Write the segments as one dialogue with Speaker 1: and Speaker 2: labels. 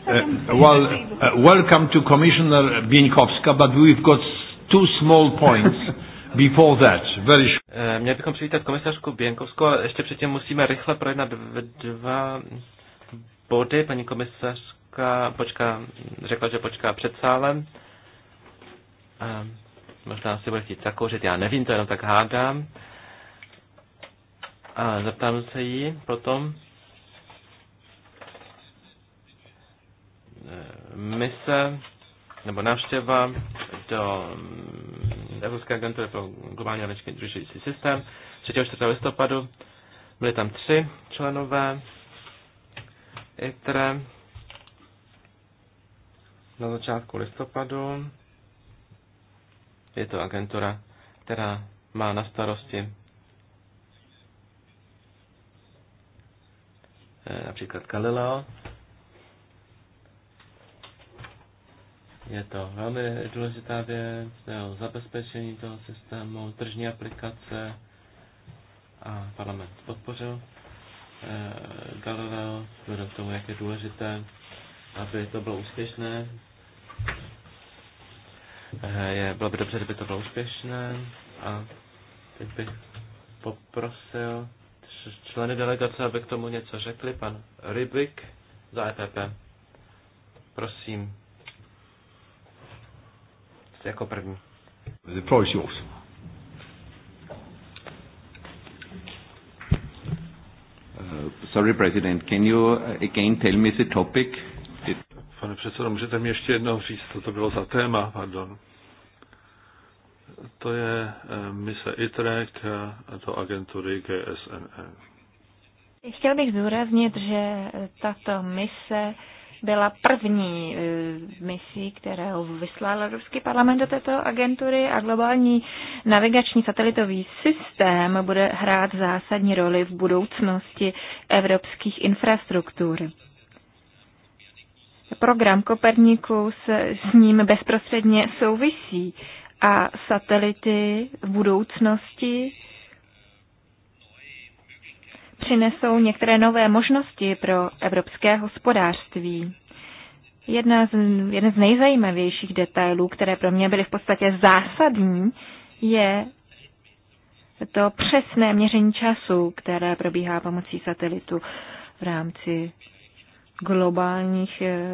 Speaker 1: Uh, well, uh, welcome to Commissioner Bienkowska, but we've got two small points before that.
Speaker 2: Very uh, Měli bychom přivítat komisařku Běnkovskou, ale ještě předtím musíme rychle projednat dva body. Paní komisařka počká, řekla, že počká před sálem. Uh, možná si bude chtít zakouřit, já nevím, to jenom tak hádám. A zeptám se jí potom. mise nebo návštěva do mm, Evropské agentury pro globální léčky družící systém 3. a 4. listopadu. Byly tam tři členové ITRE na začátku listopadu. Je to agentura, která má na starosti eh, například Galileo, Je to velmi důležitá věc, o zabezpečení toho systému, tržní aplikace a parlament podpořil eh, Galileo, vzhledem k tomu, jak je důležité, aby to bylo úspěšné. Eh, je, bylo by dobře, kdyby to bylo úspěšné a teď bych poprosil členy delegace, aby k tomu něco řekli. Pan Rybik za EPP. Prosím jako první. The floor is yours.
Speaker 1: Uh, sorry, President, can you uh, again tell me the topic? It... Pane předsedo, můžete mi ještě jednou říct, co to bylo za téma, pardon. To je uh, mise ITRE a to agentury GSNN.
Speaker 3: E. Chtěl bych zdůraznit, že tato mise uh, byla první eh, misí, kterou vyslal Ruský parlament do této agentury a globální navigační satelitový systém bude hrát zásadní roli v budoucnosti evropských infrastruktur. Program s, s ním bezprostředně souvisí a satelity v budoucnosti přinesou některé nové možnosti pro evropské hospodářství. Jedna z, jeden z nejzajímavějších detailů, které pro mě byly v podstatě zásadní, je to přesné měření času, které probíhá pomocí satelitu v rámci globálních, eh,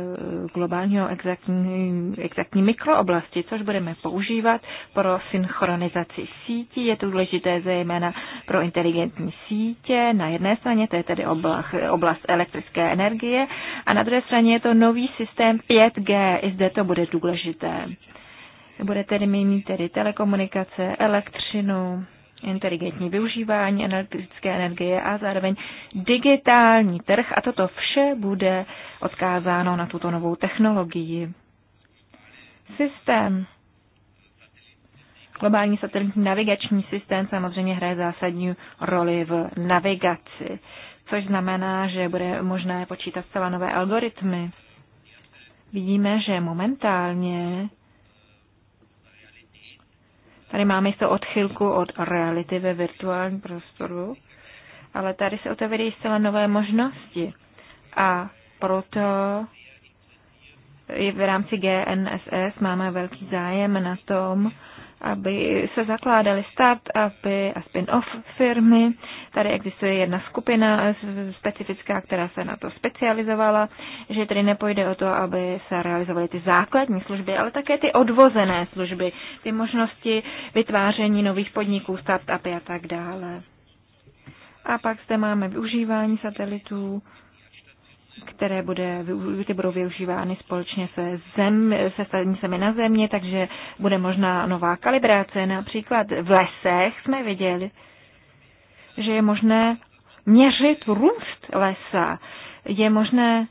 Speaker 3: globálního exaktní, exaktní mikrooblasti, což budeme používat pro synchronizaci sítí. Je to důležité zejména pro inteligentní sítě. Na jedné straně to je tedy oblast, oblast elektrické energie a na druhé straně je to nový systém 5G. I zde to bude důležité. Bude tedy mít tedy telekomunikace, elektřinu, inteligentní využívání energetické energie a zároveň digitální trh a toto vše bude odkázáno na tuto novou technologii. Systém. Globální satelitní navigační systém samozřejmě hraje zásadní roli v navigaci, což znamená, že bude možné počítat zcela nové algoritmy. Vidíme, že momentálně Tady máme jistou odchylku od reality ve virtuálním prostoru, ale tady se otevírají zcela nové možnosti. A proto i v rámci GNSS máme velký zájem na tom, aby se zakládaly start-upy a spin-off firmy. Tady existuje jedna skupina specifická, která se na to specializovala, že tedy nepojde o to, aby se realizovaly ty základní služby, ale také ty odvozené služby, ty možnosti vytváření nových podniků, start-upy a tak dále. A pak zde máme využívání satelitů, které bude, ty budou využívány společně se, zem, se stanicemi na země, takže bude možná nová kalibrace. Například v lesech jsme viděli, že je možné měřit růst lesa. Je možné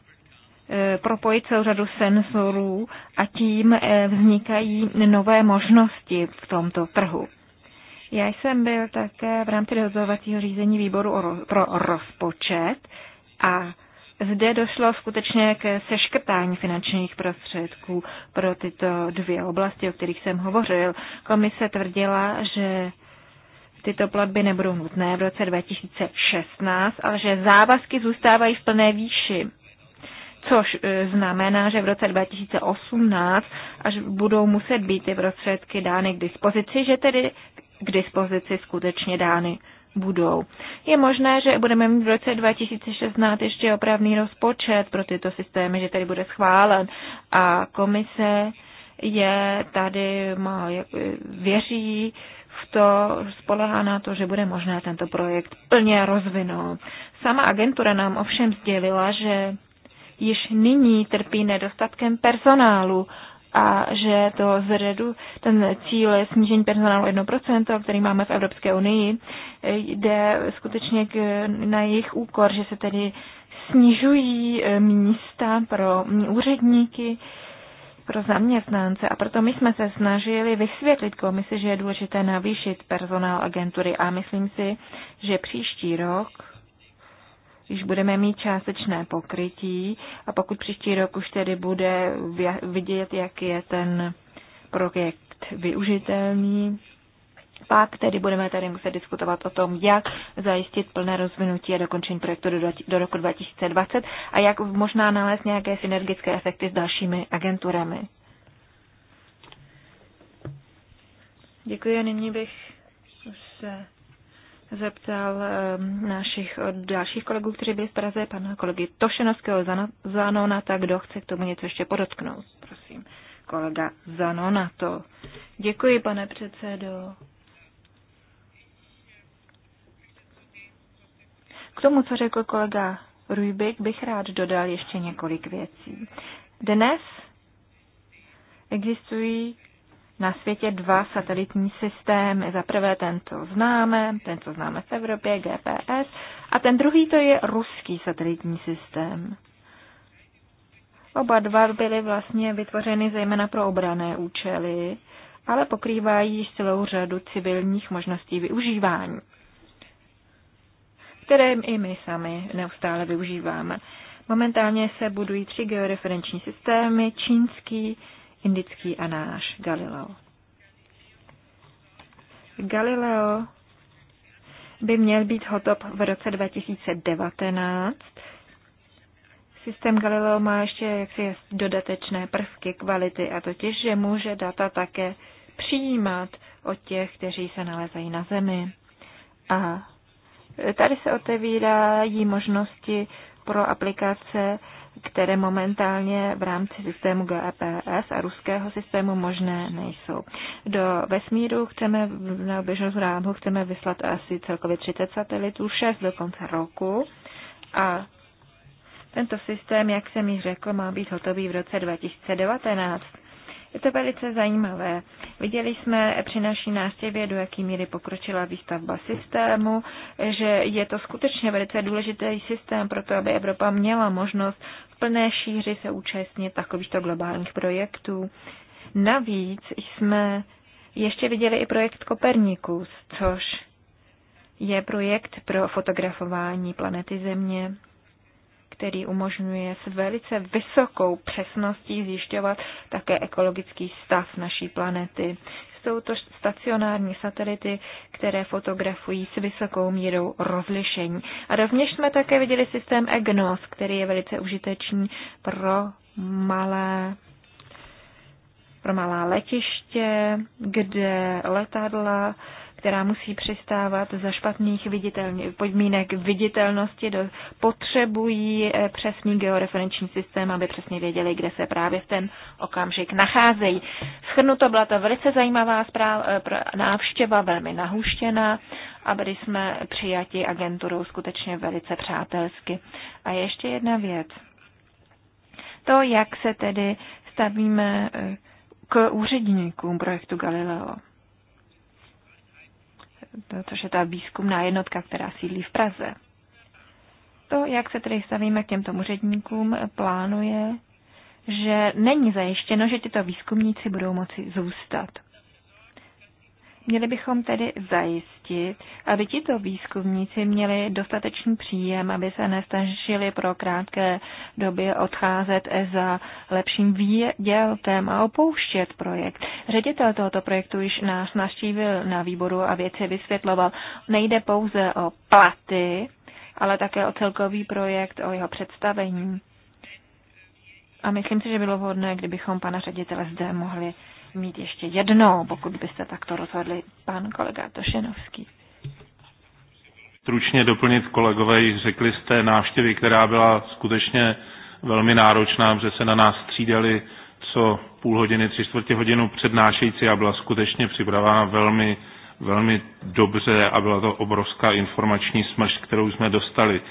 Speaker 3: e, propojit celou řadu senzorů a tím e, vznikají nové možnosti v tomto trhu. Já jsem byl také v rámci rozhodovacího řízení výboru pro rozpočet a zde došlo skutečně k seškrtání finančních prostředků pro tyto dvě oblasti, o kterých jsem hovořil. Komise tvrdila, že tyto platby nebudou nutné v roce 2016, ale že závazky zůstávají v plné výši což e, znamená, že v roce 2018, až budou muset být ty prostředky dány k dispozici, že tedy k dispozici skutečně dány budou. Je možné, že budeme mít v roce 2016 ještě opravný rozpočet pro tyto systémy, že tady bude schválen a komise je tady, má, věří v to, spolehá na to, že bude možné tento projekt plně rozvinout. Sama agentura nám ovšem sdělila, že již nyní trpí nedostatkem personálu a že to zredu, ten cíl snížení personálu 1%, který máme v Evropské unii, jde skutečně k, na jejich úkor, že se tedy snižují e, místa pro úředníky, pro zaměstnance a proto my jsme se snažili vysvětlit komisi, že je důležité navýšit personál agentury a myslím si, že příští rok když budeme mít částečné pokrytí a pokud příští rok už tedy bude vidět, jak je ten projekt využitelný, pak tedy budeme tady muset diskutovat o tom, jak zajistit plné rozvinutí a dokončení projektu do, do roku 2020 a jak možná nalézt nějaké synergické efekty s dalšími agenturami. Děkuji a nyní bych se zeptal eh, našich dalších kolegů, kteří byli v Praze, pana kolegy Tošenovského Zanona, tak kdo chce k tomu něco ještě podotknout, prosím. Kolega Zanona to. Děkuji, pane předsedo. K tomu, co řekl kolega Rujbik, bych rád dodal ještě několik věcí. Dnes existují na světě dva satelitní systémy. Za prvé ten, co známe, ten, co známe v Evropě, GPS, a ten druhý to je ruský satelitní systém. Oba dva byly vlastně vytvořeny zejména pro obrané účely, ale pokrývají již celou řadu civilních možností využívání, které i my sami neustále využíváme. Momentálně se budují tři georeferenční systémy, čínský, indický a náš Galileo. Galileo by měl být hotov v roce 2019. Systém Galileo má ještě jaksi dodatečné prvky kvality a totiž, že může data také přijímat od těch, kteří se nalezají na Zemi. A tady se otevírají možnosti pro aplikace které momentálně v rámci systému GPS a ruského systému možné nejsou. Do vesmíru chceme, na oběžnou rámu chceme vyslat asi celkově 30 satelitů, 6 do konce roku a tento systém, jak jsem již řekl, má být hotový v roce 2019. Je to velice zajímavé. Viděli jsme při naší návštěvě, do jaký míry pokročila výstavba systému, že je to skutečně velice důležitý systém pro to, aby Evropa měla možnost v plné šíři se účastnit takovýchto globálních projektů. Navíc jsme ještě viděli i projekt Kopernikus, což je projekt pro fotografování planety Země který umožňuje s velice vysokou přesností zjišťovat také ekologický stav naší planety. Jsou to stacionární satelity, které fotografují s vysokou mírou rozlišení. A rovněž jsme také viděli systém EGNOS, který je velice užitečný pro malé pro malá letiště, kde letadla která musí přistávat za špatných podmínek viditelnosti, do, potřebují eh, přesný georeferenční systém, aby přesně věděli, kde se právě v ten okamžik nacházejí. Schrnuto byla to velice zajímavá zpráv, eh, návštěva, velmi nahuštěná a byli jsme přijati agenturou skutečně velice přátelsky. A ještě jedna věc. To, jak se tedy stavíme eh, k úředníkům projektu Galileo což je ta výzkumná jednotka, která sídlí v Praze. To, jak se tedy stavíme k těmto úředníkům, plánuje, že není zajištěno, že tyto výzkumníci budou moci zůstat. Měli bychom tedy zajistit, aby tito výzkumníci měli dostatečný příjem, aby se nestažili pro krátké doby odcházet za lepším výdělkem a opouštět projekt. Ředitel tohoto projektu již nás naštívil na výboru a věci vysvětloval. Nejde pouze o platy, ale také o celkový projekt, o jeho představení. A myslím si, že bylo vhodné, kdybychom pana ředitele zde mohli mít ještě jednou, pokud byste takto rozhodli, pan kolega Tošenovský.
Speaker 4: Stručně doplnit kolegové, řekli jste návštěvy, která byla skutečně velmi náročná, že se na nás střídali co půl hodiny, tři čtvrtě hodinu přednášející a byla skutečně připravena velmi, velmi dobře a byla to obrovská informační smršť, kterou jsme dostali.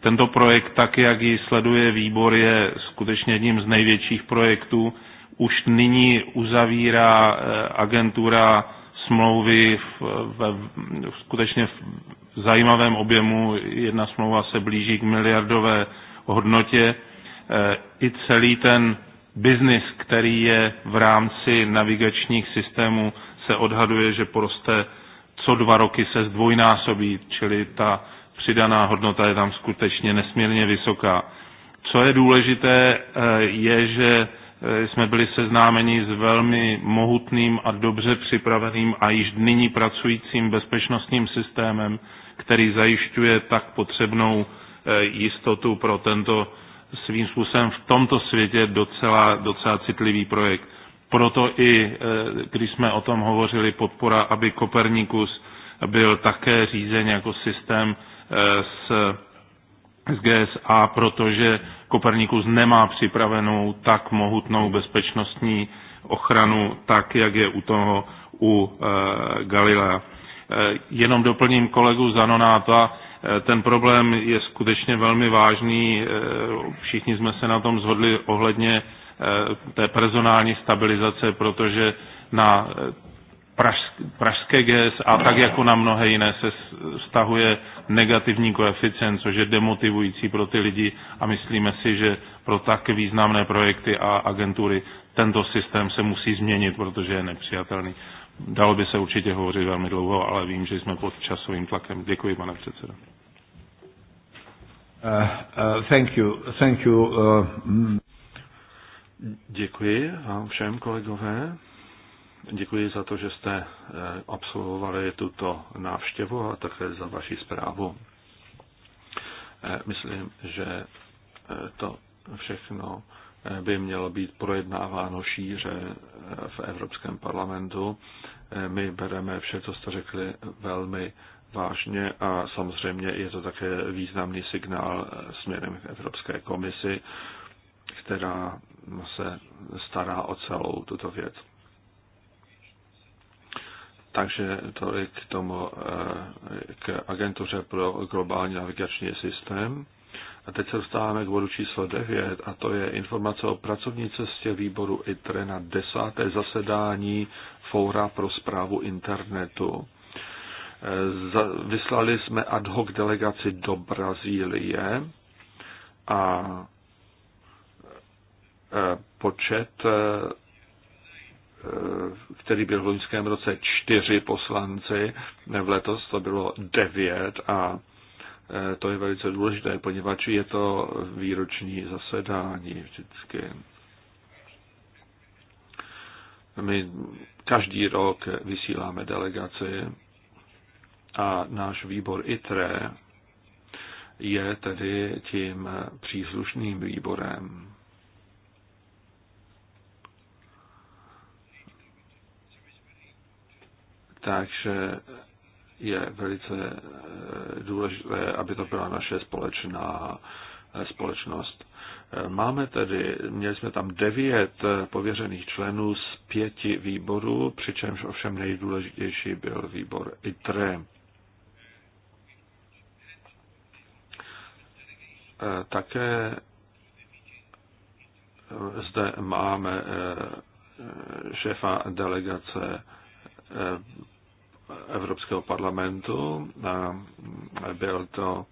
Speaker 4: Tento projekt, tak jak ji sleduje výbor, je skutečně jedním z největších projektů, už nyní uzavírá eh, agentura smlouvy v, v, v skutečně v zajímavém objemu. Jedna smlouva se blíží k miliardové hodnotě. Eh, I celý ten biznis, který je v rámci navigačních systémů, se odhaduje, že poroste co dva roky se zdvojnásobí, čili ta přidaná hodnota je tam skutečně nesmírně vysoká. Co je důležité, eh, je, že Eh, jsme byli seznámeni s velmi mohutným a dobře připraveným a již nyní pracujícím bezpečnostním systémem, který zajišťuje tak potřebnou eh, jistotu pro tento svým způsobem v tomto světě docela, docela citlivý projekt. Proto i, eh, když jsme o tom hovořili, podpora, aby Kopernikus byl také řízen jako systém s z GSA, protože Kopernikus nemá připravenou tak mohutnou bezpečnostní ochranu, tak jak je u toho u e, Galilea. E, jenom doplním kolegu Zanonáta, e, ten problém je skutečně velmi vážný, e, všichni jsme se na tom zhodli ohledně e, té personální stabilizace, protože na e, pražské GS a tak jako na mnohé jiné se stahuje negativní koeficient, což je demotivující pro ty lidi a myslíme si, že pro tak významné projekty a agentury tento systém se musí změnit, protože je nepřijatelný. Dalo by se určitě hovořit velmi dlouho, ale vím, že jsme pod časovým tlakem. Děkuji, pane předsedo.
Speaker 1: Eh, eh, thank you, thank you. Eh, mm. Děkuji vám všem kolegové. Děkuji za to, že jste eh, absolvovali tuto návštěvu a také za vaši zprávu. Eh, myslím, že eh, to všechno by mělo být projednáváno šíře v Evropském parlamentu. My bereme vše, co jste řekli, velmi vážně a samozřejmě je to také významný signál směrem k Evropské komisi, která se stará o celou tuto věc. Takže to je k tomu, eh, k agentuře pro globální navigační systém. A teď se dostáváme k bodu číslo 9 a to je informace o pracovní cestě výboru ITRE na desáté zasedání Fóra pro zprávu internetu. Eh, vyslali jsme ad hoc delegaci do Brazílie a eh, počet Eh, který byl v loňském roce čtyři poslanci, v letos to bylo devět a eh, to je velice důležité, poněvadž je to výroční zasedání vždycky. My každý rok vysíláme delegaci a náš výbor ITRE je tedy tím příslušným výborem. Takže je velice eh, důležité, aby to byla naše společná eh, společnost. Eh, máme tedy, měli jsme tam devět pověřených členů z pěti výborů, přičemž ovšem nejdůležitější byl výbor ITRE. Také zde máme šéfa delegace Evropského parlamentu. Byl to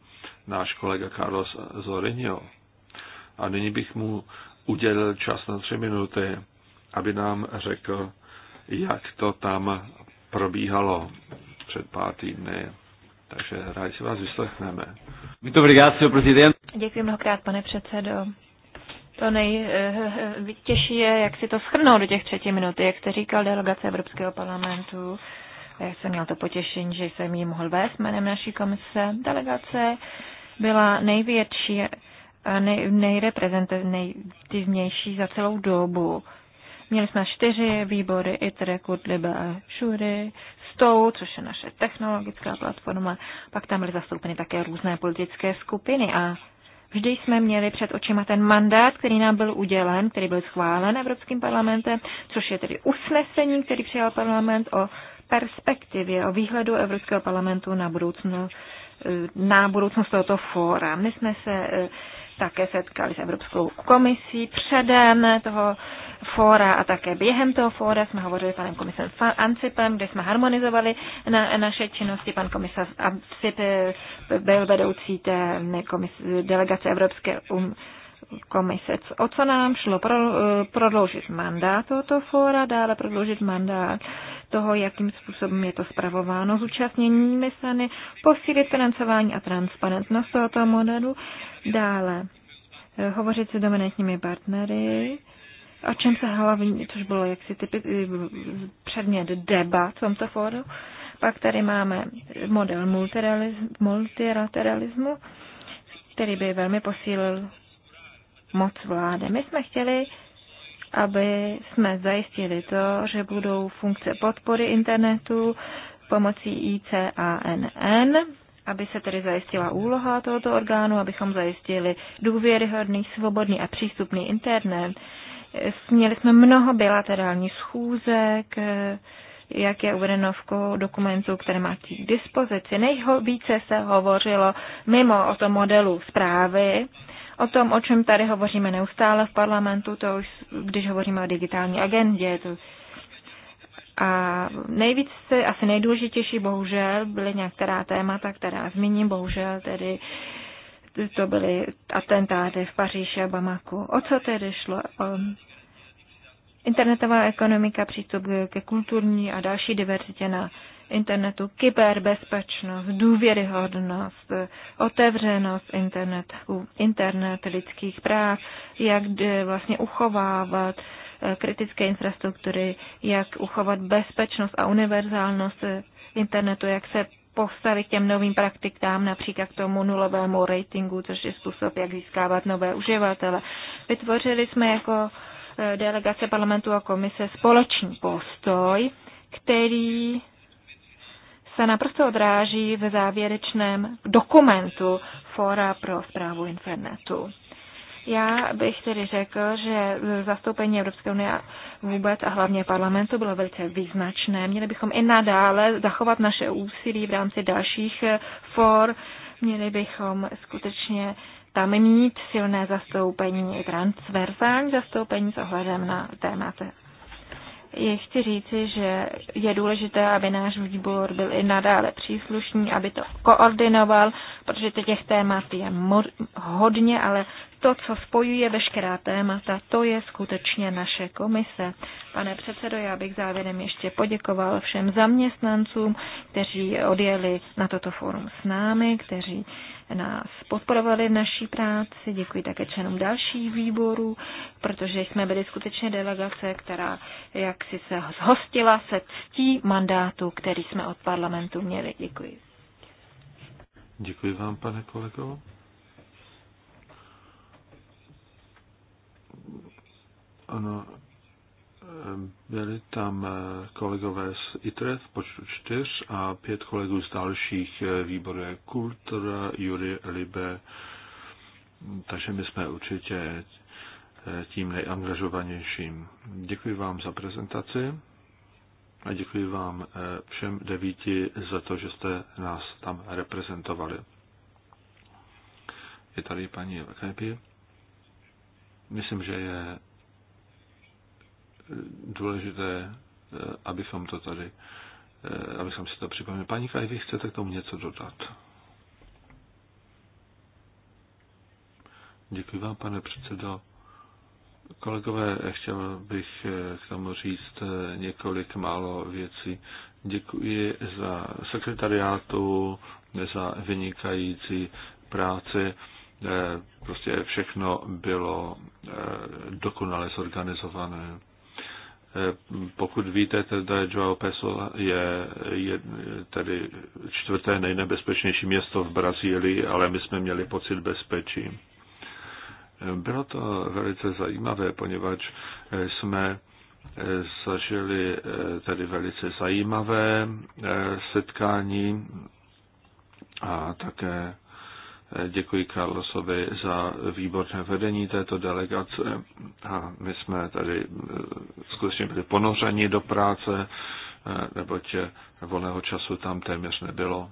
Speaker 1: náš kolega Carlos Zorinho. A nyní bych mu udělil čas na tři minuty, aby nám řekl, jak to tam probíhalo před pár týdny. Takže rádi si vás vyslechneme.
Speaker 3: Děkuji mnohokrát, pane předsedo. To nejtěžší eh, eh, eh, je, jak si to schrnout do těch třetí minuty, jak jste říkal, delegace Evropského parlamentu já jsem měl to potěšení, že jsem ji mohl vést jménem naší komise. Delegace byla největší a nej, nejreprezentativnější za celou dobu. Měli jsme čtyři výbory, ITRE, Kutlibe a Šury, STOU, což je naše technologická platforma, pak tam byly zastoupeny také různé politické skupiny a Vždy jsme měli před očima ten mandát, který nám byl udělen, který byl schválen Evropským parlamentem, což je tedy usnesení, který přijal parlament o perspektivě, o výhledu Evropského parlamentu na budoucnost, na budoucnost tohoto fóra. My jsme se e, také setkali s Evropskou komisí předem toho fóra a také během toho fóra jsme hovořili s panem komisem Ancipem, kde jsme harmonizovali na, naše činnosti. Pan komisar Ancip e, byl vedoucí té komis, delegace Evropské um, komise. O co nám šlo? Pro, eh, prodloužit mandát tohoto fóra, dále prodloužit mandát toho, jakým způsobem je to spravováno zúčastněními strany, posílit financování a transparentnost tohoto modelu, dále eh, hovořit s dominantními partnery, o čem se hlavně, což bylo jaksi typy, eh, předmět debat v tomto fóru, pak tady máme model multilateralismu, který by velmi posílil moc vlády. My jsme chtěli, aby jsme zajistili to, že budou funkce podpory internetu pomocí ICANN, aby se tedy zajistila úloha tohoto orgánu, abychom zajistili důvěryhodný, svobodný a přístupný internet. Měli jsme mnoho bilaterálních schůzek, jak je uvedeno v dokumentu, které má k dispozici. Nejvíce se hovořilo mimo o tom modelu zprávy, o tom, o čem tady hovoříme neustále v parlamentu, to už, když hovoříme o digitální agendě, to a nejvíc se, asi nejdůležitější, bohužel, byly některá témata, která zmíním, bohužel tedy to byly atentáty v Paříži a Bamaku. O co tedy šlo? O internetová ekonomika, přístup ke kulturní a další diverzitě na internetu, kyberbezpečnost, důvěryhodnost, otevřenost internetu, internet lidských práv, jak vlastně uchovávat eh, kritické infrastruktury, jak uchovat bezpečnost a univerzálnost eh, internetu, jak se postavit k těm novým praktikám, například k tomu nulovému ratingu, což je způsob, jak získávat nové uživatele. Vytvořili jsme jako eh, delegace parlamentu a komise společný postoj, který se naprosto odráží ve závěrečném dokumentu fora pro zprávu internetu. Já bych tedy řekl, že zastoupení Evropské unie vůbec a hlavně parlamentu bylo velice význačné. Měli bychom i nadále zachovat naše úsilí v rámci dalších for. Měli bychom skutečně tam mít silné zastoupení, transverzální zastoupení s ohledem na témata je chci říci, že je důležité, aby náš výbor byl i nadále příslušný, aby to koordinoval, protože těch témat je hodně, ale to, co spojuje veškerá témata, to je skutečně naše komise. Pane předsedo, já bych závěrem ještě poděkoval všem zaměstnancům, kteří odjeli na toto fórum s námi, kteří nás podporovali v naší práci. Děkuji také členům dalších výborů, protože jsme byli skutečně delegace, která jak si se zhostila se ctí mandátu, který jsme od parlamentu měli. Děkuji.
Speaker 2: Děkuji vám, pane kolego.
Speaker 1: Ano, byli tam eh, kolegové z ITRE v počtu čtyř a pět kolegů z dalších eh, výborů jako Kultura, Jury, Libe. Takže my jsme určitě eh, tím nejangažovanějším. Děkuji vám za prezentaci a děkuji vám všem devíti za to, že jste nás tam reprezentovali. Je tady paní Vakajpi. Myslím, že je důležité, eh, abychom to tady, eh, abychom si to připomněli. Paní Kaj, vy chcete k tomu něco dodat? Děkuji vám, pane předsedo. Kolegové, chtěl bych eh, k tomu říct několik málo věcí. Děkuji za sekretariátu, za vynikající práci. Prostě všechno bylo dokonale zorganizované. Eh, pokud víte, teda João Pessoa je, je tedy čtvrté nejnebezpečnější město v Brazílii, ale my jsme měli pocit bezpečí. Eh, bylo to velice zajímavé, poněvadž eh, jsme zažili tedy velice zajímavé setkání a také Děkuji Carlosovi za výborné vedení této delegace a my jsme tady eh, skutečně byli ponořeni do práce, eh, neboť eh, volného času tam téměř nebylo.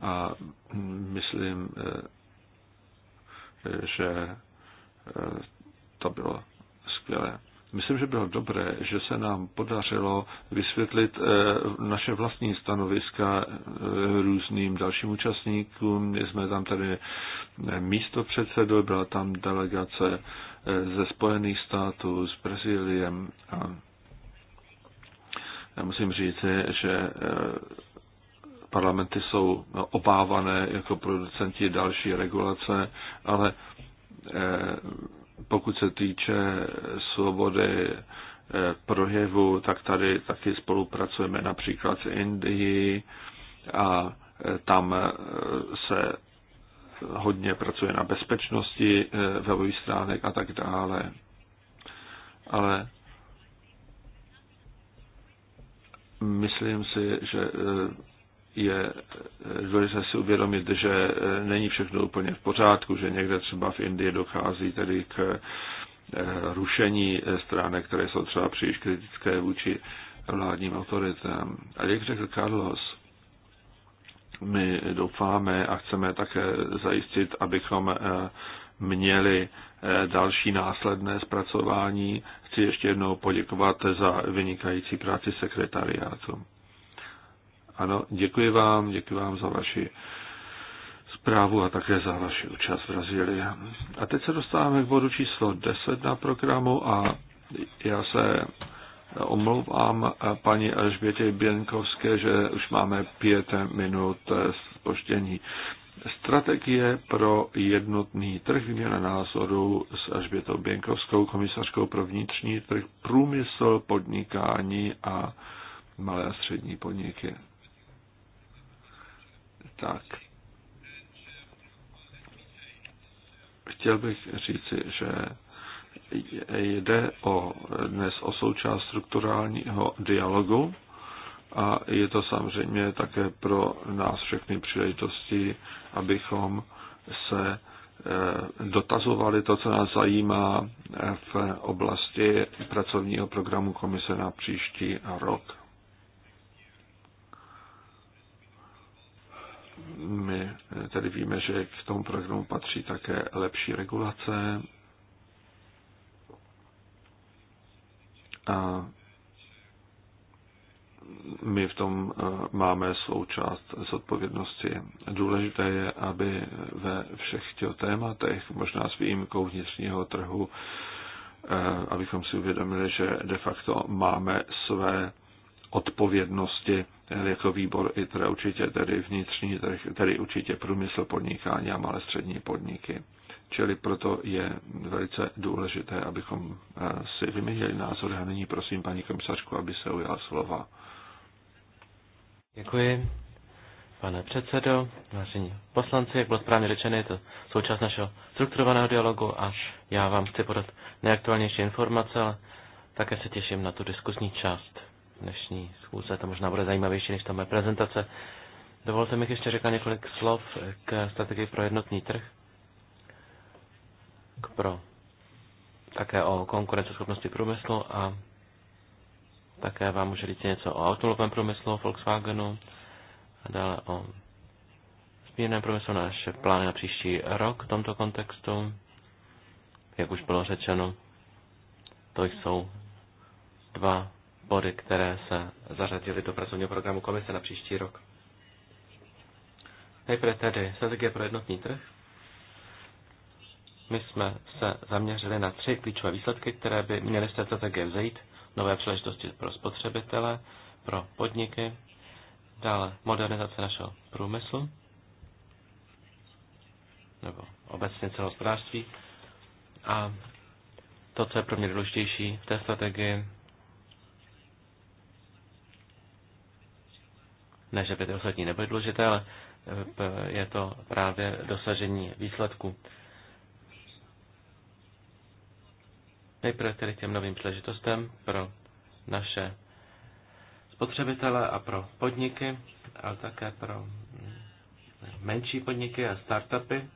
Speaker 1: A myslím, že to bylo skvělé. Myslím, že bylo dobré, že se nám podařilo vysvětlit eh, naše vlastní stanoviska eh, různým dalším účastníkům. Jsme tam tady eh, místo předsedu, byla tam delegace ze Spojených států, s Brazíliem a já musím říct, že parlamenty jsou obávané jako producenti další regulace, ale pokud se týče svobody eh, projevu, tak tady taky spolupracujeme například s Indií a eh, tam eh, se hodně pracuje na bezpečnosti webových stránek a tak dále. Ale myslím si, že je důležité eh, si uvědomit, že eh, není všechno úplně v pořádku, že někde třeba v Indii dochází tedy k eh, rušení stránek, které jsou třeba příliš kritické vůči vládním autoritám. A jak řekl Carlos, my doufáme a chceme také zajistit, abychom měli další následné zpracování. Chci ještě jednou poděkovat za vynikající práci sekretariátu. Ano, děkuji vám, děkuji vám za vaši zprávu a také za vaši účast v Brazílii. A teď se dostáváme k bodu číslo 10 na programu a já se omlouvám paní Alžbětě Běnkovské, že už máme pět minut spoštění. Strategie pro jednotný trh výměna názoru s Alžbětou Běnkovskou, komisařkou pro vnitřní trh, průmysl, podnikání a malé a střední podniky. Tak. Chtěl bych říci, že jde o, dnes o součást strukturálního dialogu a je to samozřejmě také pro nás všechny příležitosti, abychom se eh, dotazovali to, co nás zajímá eh, v oblasti pracovního programu Komise na příští rok. My tedy víme, že k tomu programu patří také lepší regulace a my v tom eh, máme svou část zodpovědnosti. Důležité je, aby ve všech těch tématech, možná s výjimkou vnitřního trhu, eh, abychom si uvědomili, že de facto máme své odpovědnosti jako výbor ITRE určitě tedy vnitřní tedy určitě průmysl podnikání a malé střední podniky. Čili proto je velice důležité, abychom eh, si vyměnili názor.
Speaker 2: a nyní prosím paní komisařku, aby se ujala slova. Děkuji. Pane předsedo, vážení poslanci, jak bylo správně řečeno, je to součást našeho strukturovaného dialogu a já vám chci podat nejaktuálnější informace, ale také se těším na tu diskusní část dnešní schůze. To možná bude zajímavější než ta mé prezentace. Dovolte mi ještě řekla několik slov k strategii pro jednotný trh. K pro také o konkurenceschopnosti průmyslu a také vám můžu říct něco o automobilovém průmyslu, Volkswagenu a dále o smírném průmyslu, naše plány na příští rok v tomto kontextu. Jak už bylo řečeno, to jsou dva body, které se zařadily do pracovního programu komise na příští rok. Nejprve tedy strategie pro jednotný trh. My jsme se zaměřili na tři klíčové výsledky, které by měly z té strategie vzejít. Nové příležitosti pro spotřebitele, pro podniky, dále modernizace našeho průmyslu, nebo obecně celého A to, co je pro mě důležitější v té strategii, Ne, že by to ostatní nebyly důležité, ale eh, je to právě dosažení výsledku. Nejprve tedy těm novým příležitostem pro naše spotřebitele a pro podniky, ale také pro eh, menší podniky a startupy.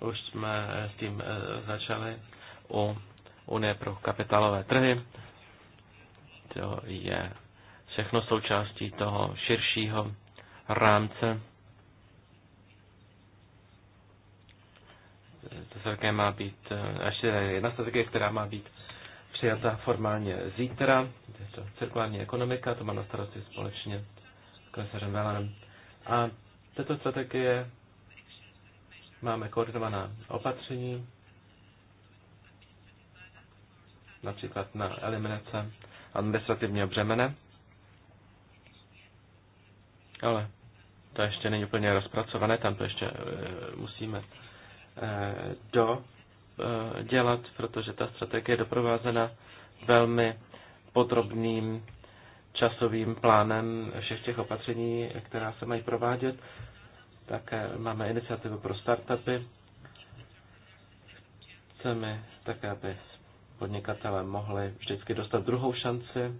Speaker 2: Už jsme s tím eh, začali u Unie pro kapitálové trhy to je všechno součástí toho širšího rámce. To také má být, eh, ještě jedna strategie, která má být přijata formálně zítra, je to cirkulární ekonomika, to má na starosti společně s komisařem Velanem. A této strategie máme koordinovaná opatření, například na eliminace administrativního břemene. Ale to ještě není úplně rozpracované, tam to ještě eh, musíme eh, do eh, dělat, protože ta strategie je doprovázena velmi podrobným časovým plánem všech těch opatření, která se mají provádět. Také máme iniciativu pro startupy. Chceme také, aby podnikatele mohli vždycky dostat druhou šanci.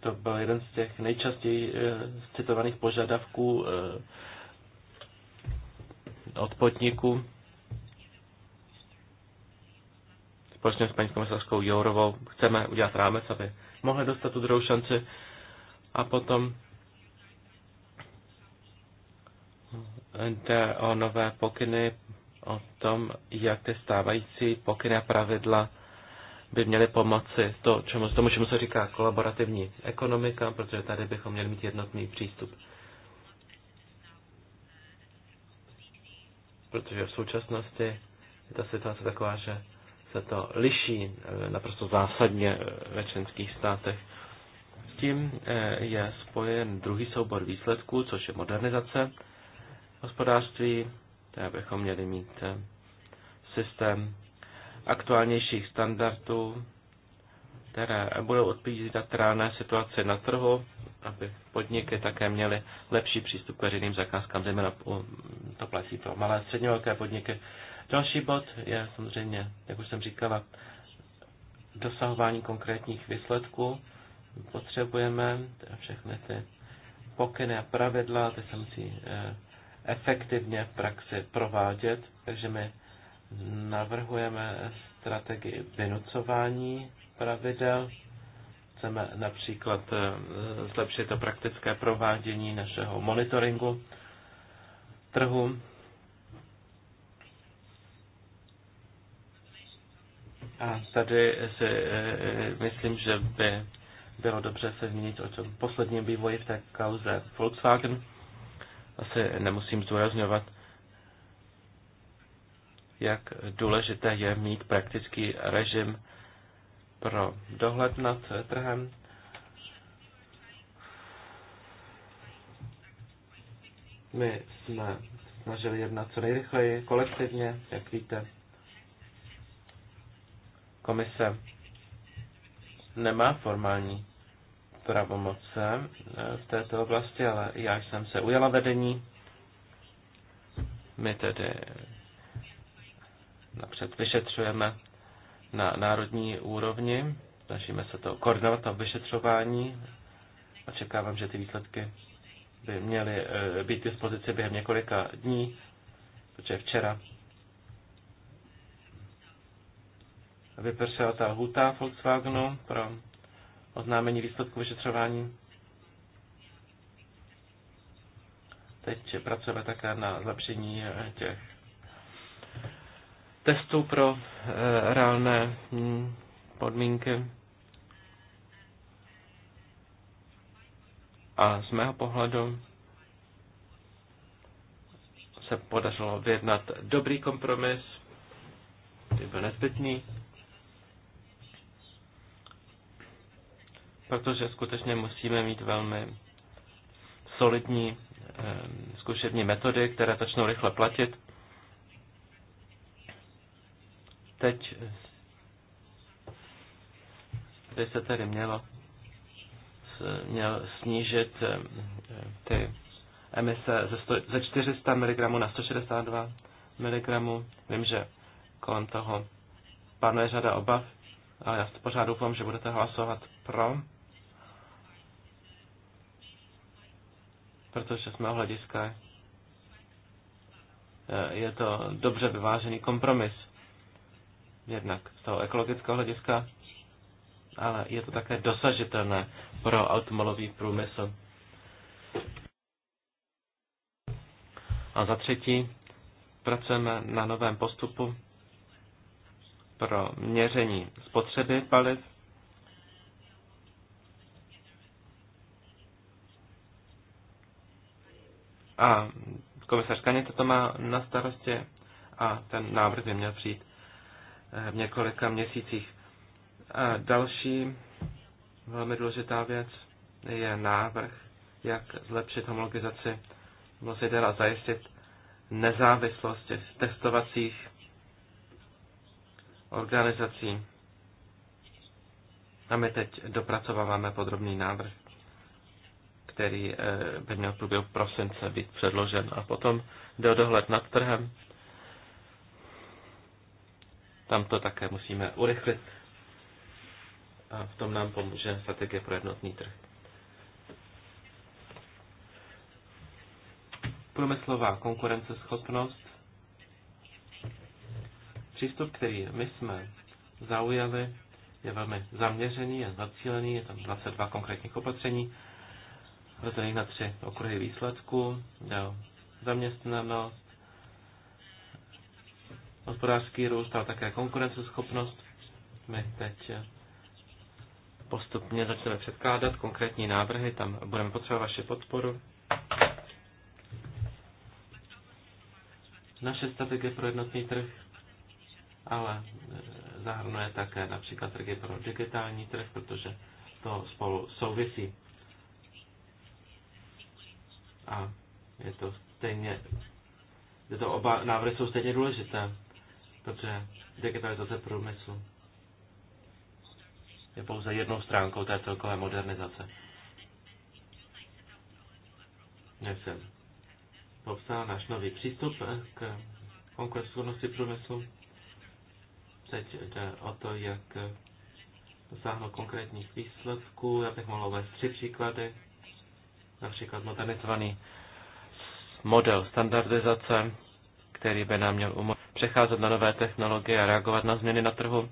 Speaker 2: To byl jeden z těch nejčastěji eh, citovaných požadavků eh, od podniků. Společně s paní komisařkou Jourovou chceme udělat rámec, aby mohli dostat tu druhou šanci a potom eh, jde o nové pokyny o tom, jak ty stávající pokyny a pravidla by měly pomoci to, čemu, tomu, čemu se říká kolaborativní ekonomika, protože tady bychom měli mít jednotný přístup. Protože v současnosti je ta situace taková, že se to liší eh, naprosto zásadně eh, ve členských státech. S tím eh, je spojen druhý soubor výsledků, což je modernizace hospodářství, tak bychom měli mít eh, systém aktuálnějších standardů, které budou odpovídat reálné situaci na trhu, aby podniky také měly lepší přístup k veřejným zakázkám, zejména to platí pro malé a středně velké podniky. Další bod je samozřejmě, jak už jsem říkala, dosahování konkrétních výsledků. Potřebujeme všechny ty pokyny a pravidla, ty se musí eh, efektivně v praxi provádět, takže my navrhujeme strategii vynucování pravidel. Chceme například eh, zlepšit to praktické provádění našeho monitoringu trhu. A tady si eh, myslím, že by bylo dobře se zmínit o tom posledním vývoji v té kauze Volkswagen asi nemusím zdůrazňovat, jak důležité je mít praktický režim pro dohled nad trhem. My jsme snažili jednat co nejrychleji, kolektivně, jak víte. Komise nemá formální pravomoce eh, v této oblasti, ale já jsem se ujala vedení. My tedy napřed vyšetřujeme na národní úrovni, snažíme se to koordinovat a vyšetřování. Očekávám, že ty výsledky by měly eh, být k dispozici během několika dní, protože včera vypršela ta lhuta Volkswagenu pro oznámení výsledku vyšetřování. Teď pracujeme také na zlepšení eh, těch testů pro eh, reálné hm, podmínky. A z mého pohledu se podařilo vyjednat dobrý kompromis, který byl nezbytný. protože skutečně musíme mít velmi solidní eh, zkušební metody, které začnou rychle platit. Teď eh, by se tedy mělo měl snížit eh, ty emise ze, ze 400 mg na 162 mg. Vím, že kolem toho panuje řada obav, ale já pořád doufám, že budete hlasovat pro. protože z mého hlediska eh, je to dobře vyvážený kompromis. Jednak z toho ekologického hlediska, ale je to také dosažitelné pro automobilový průmysl. A za třetí, pracujeme na novém postupu pro měření spotřeby paliv A komisař Kaněta to má na starostě a ten návrh by měl přijít eh, v několika měsících. A další velmi důležitá věc je návrh, jak zlepšit homologizaci vozidel a zajistit nezávislost těch testovacích organizací. A my teď dopracováváme podrobný návrh který eh, by měl průběh prosince být předložen. A potom jde o dohled nad trhem. Tam to také musíme urychlit. A v tom nám pomůže strategie pro jednotný trh. Průmyslová konkurenceschopnost. Přístup, který my jsme zaujali, je velmi zaměřený, je zacílený, je tam 22 konkrétních opatření rozdělených na tři okruhy výsledků. Jo. Zaměstnanost, hospodářský růst, ale také konkurenceschopnost. My teď postupně začneme předkládat konkrétní návrhy, tam budeme potřebovat vaši podporu. Naše strategie pro jednotný trh ale e, zahrnuje také například trhy pro digitální trh, protože to spolu souvisí. A je to stejně, je to oba návrhy jsou stejně důležité, protože digitalizace průmyslu je pouze jednou stránkou té celkové modernizace. Jak jsem popsal náš nový přístup k konkurenceschopnosti průmyslu, teď jde o to, jak dosáhnout konkrétních výsledků. Já bych mohl uvést tři příklady například modernizovaný model standardizace, který by nám měl umožnit přecházet na nové technologie a reagovat na změny na trhu,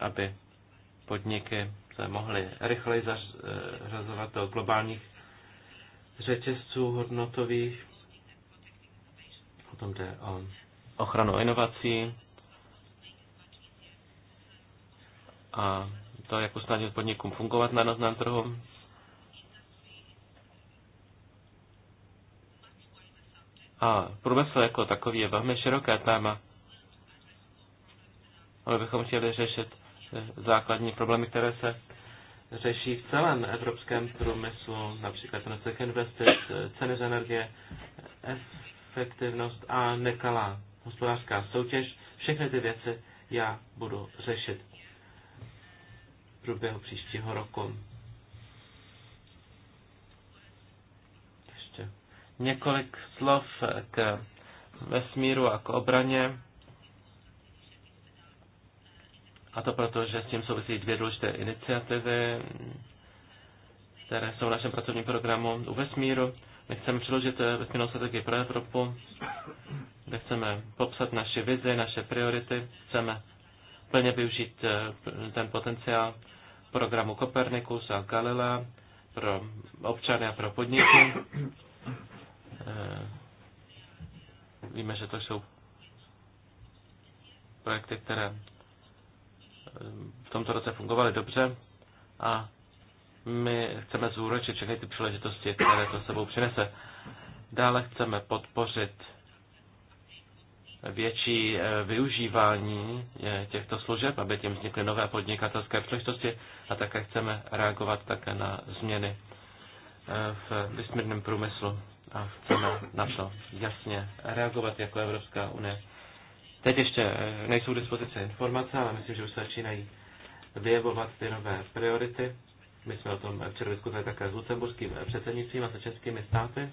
Speaker 2: aby podniky se mohly rychleji zařazovat do globálních řetězců hodnotových. Potom jde o ochranu inovací a to, jak usnadnit podnikům fungovat na jednotném trhu. A průmysl jako takový je velmi široké téma. Ale bychom chtěli řešit eh, základní problémy, které se řeší v celém evropském průmyslu, například nedostatek investic, eh, ceny z energie, efektivnost a nekalá hospodářská soutěž. Všechny ty věci já budu řešit v průběhu příštího roku. Několik slov k vesmíru a k obraně. A to proto, že s tím souvisí dvě důležité iniciativy, které jsou v našem pracovním programu u vesmíru. My chceme přiložit eh, vesmírnou strategii pro Evropu, kde chceme popsat naše vizi, naše priority, chceme plně využít eh, ten potenciál programu Kopernikus a Galilea pro občany a pro podniky. Eh, víme, že to jsou projekty, které eh, v tomto roce fungovaly dobře a my chceme zúročit všechny ty příležitosti, které to sebou přinese. Dále chceme podpořit větší eh, využívání těchto služeb, aby tím vznikly nové podnikatelské příležitosti a také chceme reagovat také na změny v vysmírném průmyslu a chceme na to jasně reagovat jako Evropská unie. Teď ještě eh, nejsou k dispozici informace, ale myslím, že už se začínají vyjevovat ty nové priority. My jsme o tom včera diskutovali také s lucemburským předsednictvím a se českými státy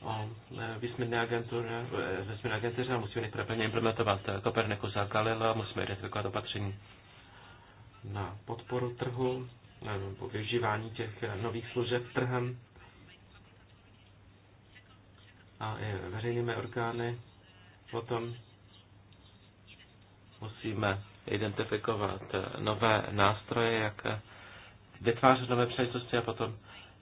Speaker 2: o eh, vesmírné agentuře, eh, vesmírné agentuře a musíme nejprve plně implementovat Kopernikus a Galileo, musíme identifikovat opatření na podporu trhu, nebo využívání těch nových služeb trhem a veřejnými orgány. Potom musíme identifikovat nové nástroje, jak vytvářet nové příležitosti a potom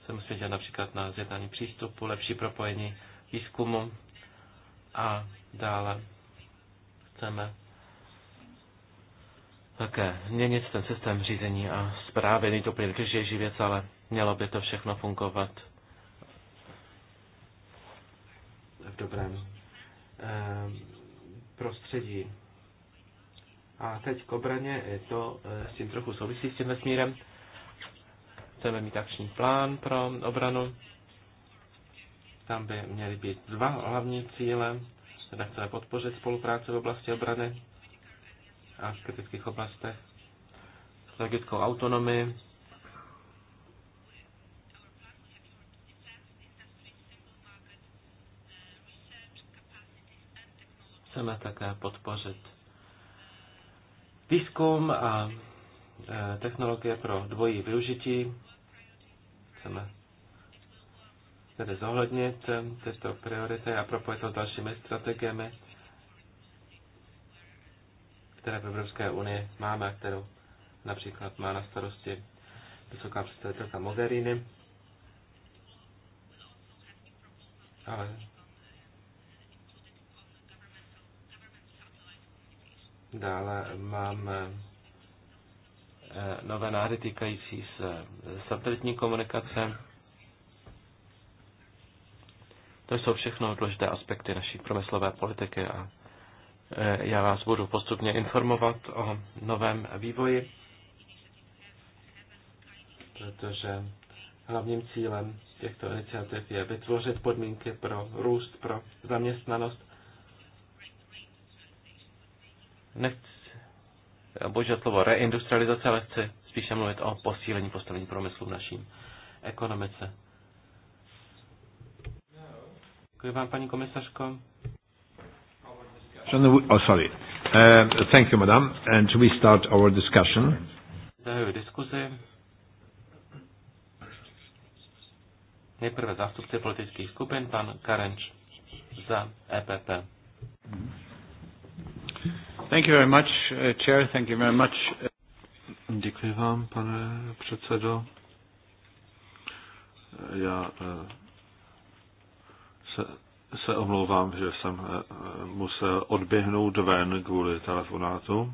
Speaker 2: se musíme dělat například na zjednání přístupu, lepší propojení výzkumu a dále chceme také měnit ten systém řízení a zprávy. Není to úplně věc, ale mělo by to všechno fungovat v dobrém ehm, prostředí. A teď k obraně, to eh, s tím trochu souvisí s tímhle smírem. Chceme mít akční plán pro obranu. Tam by měly být dva hlavní cíle. Teda chceme podpořit spolupráci v oblasti obrany a v kritických oblastech, Logickou autonomii Chceme také podpořit výzkum a e, technologie pro dvojí využití. Chceme tedy zohlednit e, tyto priority a propojit to s dalšími strategiemi, které v Evropské unii máme, kterou například má na starosti vysoká představitelka Mogherini. Ale Dále máme eh, nové nády týkající se satelitní komunikace. To jsou všechno důležité aspekty naší promyslové politiky a eh, já vás budu postupně informovat o novém vývoji, protože hlavním cílem těchto iniciativ je vytvořit podmínky pro růst, pro zaměstnanost nechci bože slovo reindustrializace, ale chci spíše mluvit o posílení postavení průmyslu v naší ekonomice. Děkuji vám, paní komisařko.
Speaker 1: Oh, sorry. Uh, thank you, madam. And we start our discussion.
Speaker 2: Zahajuji diskuzi. Nejprve zástupce politických skupin, pan Karenč za EPP. Thank you very much, uh, chair. Thank you very much. Děkuji vám, pane předsedo.
Speaker 1: Já eh, se, se omlouvám, že jsem eh, musel odběhnout ven kvůli telefonátu.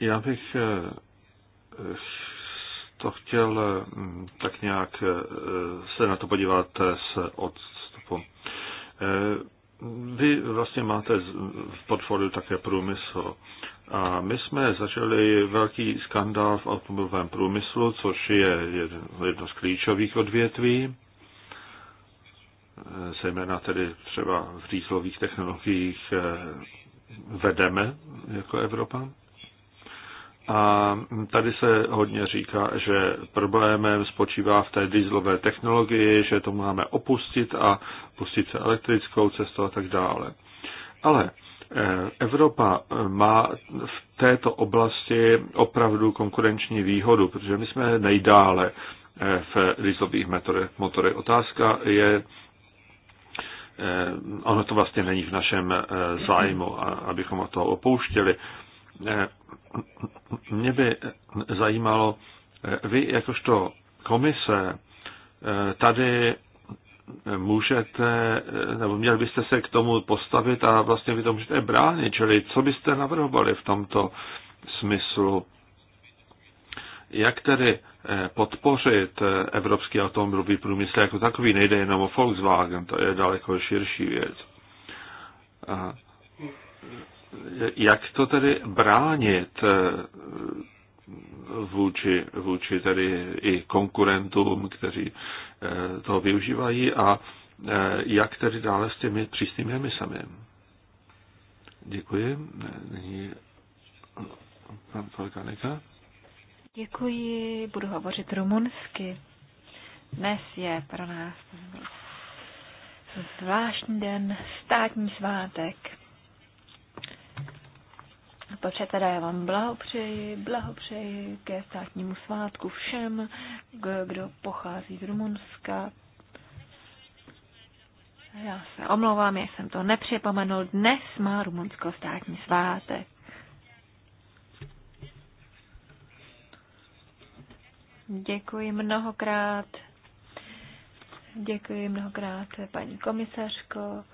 Speaker 1: Já bych eh, to chtěl tak nějak se na to podívat s od, Eh, vy vlastně máte v portfoliu také průmysl. A my jsme začali velký skandál v automobilovém průmyslu, což je jedno z klíčových odvětví, eh, zejména tedy třeba v dýzlových technologiích eh, vedeme jako Evropa. A tady se hodně říká, že problémem spočívá v té dieselové technologii, že to máme opustit a pustit se elektrickou cestou a tak dále. Ale eh, Evropa eh, má v této oblasti opravdu konkurenční výhodu, protože my jsme nejdále eh, v dieselových motorech. Otázka je, ono to vlastně není v našem zájmu, abychom od toho opouštěli. Eh, mě by eh, zajímalo, eh, vy jakožto komise tady můžete, nebo měli byste se k tomu postavit a vlastně vy to můžete bránit, čili co byste navrhovali v tomto smyslu? Jak tedy podpořit evropský automobilový průmysl jako takový? Nejde jenom o Volkswagen, to je daleko širší věc. Aha jak to tedy bránit eh, vůči, vůči tedy i konkurentům, kteří eh, to využívají a eh, jak tedy dále s těmi přísnými emisemi? Děkuji. Nyní pan Polkanika.
Speaker 3: Děkuji, budu hovořit rumunsky. Dnes je pro nás zvláštní den, státní svátek. Protože teda já vám blahopřeji, blahopřeji ke státnímu svátku všem, kdo pochází z Rumunska. Já se omlouvám, jak jsem to nepřipomenul. Dnes má Rumunsko státní svátek. Děkuji mnohokrát. Děkuji mnohokrát, paní komisařko.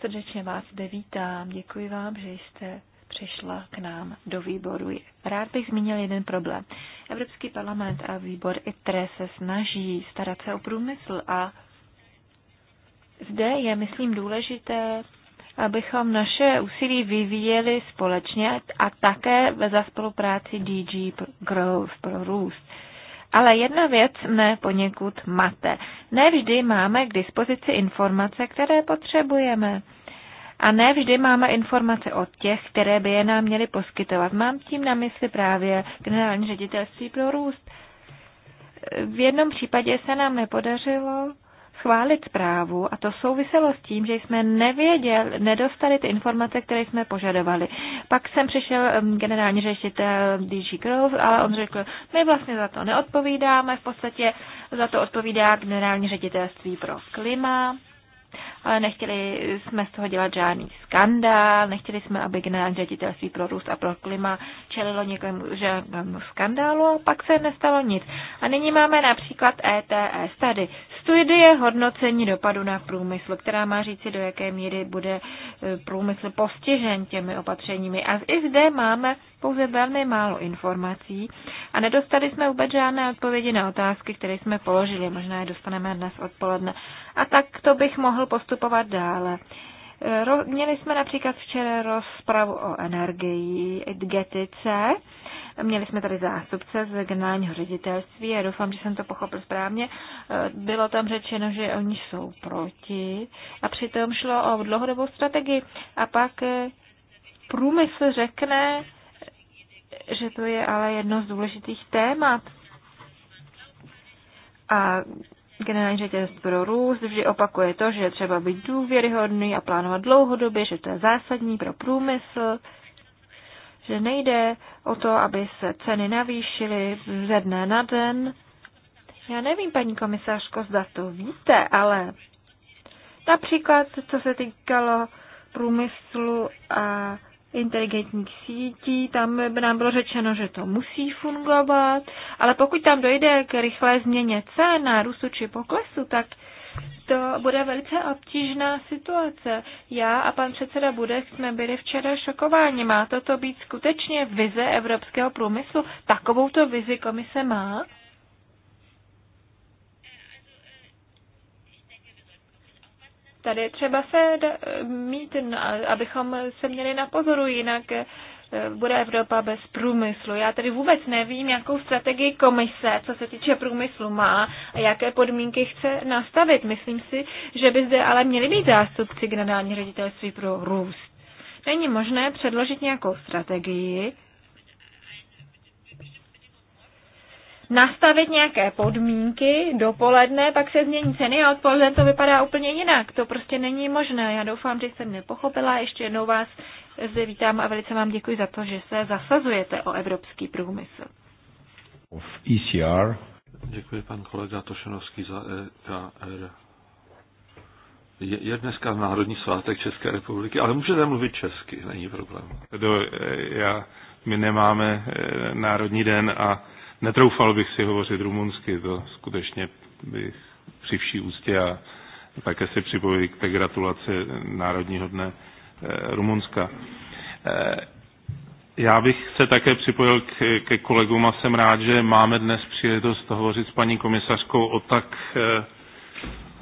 Speaker 3: Srdečně vás zde vítám. Děkuji vám, že jste přišla k nám do výboru. Rád bych zmínil jeden problém. Evropský parlament a výbor ITRE se snaží starat se o průmysl a zde je, myslím, důležité, abychom naše úsilí vyvíjeli společně a také za spolupráci DG Growth pro růst. Ale jedna věc mne poněkud mate. Nevždy máme k dispozici informace, které potřebujeme a ne vždy máme informace od těch, které by je nám měly poskytovat. Mám tím na mysli právě generální ředitelství pro růst. V jednom případě se nám nepodařilo schválit zprávu a to souviselo s tím, že jsme nevěděli, nedostali ty informace, které jsme požadovali. Pak jsem přišel um, generální řešitel DG Grove, ale on řekl, my vlastně za to neodpovídáme, v podstatě za to odpovídá generální ředitelství pro klima, ale nechtěli jsme z toho dělat žádný skandál, nechtěli jsme, aby generální ředitelství pro růst a pro klima čelilo někomu žádnému skandálu a pak se nestalo nic. A nyní máme například ETS tady. Studie hodnocení dopadu na průmysl, která má říci, do jaké míry bude e, průmysl postižen těmi opatřeními. A i zde máme pouze velmi málo informací a nedostali jsme vůbec žádné odpovědi na otázky, které jsme položili. Možná je dostaneme dnes odpoledne. A tak to bych mohl postupovat dále. Měli jsme například včera rozpravu o energii, getice. Měli jsme tady zástupce z generálního ředitelství, já doufám, že jsem to pochopil správně. E, bylo tam řečeno, že oni jsou proti a přitom šlo o dlouhodobou strategii. A pak e, průmysl řekne, že to je ale jedno z důležitých témat. A generální ředitel pro růst vždy opakuje to, že je třeba být důvěryhodný a plánovat dlouhodobě, že to je zásadní pro průmysl, že nejde o to, aby se ceny navýšily ze dne na den. Já nevím, paní komisářko, zda to víte, ale například, co se týkalo průmyslu a inteligentních sítí, tam by nám bylo řečeno, že to musí fungovat, ale pokud tam dojde k rychlé změně cen, nárůstu či poklesu, tak to bude velice obtížná situace. Já a pan předseda Budech jsme byli včera šokováni. Má toto být skutečně vize evropského průmyslu? Takovou to vizi komise má? Tady třeba se mít, abychom se měli na pozoru, jinak eh, bude Evropa bez průmyslu. Já tedy vůbec nevím, jakou strategii komise, co se týče průmyslu, má a jaké podmínky chce nastavit. Myslím si, že by zde ale měli být zástupci generální ředitelství pro růst. Není možné předložit nějakou strategii, nastavit nějaké podmínky, dopoledne pak se změní ceny a odpoledne to vypadá úplně jinak. To prostě není možné. Já doufám, že jsem nepochopila. Ještě jednou vás zde vítám a velice vám děkuji za to, že se zasazujete o evropský průmysl.
Speaker 1: Of ECR. Děkuji pan kolega Tošenovský za EKR. Je, je dneska Národní svátek České republiky, ale můžete mluvit česky, není problém. Do, e, já, my nemáme e, Národní den a Netroufal bych si
Speaker 4: hovořit rumunsky, to skutečně bych při vší ústě a také se připojil k té gratulaci Národního dne eh, Rumunska. Eh, já bych se také připojil k, ke kolegům a jsem rád, že máme dnes příležitost hovořit s paní komisařkou o tak eh,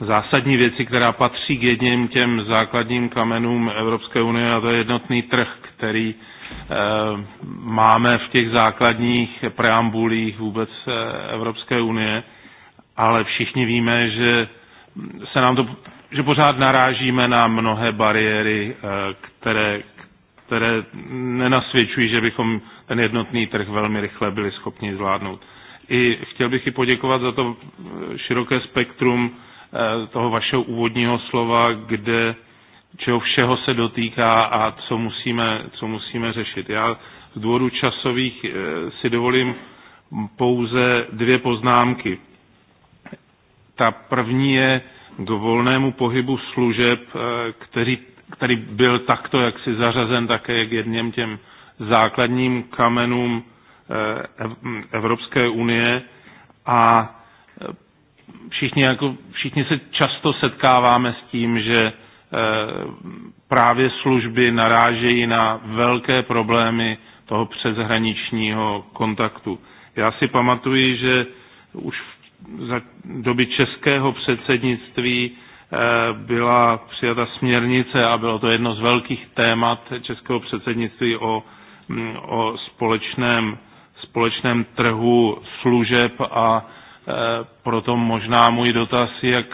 Speaker 4: zásadní věci, která patří k jedním těm základním kamenům Evropské unie a to je jednotný trh, který Eh, máme v těch základních preambulích vůbec eh, Evropské unie, ale všichni víme, že se nám to, že pořád narážíme na mnohé bariéry, eh, které, které nenasvědčují, že bychom ten jednotný trh velmi rychle byli schopni zvládnout. I chtěl bych i poděkovat za to široké spektrum toho vašeho úvodního slova, kde čeho všeho se dotýká a co musíme, co musíme řešit. Já z důvodu časových eh, si dovolím pouze dvě poznámky. Ta první je k volnému pohybu služeb, eh, který, který byl takto jaksi zařazen také k jedním těm základním kamenům eh, hm, Evropské unie a všichni, jako, všichni se často setkáváme s tím, že Eh, právě služby narážejí na velké problémy toho přeshraničního kontaktu. Já si pamatuji, že už za doby českého předsednictví eh, byla přijata směrnice a bylo to jedno z velkých témat českého předsednictví o, mm, o společném, společném trhu služeb a eh, proto možná můj dotaz, jak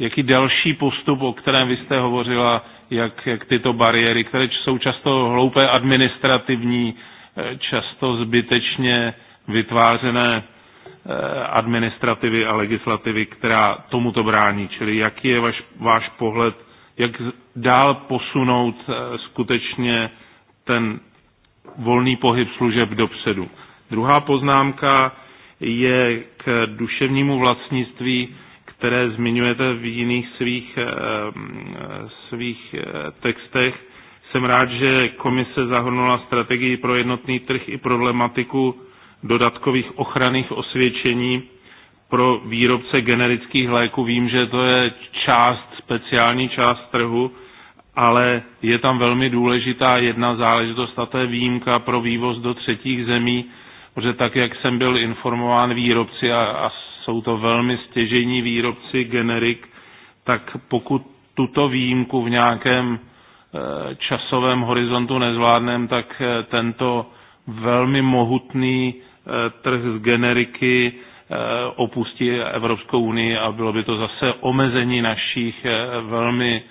Speaker 4: jaký další postup, o kterém vy jste hovořila, jak, jak tyto bariéry, které jsou často hloupé administrativní, eh, často zbytečně vytvářené eh, administrativy a legislativy, která tomuto brání. Čili jaký je vaš, váš pohled, jak dál posunout eh, skutečně ten volný pohyb služeb dopředu. Druhá poznámka je k duševnímu vlastnictví které zmiňujete v jiných svých, eh, eh, svých eh, textech. Jsem rád, že komise zahrnula strategii pro jednotný trh i problematiku dodatkových ochranných osvědčení pro výrobce generických léků. Vím, že to je část, speciální část trhu, ale je tam velmi důležitá jedna záležitost a to je výjimka pro vývoz do třetích zemí, protože tak, jak jsem byl informován, výrobci a, a jsou to velmi stěžení výrobci generik, tak pokud tuto výjimku v nějakém eh, časovém horizontu nezvládneme, tak eh, tento velmi mohutný eh, trh z generiky opustí Evropskou unii a bylo by to zase omezení našich velmi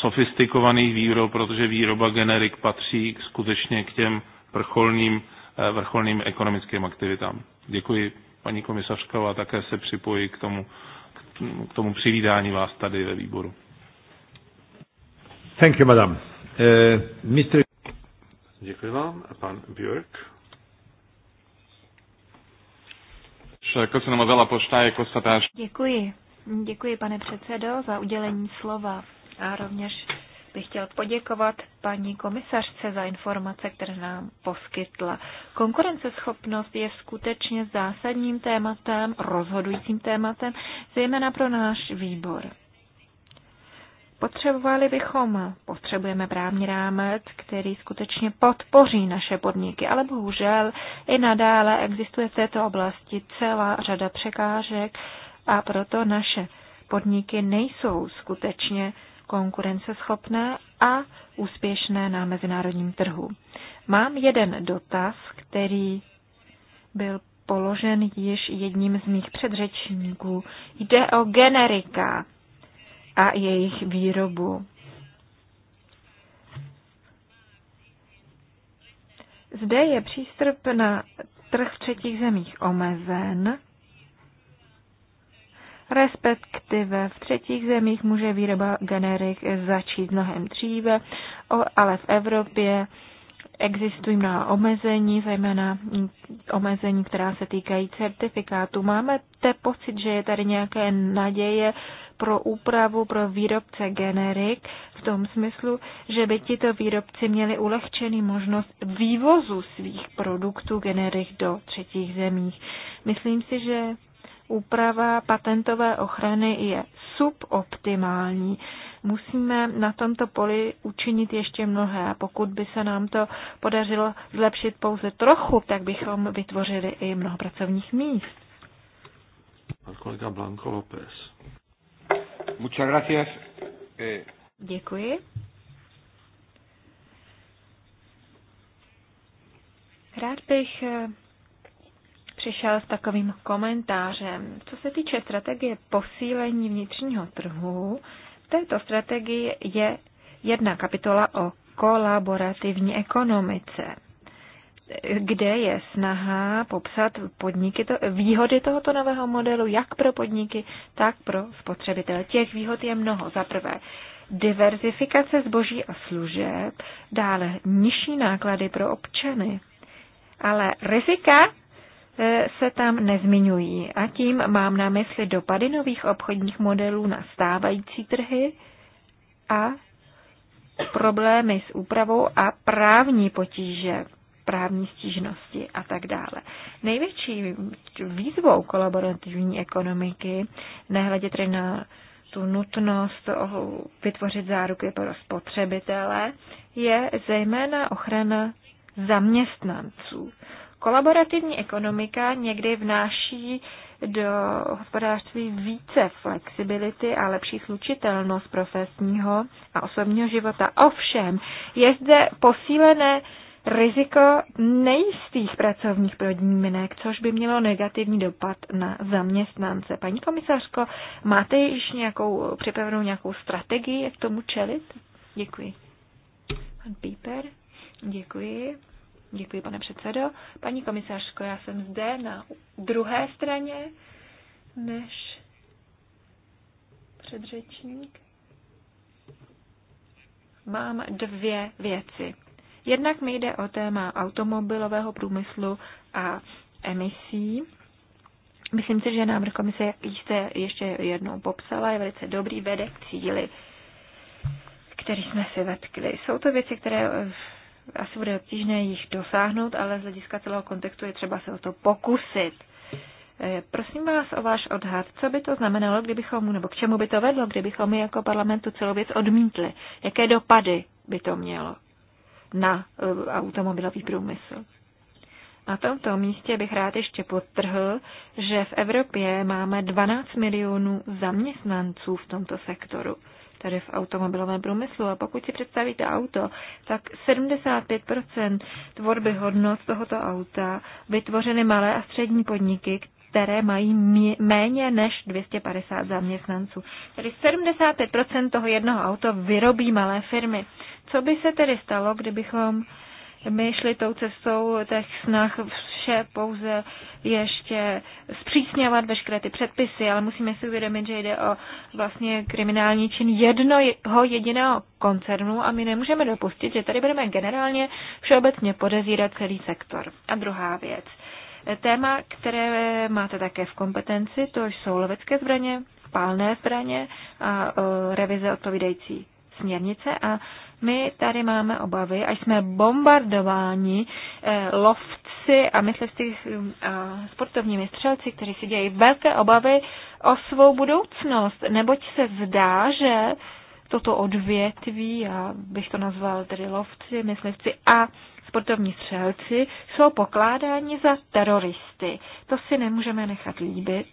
Speaker 4: sofistikovaných výrob, protože výroba generik patří skutečně k těm vrcholným, vrcholným ekonomickým aktivitám. Děkuji paní komisařkou a také se připojí k tomu, k tomu přivídání vás tady ve výboru.
Speaker 1: Thank you, madam. Uh, eh, Mr. Děkuji vám. pan Björk? Jako
Speaker 3: Děkuji. Děkuji, pane předsedo, za udělení slova a rovněž bych chtěl poděkovat paní komisařce za informace, které nám poskytla. Konkurenceschopnost je skutečně zásadním tématem, rozhodujícím tématem, zejména pro náš výbor. Potřebovali bychom, potřebujeme právní rámec, který skutečně podpoří naše podniky, ale bohužel i nadále existuje v této oblasti celá řada překážek a proto naše podniky nejsou skutečně konkurenceschopné a úspěšné na mezinárodním trhu. Mám jeden dotaz, který byl položen již jedním z mých předřečníků. Jde o generika a jejich výrobu. Zde je přístup na trh v třetích zemích omezen respektive v třetích zemích může výroba generik začít mnohem dříve, ale v Evropě existují mnoha omezení, zejména omezení, která se týkají certifikátu. Máme te pocit, že je tady nějaké naděje pro úpravu pro výrobce generik v tom smyslu, že by tito výrobci měli ulehčený možnost vývozu svých produktů generik do třetích zemích. Myslím si, že úprava patentové ochrany je suboptimální. Musíme na tomto poli učinit ještě mnohé a pokud by se nám to podařilo zlepšit pouze trochu, tak bychom vytvořili i mnoho pracovních míst.
Speaker 1: Pan kolega Blanco López. Muchas gracias. Eh,
Speaker 3: Děkuji. Rád bych eh, přišel s takovým komentářem. Co se týče strategie posílení vnitřního trhu, v této strategii je jedna kapitola o kolaborativní ekonomice, kde je snaha popsat podniky to, výhody tohoto nového modelu jak pro podniky, tak pro spotřebitele. Těch výhod je mnoho. Za prvé, diverzifikace zboží a služeb, dále nižší náklady pro občany. Ale rizika E, se tam nezmiňují. A tím mám na mysli dopady nových obchodních modelů na stávající trhy a problémy s úpravou a právní potíže, právní stížnosti a tak dále. Největší výzvou kolaborativní ekonomiky, nehledě tedy na tu nutnost vytvořit záruky pro spotřebitele, je zejména ochrana zaměstnanců. Kolaborativní ekonomika někdy vnáší do hospodářství více flexibility a lepší slučitelnost profesního a osobního života. Ovšem, je zde posílené riziko nejistých pracovních podmínek, což by mělo negativní dopad na zaměstnance. Paní komisařko, máte již nějakou připravenou nějakou strategii, jak tomu čelit? Děkuji. Pan Píper, děkuji. Děkuji, pane předsedo. Paní komisařko, já jsem zde na druhé straně než předřečník. Mám dvě věci. Jednak mi jde o téma automobilového průmyslu a emisí. Myslím si, že návrh komise, jak jste ještě jednou popsala, je velice dobrý, vede k cíli, který jsme si vetkli. Jsou to věci, které asi bude obtížné jich dosáhnout, ale z hlediska celého kontextu je třeba se o to pokusit. E, prosím vás o váš odhad, co by to znamenalo, kdybychom, nebo k čemu by to vedlo, kdybychom my jako parlamentu celou věc odmítli? Jaké dopady by to mělo na e, automobilový průmysl? Na tomto místě bych rád ještě podtrhl, že v Evropě máme 12 milionů zaměstnanců v tomto sektoru tady v automobilovém průmyslu. A pokud si představíte auto, tak 75% tvorby hodnot tohoto auta vytvořily malé a střední podniky, které mají méně než 250 zaměstnanců. Tedy 75% toho jednoho auto vyrobí malé firmy. Co by se tedy stalo, kdybychom my šli tou cestou těch snah může pouze ještě zpřísňovat veškeré ty předpisy, ale musíme si uvědomit, že jde o vlastně kriminální čin jednoho jediného koncernu a my nemůžeme dopustit, že tady budeme generálně všeobecně podezírat celý sektor. A druhá věc. Téma, které máte také v kompetenci, to jsou lovecké zbraně, pálné zbraně a e, revize odpovídající směrnice a my tady máme obavy, až jsme bombardováni eh, lovci a myslivci eh, sportovními střelci, kteří si dějí velké obavy o svou budoucnost, neboť se zdá, že toto odvětví, já bych to nazval tedy lovci, myslivci a sportovní střelci, jsou pokládáni za teroristy. To si nemůžeme nechat líbit.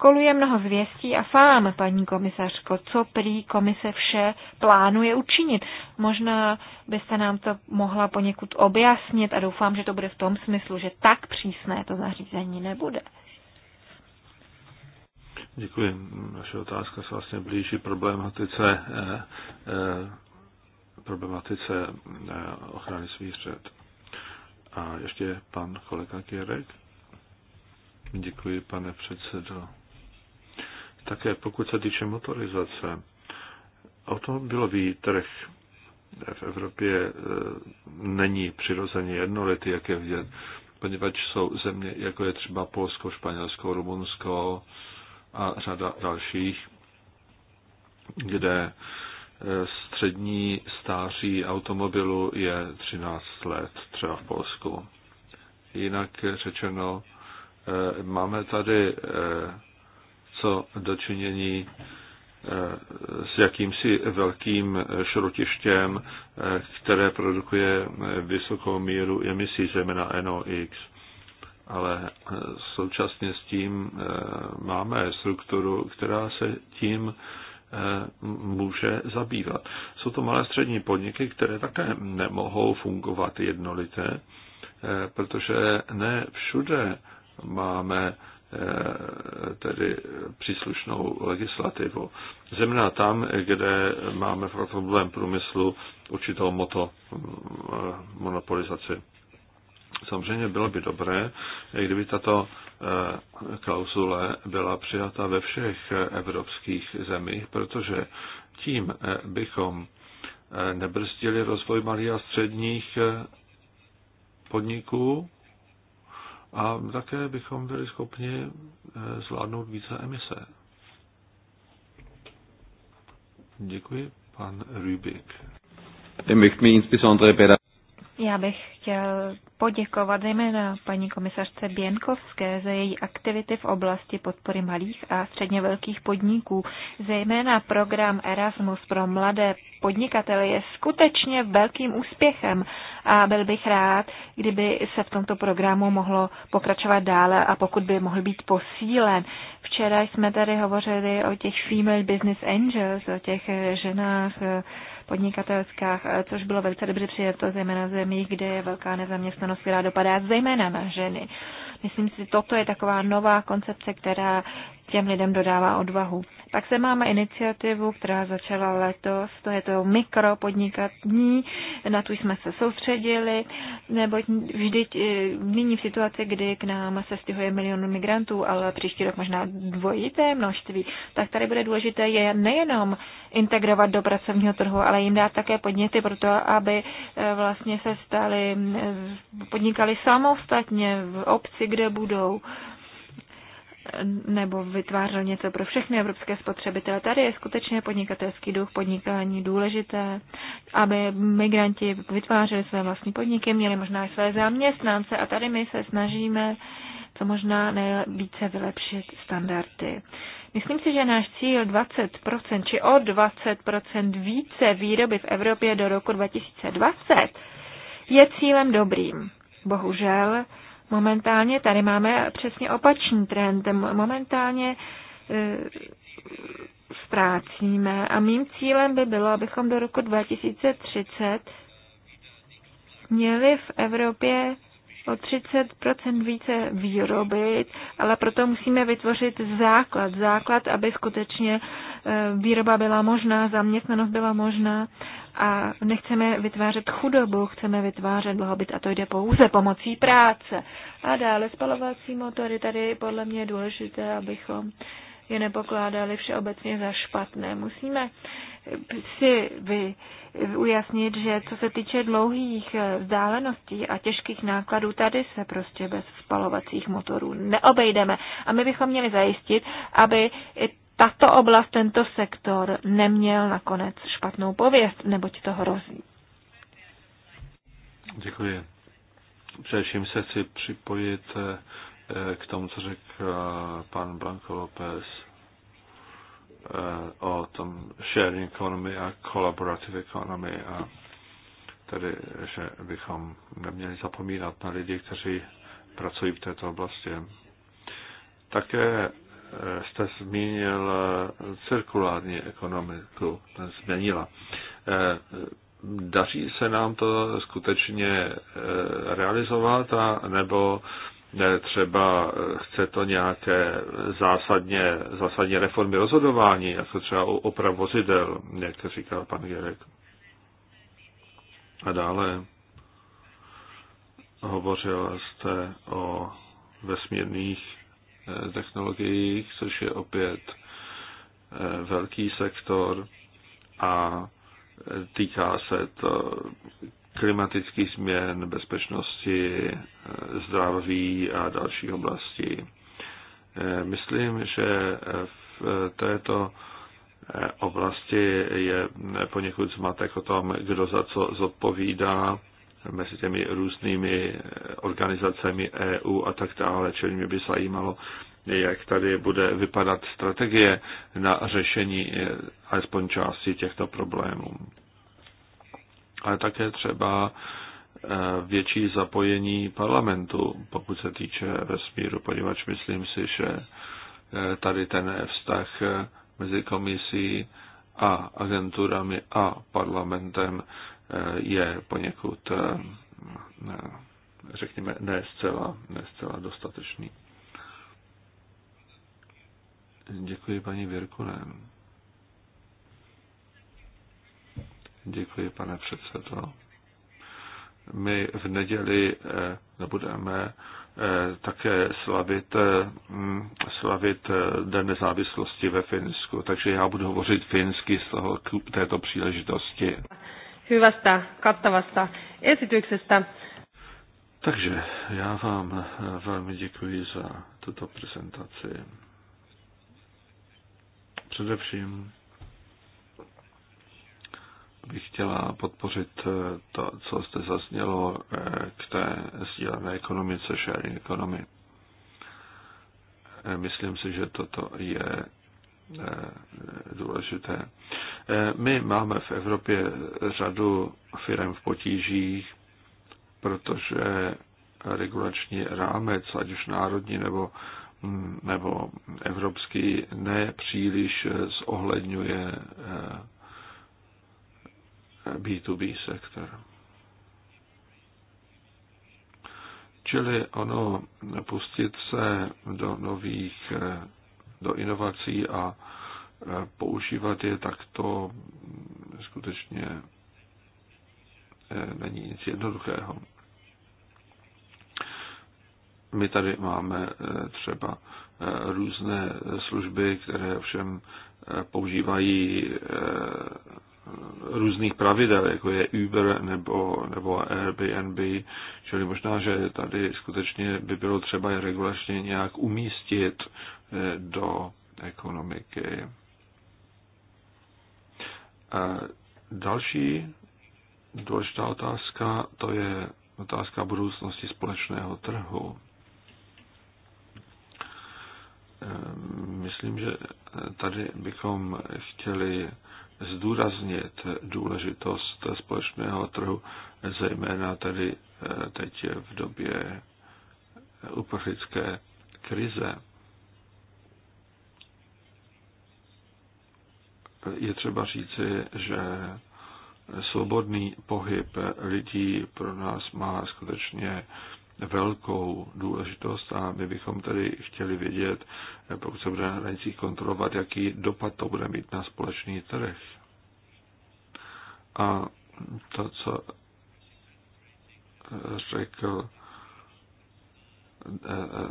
Speaker 3: Koluje mnoho zvěstí a sám, paní komisařko, co prý komise vše plánuje učinit. Možná byste nám to mohla poněkud objasnit a doufám, že to bude v tom smyslu, že tak přísné to zařízení nebude.
Speaker 1: Děkuji. Naše otázka se vlastně blíží problematice, eh, eh, problematice eh, ochrany zvířat. A ještě pan kolega Kierek. Děkuji, pane předsedo. Také pokud se týče motorizace, automobilový trh v Evropě e, není přirozeně jednolitý, jak je vidět, poněvadž jsou země, jako je třeba Polsko, Španělsko, Rumunsko a řada dalších, kde e, střední stáří automobilu je 13 let, třeba v Polsku. Jinak řečeno, e, máme tady co dočinění eh, s jakýmsi velkým šrotištěm, eh, které produkuje eh, vysokou míru emisí, zejména NOx. Ale současně s tím máme strukturu, která se tím může zabývat. Jsou to malé střední podniky, které také nemohou fungovat jednolité, protože ne všude máme Eh, tedy příslušnou legislativu. Zemna tam, kde máme pro problém průmyslu určitou moto eh, monopolizaci. Samozřejmě bylo by dobré, kdyby tato eh, klauzule byla přijata ve všech evropských zemích, protože tím bychom nebrzdili rozvoj malých a středních podniků, a také bychom byli schopni eh, zvládnout více emise. Děkuji, pan Rübik. Ich er möchte mich insbesondere bei der er
Speaker 3: já bych chtěl poděkovat zejména paní komisařce Běnkovské za její aktivity v oblasti podpory malých a středně velkých podniků. Zejména program Erasmus pro mladé podnikatele je skutečně velkým úspěchem a byl bych rád, kdyby se v tomto programu mohlo pokračovat dále a pokud by mohl být posílen. Včera jsme tady hovořili o těch Female Business Angels, o těch ženách, podnikatelskách, eh, což bylo velice dobře přijato, zejména v zemích, kde je velká nezaměstnanost, která dopadá zejména na ženy. Myslím si, toto je taková nová koncepce, která těm lidem dodává odvahu. Pak se máme iniciativu, která začala letos, to je to mikropodnikatní, na tu jsme se soustředili, nebo vždyť e, nyní v situaci, kdy k nám se stihuje milion migrantů, ale příští rok možná dvojité množství, tak tady bude důležité je nejenom integrovat do pracovního trhu, ale jim dát také podněty pro to, aby e, vlastně se stali, podnikali samostatně v obci, kde budou, nebo vytvářel něco pro všechny evropské spotřebitele. Tady je skutečně podnikatelský duch podnikání důležité, aby migranti vytvářeli své vlastní podniky, měli možná i své zaměstnance a tady my se snažíme co možná nejvíce vylepšit standardy. Myslím si, že náš cíl 20% či o 20% více výroby v Evropě do roku 2020 je cílem dobrým. Bohužel Momentálně tady máme přesně opačný trend. Momentálně e, ztrácíme a mým cílem by bylo, abychom do roku 2030 měli v Evropě o 30 více výroby, ale proto musíme vytvořit základ, základ, aby skutečně e, výroba byla možná, zaměstnanost byla možná a nechceme vytvářet chudobu, chceme vytvářet blahobyt a to jde pouze pomocí práce. A dále spalovací motory, tady podle mě je důležité, abychom je nepokládali všeobecně za špatné. Musíme si vy, ujasnit, že co se týče dlouhých eh, vzdáleností a těžkých nákladů, tady se prostě bez spalovacích motorů neobejdeme. A my bychom měli zajistit, aby tato oblast, tento sektor neměl nakonec špatnou pověst, neboť to hrozí.
Speaker 1: Děkuji. Především se chci připojit eh, k tomu, co řekl pan Blanco López eh, o tom sharing economy a collaborative economy a tedy, že bychom neměli zapomínat na lidi, kteří pracují v této oblasti. Také eh, jste zmínil eh, cirkulární ekonomiku, ten změnila. Daří se nám to skutečně realizovat, a nebo třeba eh, chce to nějaké zásadně, zásadně reformy rozhodování, jako třeba oprav vozidel, jak říkal pan Gerek. A dále hovořil jste o vesmírných eh, technologiích, což je opět eh, velký sektor a týká se to klimatických změn, bezpečnosti, zdraví a další oblasti. Myslím, že v této oblasti je poněkud zmatek o tom, kdo za co zodpovídá mezi těmi různými organizacemi EU a tak dále, čili mě by zajímalo, jak tady bude vypadat strategie na řešení alespoň části těchto problémů ale také třeba eh, větší zapojení parlamentu, pokud se týče vesmíru, poněvadž myslím si, že eh, tady ten vztah eh, mezi komisí a agenturami a parlamentem je poněkud, řekněme, ne zcela, ne zcela dostatečný. Děkuji paní Virkunen. Děkuji, pane předsedo. My v neděli eh, nebudeme eh, také slavit, eh, slavit Den nezávislosti ve Finsku, takže já budu hovořit finsky z toho, této příležitosti.
Speaker 3: Hyvästä, kattavasta esityksestä.
Speaker 1: Takže já vám velmi děkuji za tuto prezentaci. Především bych chtěla podpořit eh, to, co jste zaznělo eh, k té sdílené ekonomice, sharing economy. Eh, myslím si, že toto je důležité. My máme v Evropě řadu firm v potížích, protože regulační rámec, ať už národní nebo, mm, nebo evropský, nepříliš zohledňuje B2B sektor. Čili ono pustit se do nových, do inovací a e, používat je takto skutečně e, není nic jednoduchého. My tady máme e, třeba různé služby, které všem používají různých pravidel, jako je Uber nebo, nebo Airbnb, čili možná, že tady skutečně by bylo třeba je regulačně nějak umístit eh, do ekonomiky. další důležitá otázka, to je otázka budoucnosti společného trhu. Eh, myslím, že tady bychom chtěli zdůraznit důležitost společného trhu, zejména tedy eh, teď v době uprchlické krize. Je třeba říci, že svobodný pohyb lidí pro nás má skutečně velkou důležitost a my bychom tedy chtěli vědět, pokud se bude na hranicích kontrolovat, jaký dopad to bude mít na společný trh. A to, co řekl,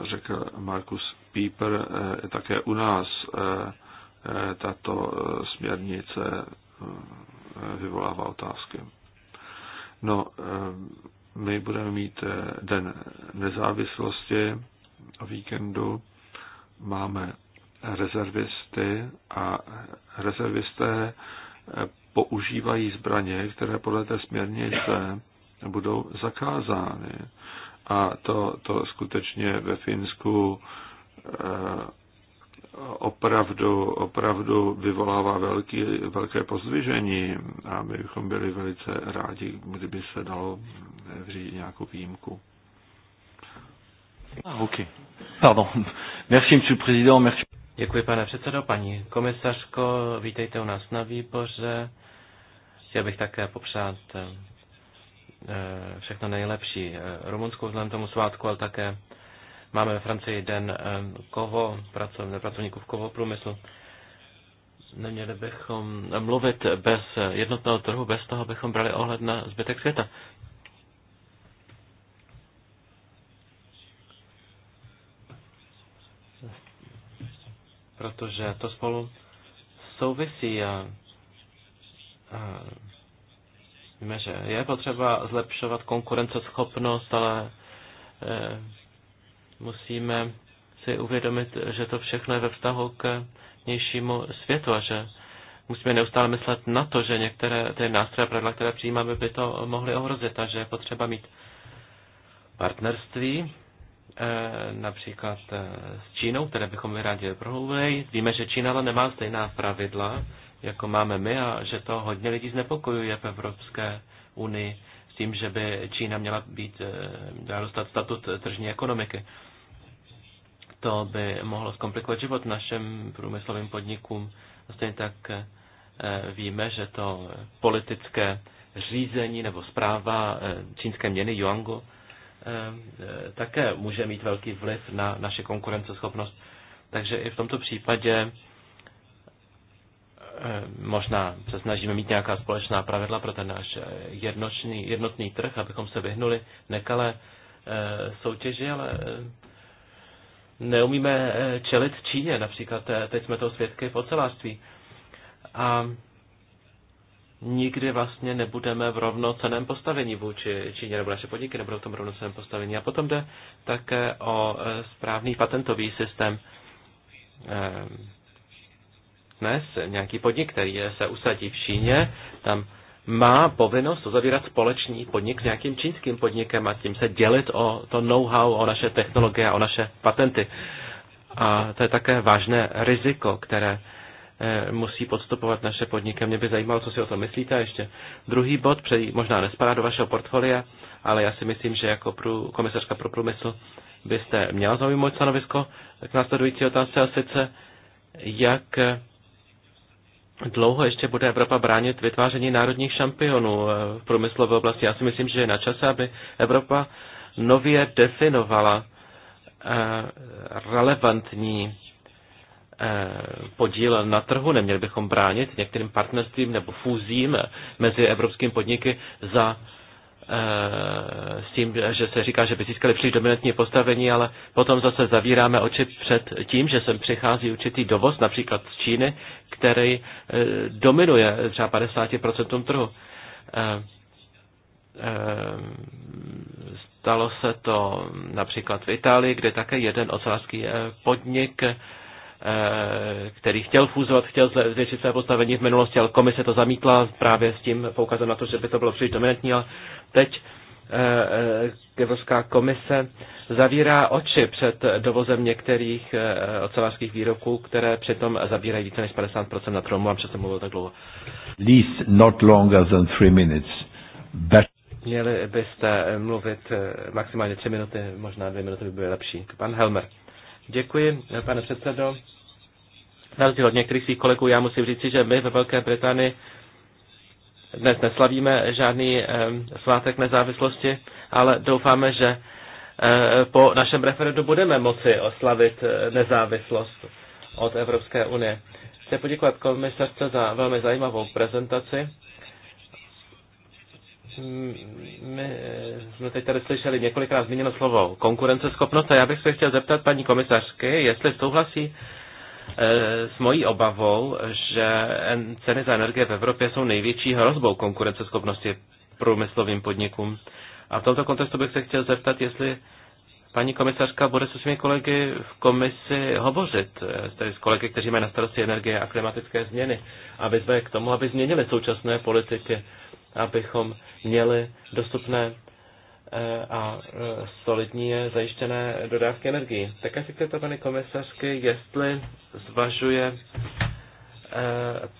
Speaker 1: řekl Markus Pieper, eh, také u nás eh, eh, tato směrnice vyvolává otázky. No, my budeme mít eh, den nezávislosti a víkendu, máme rezervisty a rezervisté eh, používají zbraně, které podle té směrnice budou zakázány. A to, to skutečně ve Finsku eh, opravdu, opravdu vyvolává velký, velké pozdvižení a my bychom byli velice rádi, kdyby se dalo vřídit nějakou výjimku.
Speaker 2: Ah, okay. Pardon. Merci,
Speaker 1: monsieur
Speaker 3: président. Merci.
Speaker 2: Děkuji, pane předsedo. Paní komisařko, vítejte u nás na výboře. Chtěl bych také popřát eh, všechno nejlepší eh, Rumunsku vzhledem tomu svátku, ale také Máme ve Francii den kovo, pracovníků v kovo průmyslu. Neměli bychom mluvit bez jednotného trhu, bez toho bychom brali ohled na zbytek světa. Protože to spolu souvisí a, a víme, že je potřeba zlepšovat konkurenceschopnost, ale e, Musíme si uvědomit, že to všechno je ve vztahu k vnějšímu světu a že musíme neustále myslet na to, že některé ty nástroje a pravidla, které přijímáme, by to mohly ohrozit a že je potřeba mít partnerství, eh, například eh, s Čínou, které bychom my rádi prohloubili. Víme, že Čína ale nemá stejná pravidla, jako máme my a že to hodně lidí znepokojuje v Evropské unii s tím, že by Čína měla, být, eh, měla dostat statut tržní ekonomiky. To by mohlo zkomplikovat život našem průmyslovým podnikům. Stejně tak eh, víme, že to politické řízení nebo zpráva eh, čínské měny Yuangu eh, také může mít velký vliv na naše konkurenceschopnost. Takže i v tomto případě možná se snažíme mít nějaká společná pravidla pro ten náš jednotný, jednotný trh, abychom se vyhnuli nekalé soutěži, ale neumíme eh, čelit Číně, například eh, teď jsme to svědky v ocelářství. A nikdy vlastně nebudeme v rovnoceném postavení vůči Číně, nebo naše podniky nebudou v tom rovnoceném postavení. A potom jde také o eh, správný patentový systém. Ehm, dnes nějaký podnik, který se usadí v Číně, tam má povinnost uzavírat společný podnik s nějakým čínským podnikem a tím se dělit o to know-how, o naše technologie a o naše patenty. A to je také vážné riziko, které eh, musí podstupovat naše podniky. Mě by zajímalo, co si o tom myslíte. A ještě druhý bod, který možná nespadá do vašeho portfolia, ale já si myslím, že jako prů, komisařka pro průmysl byste měla zaujímat stanovisko k následující otázce a sice, jak eh, dlouho ještě bude Evropa bránit vytváření národních šampionů eh, v průmyslové oblasti. Já si myslím, že je na čase, aby Evropa nově definovala eh, relevantní eh, podíl na trhu. Neměli bychom bránit některým partnerstvím nebo fúzím mezi evropskými podniky za Eh, s tím, že se říká, že by získali příliš dominantní postavení, ale potom zase zavíráme oči před tím, že sem přichází určitý dovoz, například z Číny, který eh, dominuje třeba 50% trhu. Eh, stalo se to například v Itálii, kde také jeden ocelářský podnik Eh, který chtěl fúzovat, chtěl zvětšit své postavení v minulosti, ale komise to zamítla právě s tím poukazem na to, že by to bylo příliš dominantní, ale teď eh, eh, Evropská komise zavírá oči před dovozem některých ocelářských výrobků, které přitom zabírají více než 50% na trhu. Mám přece mluvil tak dlouho.
Speaker 1: Least not longer than three minutes. But...
Speaker 2: Měli byste mluvit maximálně tři minuty, možná dvě minuty by byly lepší. Pan Helmer. Děkuji, pane předsedo. Na rozdíl od některých svých kolegů, já musím říci, že my ve Velké Británii dnes neslavíme žádný svátek nezávislosti, ale doufáme, že po našem referendu budeme moci oslavit eh, nezávislost od Evropské unie. Chci poděkovat komisařce za velmi zajímavou prezentaci. My eh, jsme teď tady slyšeli několikrát zmíněno slovo konkurenceschopnost a já bych se chtěl zeptat paní komisařky, jestli souhlasí eh, s mojí obavou, že ceny za energie v Evropě jsou největší hrozbou konkurenceschopnosti průmyslovým podnikům. A v tomto kontextu bych se chtěl zeptat, jestli paní komisařka bude se svými kolegy v komisi hovořit, eh, tedy s kolegy, kteří mají na starosti energie a klimatické změny, aby jsme k tomu, aby změnili současné politiky abychom měli dostupné eh, a eh, solidní zajištěné dodávky energii. Také se chcete, paní komisařky, jestli zvažuje eh,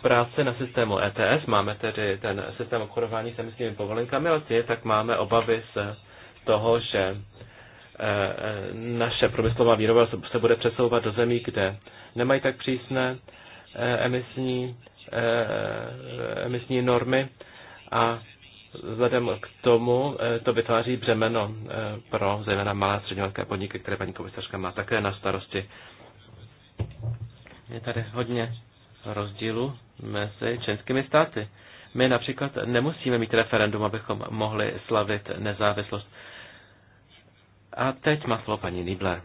Speaker 2: práce na systému ETS. Máme tedy ten systém obchodování s emisními povolenkami, ale tě, tak máme obavy z toho, že naše průmyslová výroba se bude přesouvat do zemí, kde nemají tak přísné emisní, emisní normy a vzhledem k tomu eh, to vytváří břemeno eh, pro zejména malé a střední velké podniky, které paní komisařka má také na starosti. Je tady hodně rozdílu mezi členskými státy. My například nemusíme mít referendum, abychom mohli slavit nezávislost. A teď má slovo paní Nibler.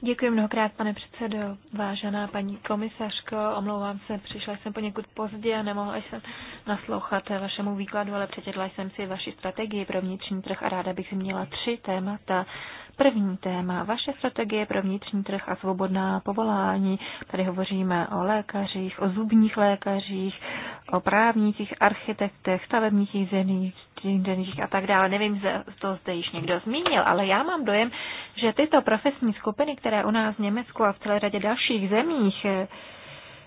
Speaker 3: Děkuji mnohokrát, pane předsedo. Vážená paní komisařko, omlouvám se, přišla jsem poněkud pozdě a nemohla jsem naslouchat vašemu výkladu, ale přečetla jsem si vaši strategii pro vnitřní trh a ráda bych zmínila tři témata, První téma, vaše strategie pro vnitřní trh a svobodná povolání. Tady hovoříme o lékařích, o zubních lékařích, o právnících, architektech, stavebních inženýřích a tak dále. Nevím, to zde již někdo zmínil, ale já mám dojem, že tyto profesní skupiny, které u nás v Německu a v celé řadě dalších zemích eh,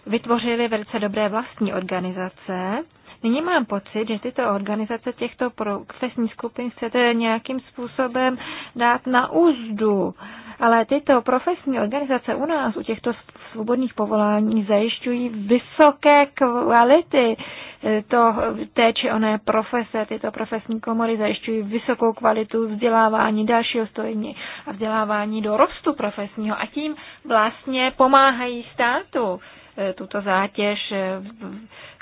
Speaker 3: vytvořily velice dobré vlastní organizace, Nyní mám pocit, že tyto organizace těchto profesních skupin chcete nějakým způsobem dát na úzdu. Ale tyto profesní organizace u nás, u těchto svobodných povolání, zajišťují vysoké kvality eh, to, té či oné profese. Tyto profesní komory zajišťují vysokou kvalitu vzdělávání dalšího stojení a vzdělávání do rostu profesního a tím vlastně pomáhají státu. E, tuto zátěž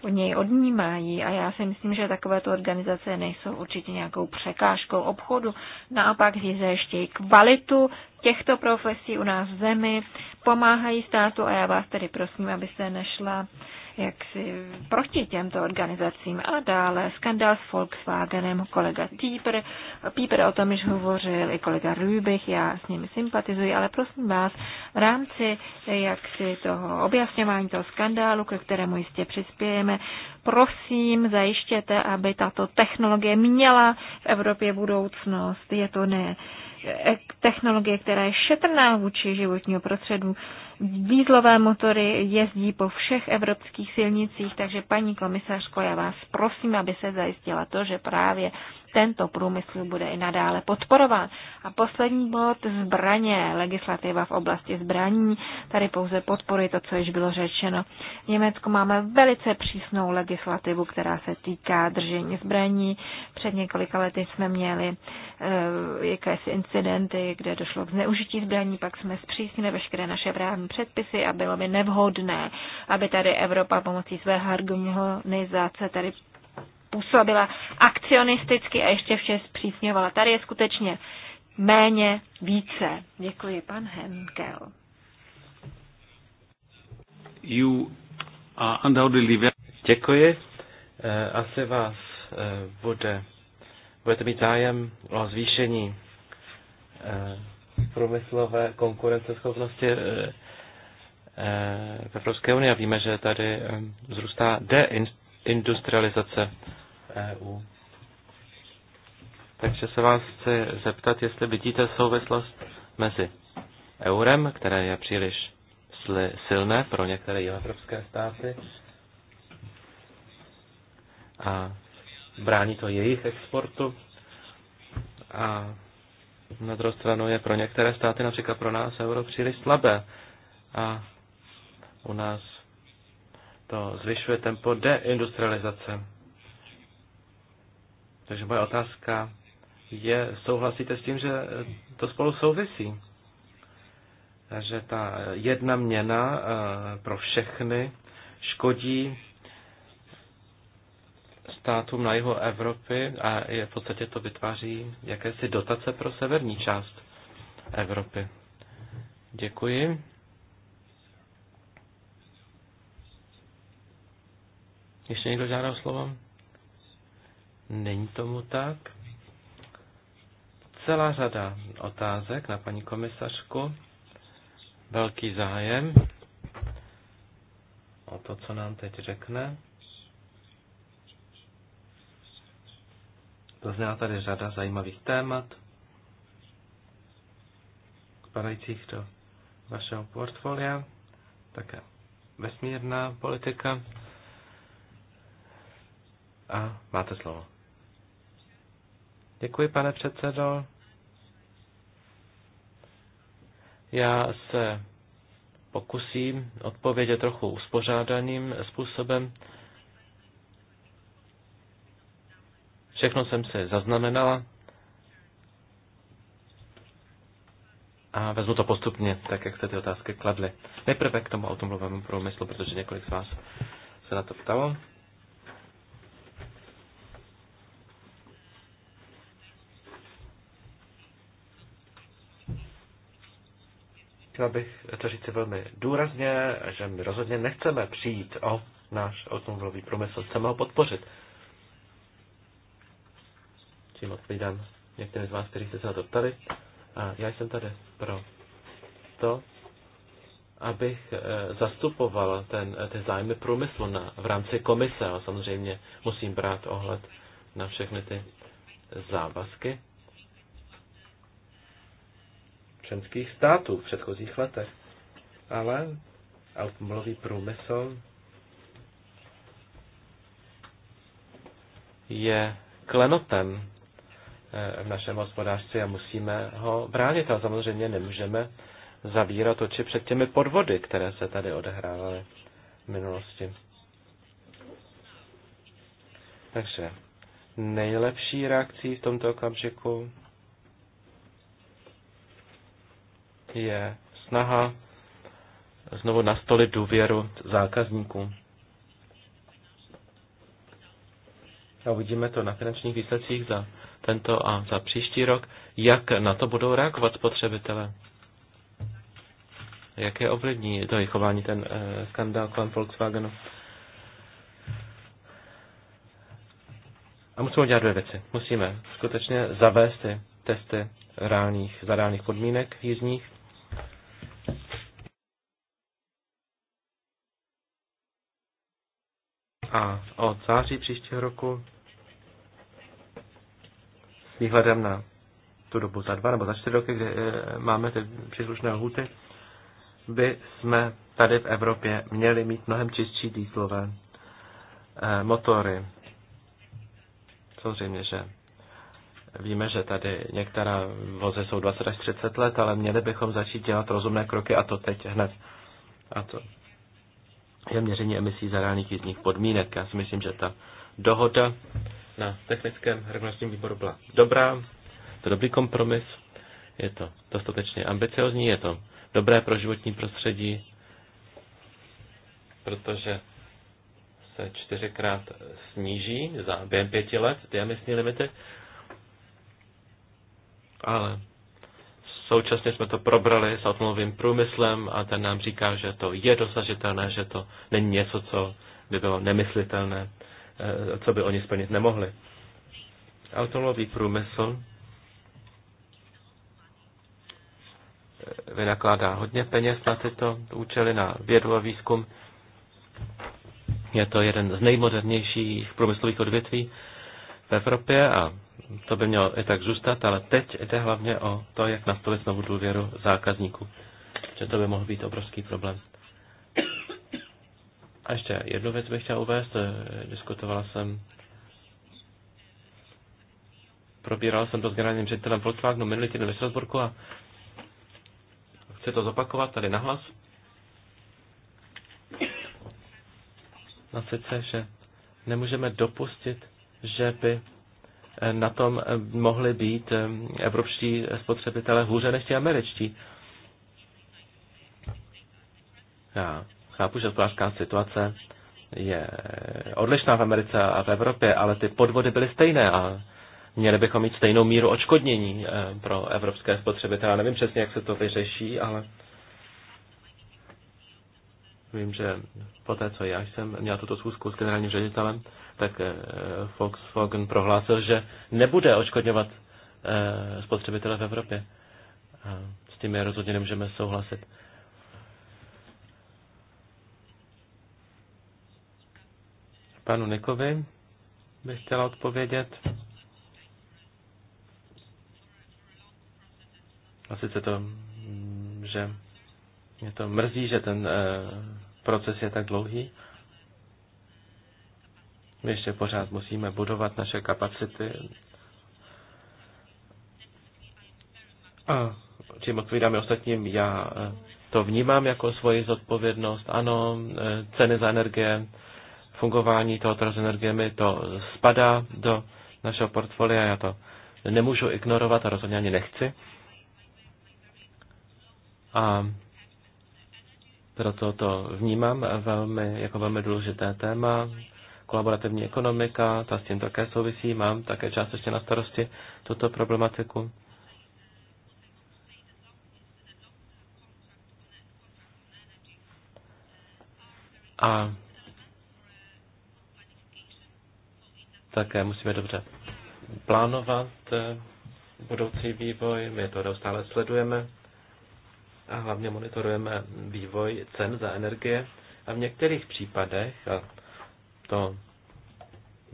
Speaker 3: od e, něj odnímají a já si myslím, že takovéto organizace nejsou určitě nějakou překážkou obchodu. Naopak ještě kvalitu těchto profesí u nás v zemi, pomáhají státu a já vás tedy prosím, abyste nešla jaksi proti těmto organizacím. A dále skandál s Volkswagenem, kolega Pieper, Pieper o tom již hovořil, i kolega Rübich, já s nimi sympatizuji, ale prosím vás, v rámci jaksi toho objasňování toho skandálu, ke kterému jistě přispějeme, prosím, zajištěte, aby tato technologie měla v Evropě budoucnost. Je to ne e, technologie, která je šetrná vůči životního prostředí, dízlové motory jezdí po všech evropských silnicích, takže paní komisařko, já vás prosím, aby se zajistila to, že právě tento průmysl bude i nadále podporován. A poslední bod zbraně, legislativa v oblasti zbraní, tady pouze podporuje to, co již bylo řečeno. V Německu máme velice přísnou legislativu, která se týká držení zbraní. Před několika lety jsme měli e, jakési incidenty, kde došlo k zneužití zbraní, pak jsme zpřísnili veškeré naše právní předpisy a bylo by nevhodné, aby tady Evropa pomocí své harmonizace tady působila akcionisticky a ještě vše zpřísňovala. Tady je skutečně méně více. Děkuji, pan Henkel.
Speaker 2: You are undoubtedly Děkuji. Eh, asi vás eh, bude, budete mít zájem o zvýšení eh, průmyslové konkurenceschopnosti v Evropské unii. Víme, že tady zrůstá deinstitucionalizace industrializace EU. Takže se vás chci zeptat, jestli vidíte souvislost mezi eurem, které je příliš silné pro některé evropské státy a brání to jejich exportu. A na druhou stranu je pro některé státy, například pro nás, euro příliš slabé. A u nás to zvyšuje tempo deindustrializace. Takže moje otázka je, souhlasíte s tím, že to spolu souvisí? že ta jedna měna eh, pro všechny škodí státům na jihu Evropy a je v podstatě to vytváří jakési dotace pro severní část Evropy. Děkuji. Ještě někdo žádá slovo? Není tomu tak. Celá řada otázek na paní komisařku. Velký zájem o to, co nám teď řekne. Zazněla tady řada zajímavých témat, spadajících do vašeho portfolia, také vesmírná politika a máte slovo. Děkuji, pane předsedo. Já se pokusím odpovědět trochu uspořádaným způsobem. Všechno jsem se zaznamenala a vezmu to postupně, tak jak jste ty otázky kladly. Nejprve k tomu automobilovému průmyslu, protože několik z vás se na to ptalo. Chtěla bych to říct velmi důrazně, že my rozhodně nechceme přijít o náš automobilový průmysl, chceme ho podpořit. Tím odpovídám některé z vás, kteří jste se na to ptali. A já jsem tady pro to, abych eh, zastupoval ten, eh, ty zájmy průmyslu na, v rámci komise a samozřejmě musím brát ohled na všechny ty závazky členských států v předchozích letech. Ale automobilový průmysl je klenotem eh, v našem hospodářství a musíme ho bránit. A samozřejmě nemůžeme zavírat oči před těmi podvody, které se tady odehrávaly v minulosti. Takže nejlepší reakcí v tomto okamžiku je snaha znovu nastolit důvěru zákazníků. A uvidíme to na finančních výsledcích za tento a za příští rok, jak na to budou reagovat spotřebitelé. Jak je ovlivní to jejich chování, ten eh, skandál kolem Volkswagenu. A musíme udělat dvě věci. Musíme skutečně zavést ty testy reálných, za reálných podmínek jízdních a od září příštího roku s výhledem na tu dobu za dva nebo za čtyři roky, kdy eh, máme ty příslušné lhuty, by jsme tady v Evropě měli mít mnohem čistší dýzlové eh, motory. Samozřejmě, že víme, že tady některá voze jsou 20 až 30 let, ale měli bychom začít dělat rozumné kroky a to teď hned. A to je měření emisí za reálných jízdních podmínek. Já si myslím, že ta dohoda na technickém regulačním výboru byla dobrá, to dobrý kompromis, je to dostatečně ambiciozní, je to dobré pro životní prostředí, protože se čtyřikrát sníží za během pěti let ty emisní limity, ale Současně jsme to probrali s automovým průmyslem a ten nám říká, že to je dosažitelné, že to není něco, co by bylo nemyslitelné, eh, co by oni splnit nemohli. Automový průmysl eh, vynakládá hodně peněz na tyto účely, na vědu a výzkum. Je to jeden z nejmodernějších průmyslových odvětví v Evropě a to by mělo i tak zůstat, ale teď jde hlavně o to, jak nastavit znovu důvěru zákazníků, že to by mohl být obrovský problém. A ještě jednu věc bych chtěl uvést. Diskutovala jsem, probíral jsem to s generálním ředitelem Volkswagenu minulý týden ve Strasburku a chci to zopakovat tady nahlas. Na sice, že nemůžeme dopustit že by eh, na tom eh, mohli být eh, evropští spotřebitelé hůře než ti američtí. Já chápu, že hospodářská situace je odlišná v Americe a v Evropě, ale ty podvody byly stejné a měli bychom mít stejnou míru očkodnění pro evropské spotřebitele. Nevím přesně, jak se to vyřeší, ale Vím, že po té, co já jsem měl tuto schůzku s generálním ředitelem, tak eh, Volkswagen prohlásil, že nebude očkodňovat eh, spotřebitele v Evropě. S tím je rozhodně nemůžeme souhlasit. Panu Nikovi bych chtěla odpovědět. A sice to, mm, že mě to mrzí, že ten eh, proces je tak dlouhý. My ještě pořád musíme budovat naše kapacity. A čím odpovídáme ostatním, já eh, to vnímám jako svoji zodpovědnost. Ano, eh, ceny za energie, fungování toho trhu s energiemi, to spadá do našeho portfolia, já to nemůžu ignorovat a rozhodně ani nechci. A proto to vnímám velmi, jako velmi důležité téma. Kolaborativní ekonomika, ta s tím také souvisí, mám také částečně na starosti tuto problematiku. A také musíme dobře plánovat eh, budoucí vývoj, my to neustále sledujeme a hlavně monitorujeme vývoj cen za energie a v některých případech, a to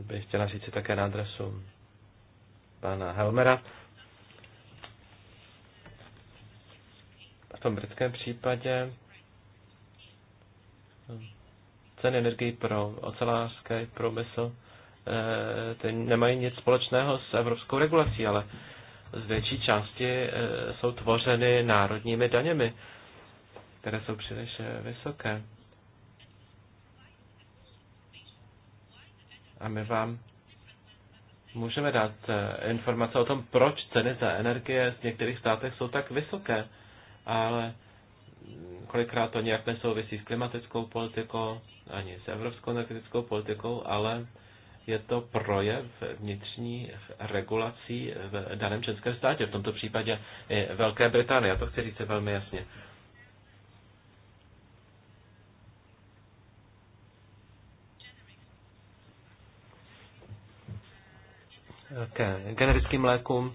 Speaker 2: bych chtěla říct také na adresu pana Helmera, v tom britském případě ceny energii pro ocelářské průmysl eh, ty nemají nic společného s evropskou regulací, ale z větší části eh, jsou tvořeny národními daněmi, které jsou příliš eh, vysoké. A my vám můžeme dát eh, informace o tom, proč ceny za energie v některých státech jsou tak vysoké, ale kolikrát to nějak nesouvisí s klimatickou politikou, ani s evropskou energetickou politikou, ale je to projev vnitřní regulací v daném českém státě, v tomto případě i Velké Británie. Já to chci říct velmi jasně. K generickým lékům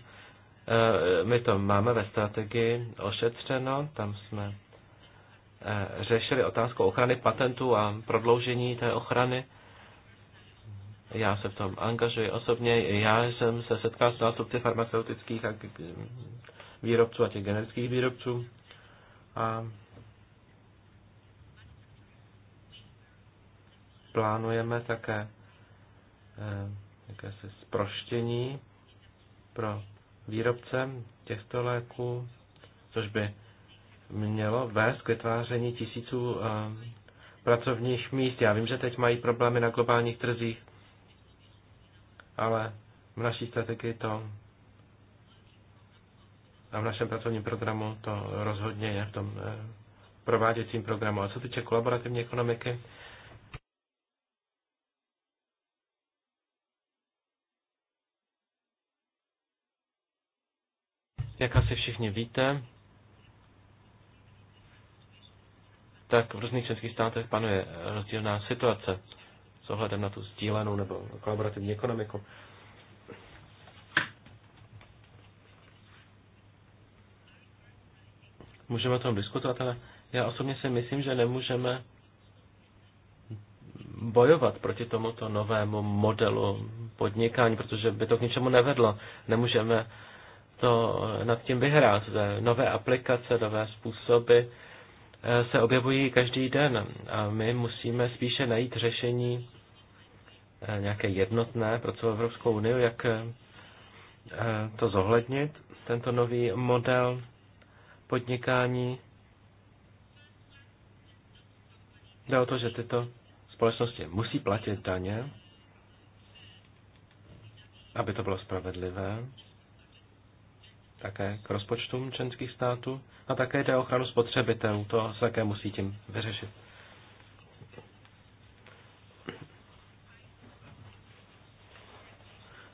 Speaker 2: eh, my to máme ve strategii ošetřeno, tam jsme eh, řešili otázku ochrany patentů a prodloužení té ochrany. Já se v tom angažuji osobně. Já jsem se setkal s nástupci farmaceutických a výrobců a těch generických výrobců. A plánujeme také eh, jakési sproštění pro výrobce těchto léků, což by mělo vést k vytváření tisíců eh, pracovních míst. Já vím, že teď mají problémy na globálních trzích, ale v naší strategii to a v našem pracovním programu to rozhodně je v tom eh, prováděcím programu. A co týče kolaborativní ekonomiky, jak asi všichni víte, tak v různých českých státech panuje rozdílná situace ohledem na tu sdílenou nebo kolaborativní ekonomiku. Můžeme o tom diskutovat, ale já osobně si myslím, že nemůžeme bojovat proti tomuto novému modelu podnikání, protože by to k ničemu nevedlo. Nemůžeme to nad tím vyhrát. Nové aplikace, nové způsoby eh, se objevují každý den a my musíme spíše najít řešení Eh, nějaké jednotné pro celou Evropskou unii, jak eh, to zohlednit, tento nový model podnikání. Jde o to, že tyto společnosti musí platit daně, aby to bylo spravedlivé, také k rozpočtům členských států a také jde o ochranu spotřebitelů, to se také musí tím vyřešit.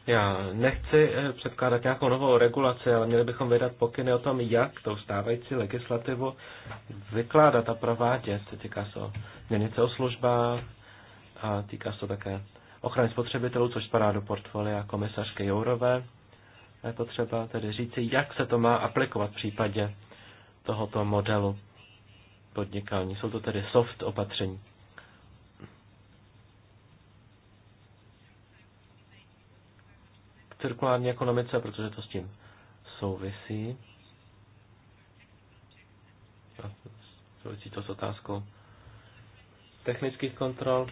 Speaker 2: Já nechci eh, předkládat nějakou novou regulaci, ale měli bychom vydat pokyny o tom, jak tou stávající legislativu vykládat a provádět. Týká se o měnice o službách a týká se také ochrany spotřebitelů, což spadá do portfolia komisařky Jourové. Je potřeba tedy říci, jak se to má aplikovat v případě tohoto modelu podnikání. Jsou to tedy soft opatření. cirkulární ekonomice, protože to s tím souvisí. A souvisí to s otázkou technických kontrol.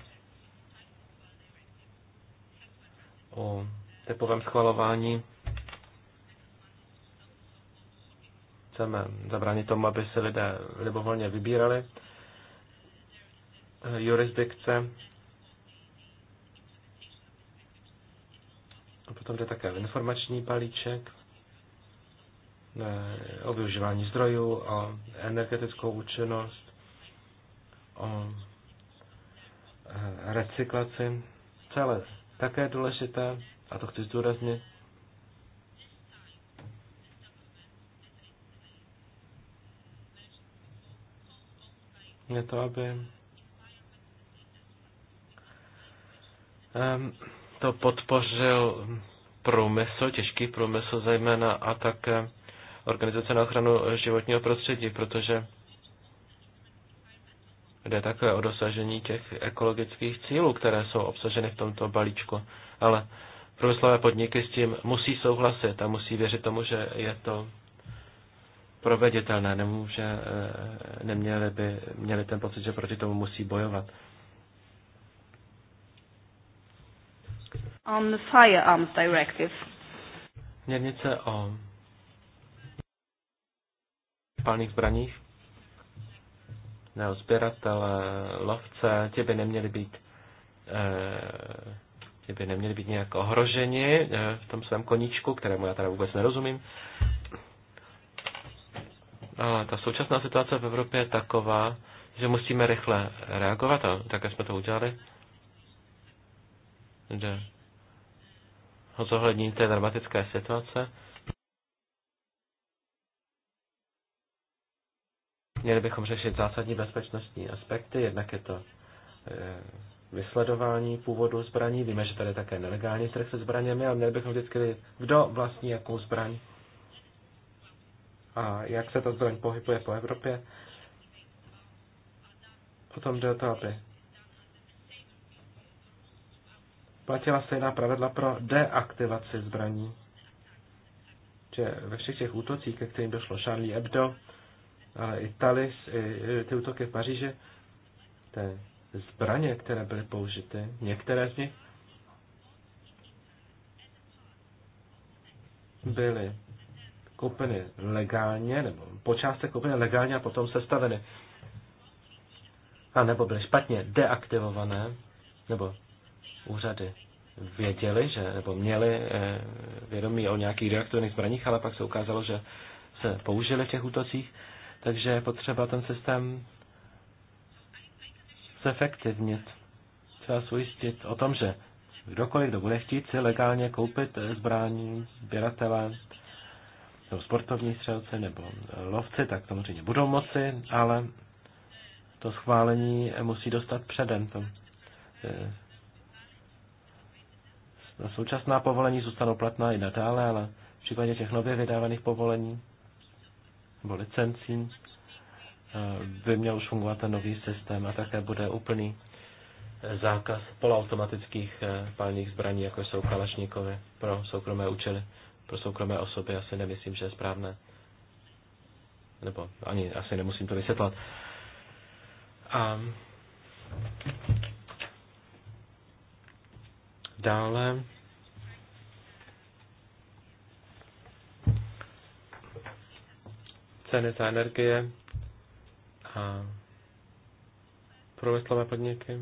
Speaker 2: O typovém schvalování chceme zabránit tomu, aby se lidé libovolně vybírali jurisdikce A potom jde také informační balíček o využívání zdrojů, o energetickou účinnost, o eh, recyklaci. Celé také důležité, a to chci zdůraznit, je to, aby um, to podpořil průmysl, těžký průmysl zejména a také organizace na ochranu životního prostředí, protože jde také o dosažení těch ekologických cílů, které jsou obsaženy v tomto balíčku. Ale průmyslové podniky s tím musí souhlasit a musí věřit tomu, že je to proveditelné, nemůže, eh, neměli by, měli ten pocit, že proti tomu musí bojovat.
Speaker 3: on the firearms directive.
Speaker 2: Směrnice o palných zbraních. Neozběratele, lovce, ti by neměli být eh, ti by neměli být nějak ohroženi eh, v tom svém koníčku, kterému já teda vůbec nerozumím. A ta současná situace v Evropě je taková, že musíme rychle reagovat a také jsme to udělali. Jde zohlednění té dramatické situace. Měli bychom řešit zásadní bezpečnostní aspekty, jednak je to eh, vysledování původu zbraní. Víme, že tady je také nelegální trh se zbraněmi, ale měli bychom vždycky vědět, kdo vlastní jakou zbraň a jak se ta zbraň pohybuje po Evropě. Potom jde o to, aby platila stejná pravidla pro deaktivaci zbraní. Že ve všech těch útocích, ke kterým došlo Charlie Hebdo, ale i Talis, i ty útoky v Paříži, ty zbraně, které byly použity, některé z nich byly koupeny legálně, nebo počástek koupeny legálně a potom sestaveny. A nebo byly špatně deaktivované, nebo úřady věděli, že, nebo měli eh, vědomí o nějakých reaktorných zbraních, ale pak se ukázalo, že se použili v těch útocích, takže je potřeba ten systém zefektivnit. Třeba ujistit o tom, že kdokoliv, kdo bude chtít si legálně koupit eh, zbraní, sběratele, nebo sportovní střelci, nebo eh, lovci, tak samozřejmě budou moci, ale to schválení musí dostat předem. To No, současná povolení zůstanou platná i nadále, ale v případě těch nově vydávaných povolení nebo licencí eh, by měl už fungovat ten nový systém a také bude úplný eh, zákaz poloautomatických eh, palných zbraní, jako jsou kalašníkovi pro soukromé účely. Pro soukromé osoby asi nemyslím, že je správné. Nebo ani asi nemusím to vysvětlat. A Dále ceny za energie a průmyslové podniky.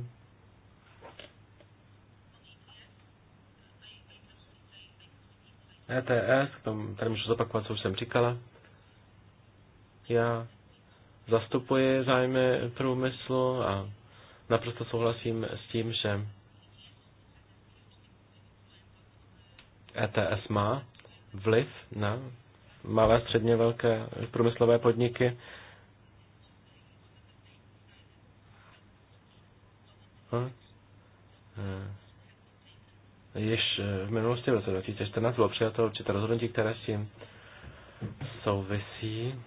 Speaker 2: ETS, k tomu tady můžu zopakovat, co už jsem říkala. Já zastupuji zájmy průmyslu a naprosto souhlasím s tím, že ETS má vliv na malé, středně velké průmyslové podniky. E, již v minulosti v roce 2014 bylo přijato určité rozhodnutí, které s tím souvisí.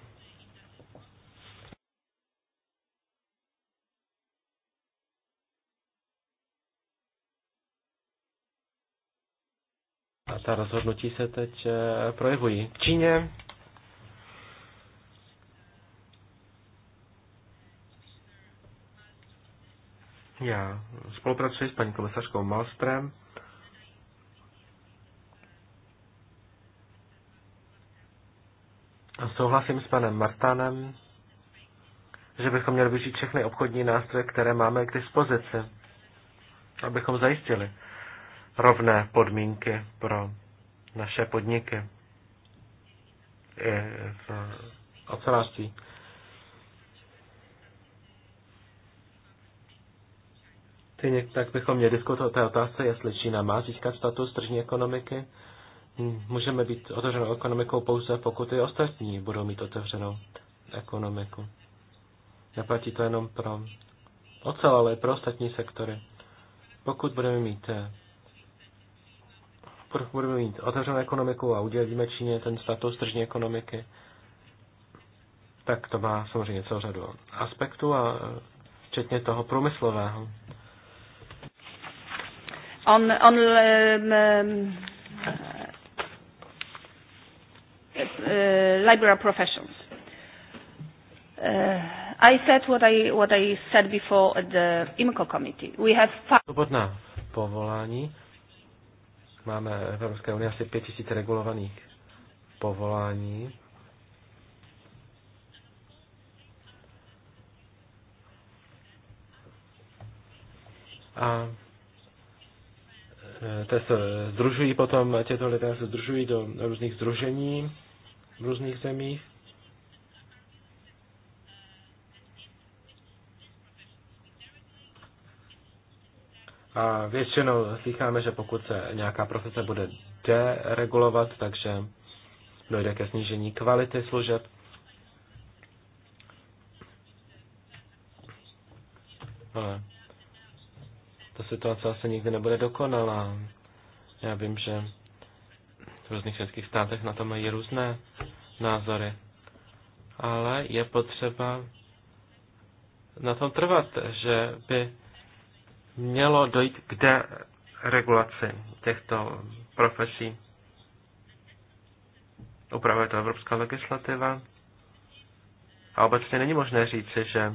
Speaker 2: A ta rozhodnutí se teď eh, projevují. V Číně Já spolupracuji s paní komisařkou Malstrem. A souhlasím s panem Martanem, že bychom měli využít všechny obchodní nástroje, které máme k dispozici, abychom zajistili, rovné podmínky pro naše podniky i v ocelářství. tak bychom měli diskutovat o té otázce, jestli Čína má získat status tržní ekonomiky. Můžeme být otevřenou ekonomikou pouze, pokud i ostatní budou mít otevřenou ekonomiku. Neplatí to jenom pro ocel, ale i pro ostatní sektory. Pokud budeme mít eh, budeme mít otevřenou ekonomiku a udělíme Číně ten status tržní ekonomiky, tak to má samozřejmě celou řadu aspektů a eh, včetně toho průmyslového.
Speaker 3: On, on, um, eh, um, eh, uh, liberal professions. Uh, I said what I, what I said before at the IMCO committee. We have five...
Speaker 2: Svobodná povolání. Máme v Evropské unii asi 5000 regulovaných povolání. A e, to se združují potom, těto lidé se združují do různých združení v různých zemích. A většinou slycháme, že pokud se nějaká profese bude deregulovat, takže dojde ke snížení kvality služeb. Ale ta situace asi nikdy nebude dokonalá. Já vím, že v různých českých státech na to mají různé názory. Ale je potřeba na tom trvat, že by mělo dojít k deregulaci těchto profesí. Upravuje to evropská legislativa. A obecně není možné říci, že eh,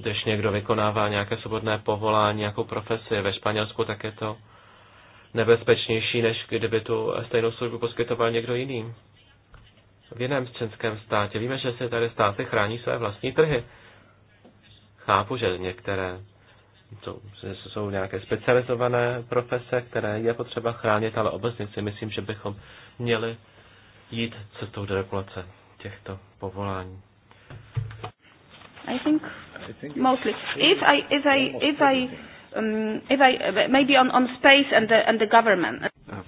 Speaker 2: když někdo vykonává nějaké svobodné povolání, nějakou profesi ve Španělsku, tak je to nebezpečnější, než kdyby tu stejnou službu poskytoval někdo jiný. V jiném členském státě. Víme, že se tady státy chrání své vlastní trhy. Chápu, že některé že jsou nějaké specializované profese, které je potřeba chránit, ale obecně si myslím, že bychom měli jít cestou deregulace těchto povolání.
Speaker 3: I think, mostly. If I, If I, if I, if I Um, if I, maybe on, on space and the, and the government.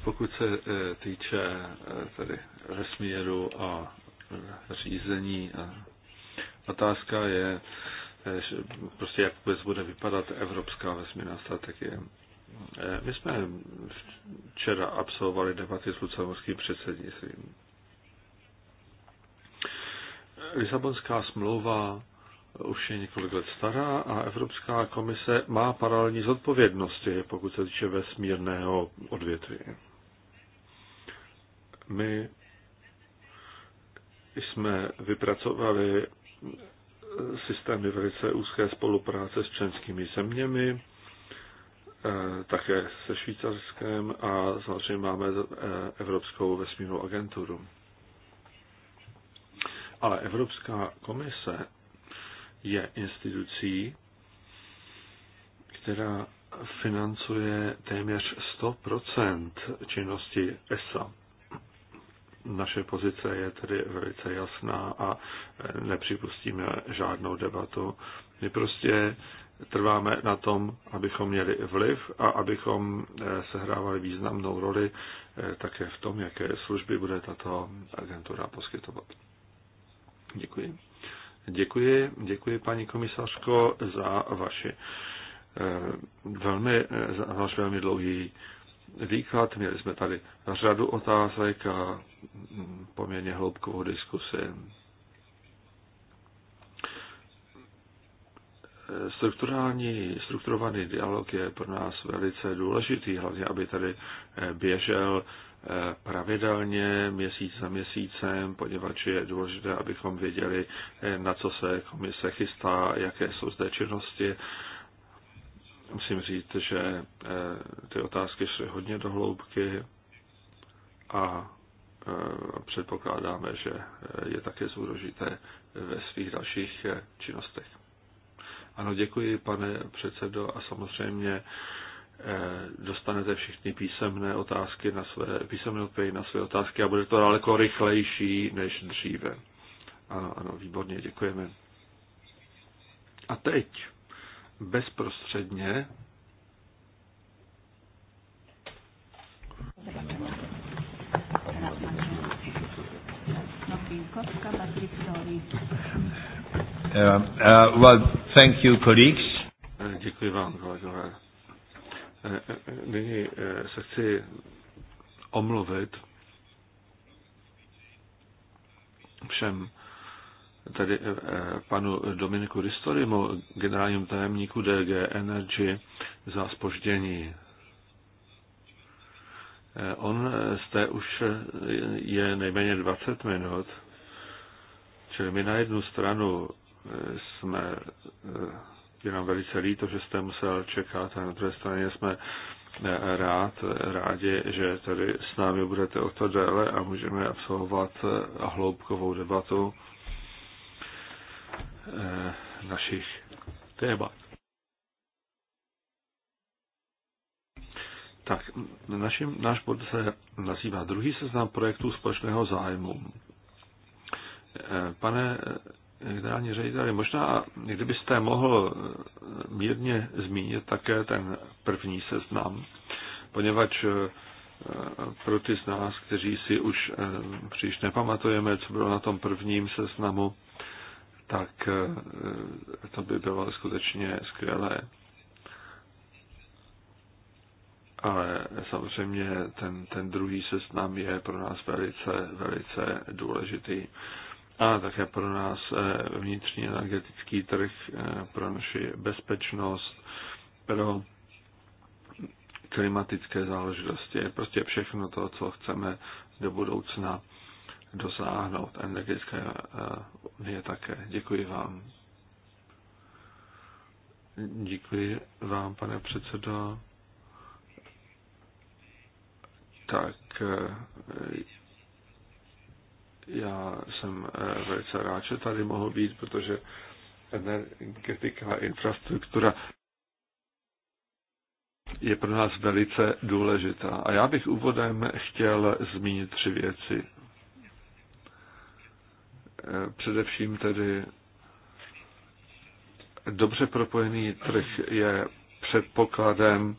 Speaker 1: Pokud se eh, týče eh, tedy vesmíru a eh, řízení, a otázka je, prostě jak vůbec bude vypadat evropská vesmírná strategie. My jsme včera absolvovali debaty s lucemburským předsednictvím. Lisabonská smlouva už je několik let stará a Evropská komise má paralelní zodpovědnosti, pokud se týče vesmírného odvětví. My jsme vypracovali systémy velice úzké spolupráce s členskými zeměmi, eh, také se Švýcarskem a samozřejmě máme eh, Evropskou vesmírnou agenturu. Ale Evropská komise je institucí, která financuje téměř 100% činnosti ESA. Naše pozice je tedy velice jasná a nepřipustíme žádnou debatu. My prostě trváme na tom, abychom měli vliv a abychom eh, sehrávali významnou roli eh, také v tom, jaké služby bude tato agentura poskytovat. Děkuji. Děkuji, děkuji paní komisařko za vaši eh, velmi, eh, za váš velmi dlouhý výklad. Měli jsme tady řadu otázek a mm, poměrně hloubkovou diskusi. Strukturální, strukturovaný dialog je pro nás velice důležitý, hlavně aby tady eh, běžel pravidelně, měsíc za měsícem, poněvadž je důležité, abychom věděli, na co se komise chystá, jaké jsou zde činnosti. Musím říct, že eh, ty otázky šly hodně do hloubky a eh, předpokládáme, že eh, je také zúrožité ve svých dalších činnostech. Ano, děkuji, pane předsedo, a samozřejmě Eh, dostanete všechny písemné otázky na své, písemné odpovědi na své otázky a bude to daleko rychlejší než dříve. Ano, ano, výborně, děkujeme. A teď bezprostředně
Speaker 3: Uh, uh, well, thank you, colleagues.
Speaker 2: Děkuji vám,
Speaker 1: kolegové. Eh, eh, eh, nyní se chci omluvit všem tedy panu Dominiku Ristorimu, generálnímu tajemníku DG Energy, za spoždění. On zde už je nejméně 20 minut, čili my na jednu stranu jsme je nám velice líto, že jste musel čekat a na druhé straně jsme eh, rád, rádi, že tady s námi budete o to déle a můžeme absolvovat eh, hloubkovou debatu eh, našich témat. Tak, naši, náš bod se nazývá druhý seznam projektů společného zájmu. Pane generální řediteli, možná, kdybyste mohl eh, mírně zmínit také ten první seznam, poněvadž eh, pro ty z nás, kteří si už eh, příliš nepamatujeme, co bylo na tom prvním seznamu, tak to by bylo skutečně skvělé. Ale samozřejmě ten, ten druhý seznam je pro nás velice, velice důležitý a také pro nás eh, vnitřní energetický trh, eh, pro naši bezpečnost, pro klimatické záležitosti, prostě všechno to, co chceme do budoucna dosáhnout energetické eh, unie také. Děkuji vám. Děkuji vám, pane předsedo. Tak já jsem eh, velice rád, že tady mohl být, protože energetika, infrastruktura je pro nás velice důležitá. A já bych úvodem chtěl zmínit tři věci. Eh, především tedy dobře propojený trh je předpokladem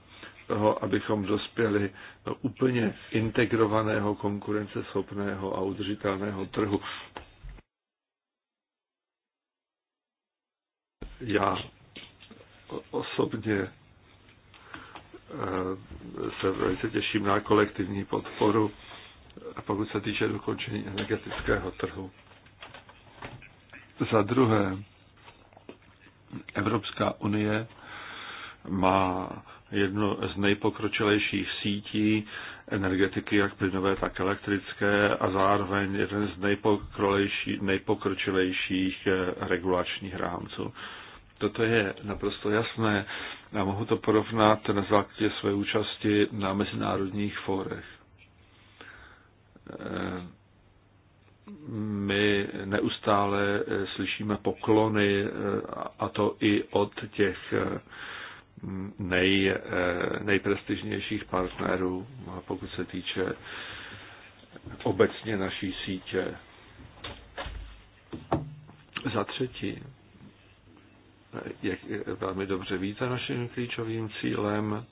Speaker 1: toho, abychom dospěli do úplně integrovaného, konkurenceschopného a udržitelného trhu. Já osobně eh, se velice těším na kolektivní podporu, a pokud se týče dokončení energetického trhu. Za druhé, Evropská unie má jednu z nejpokročilejších sítí energetiky, jak plynové, tak elektrické a zároveň jeden z nejpokročilejších, nejpokročilejších regulačních rámců. Toto je naprosto jasné a mohu to porovnat na základě své účasti na mezinárodních fórech. Eh, my neustále eh, slyšíme poklony, eh, a to i od těch nej, eh, nejprestižnějších partnerů, pokud se týče obecně naší sítě. Za třetí, jak velmi dobře víte, naším klíčovým cílem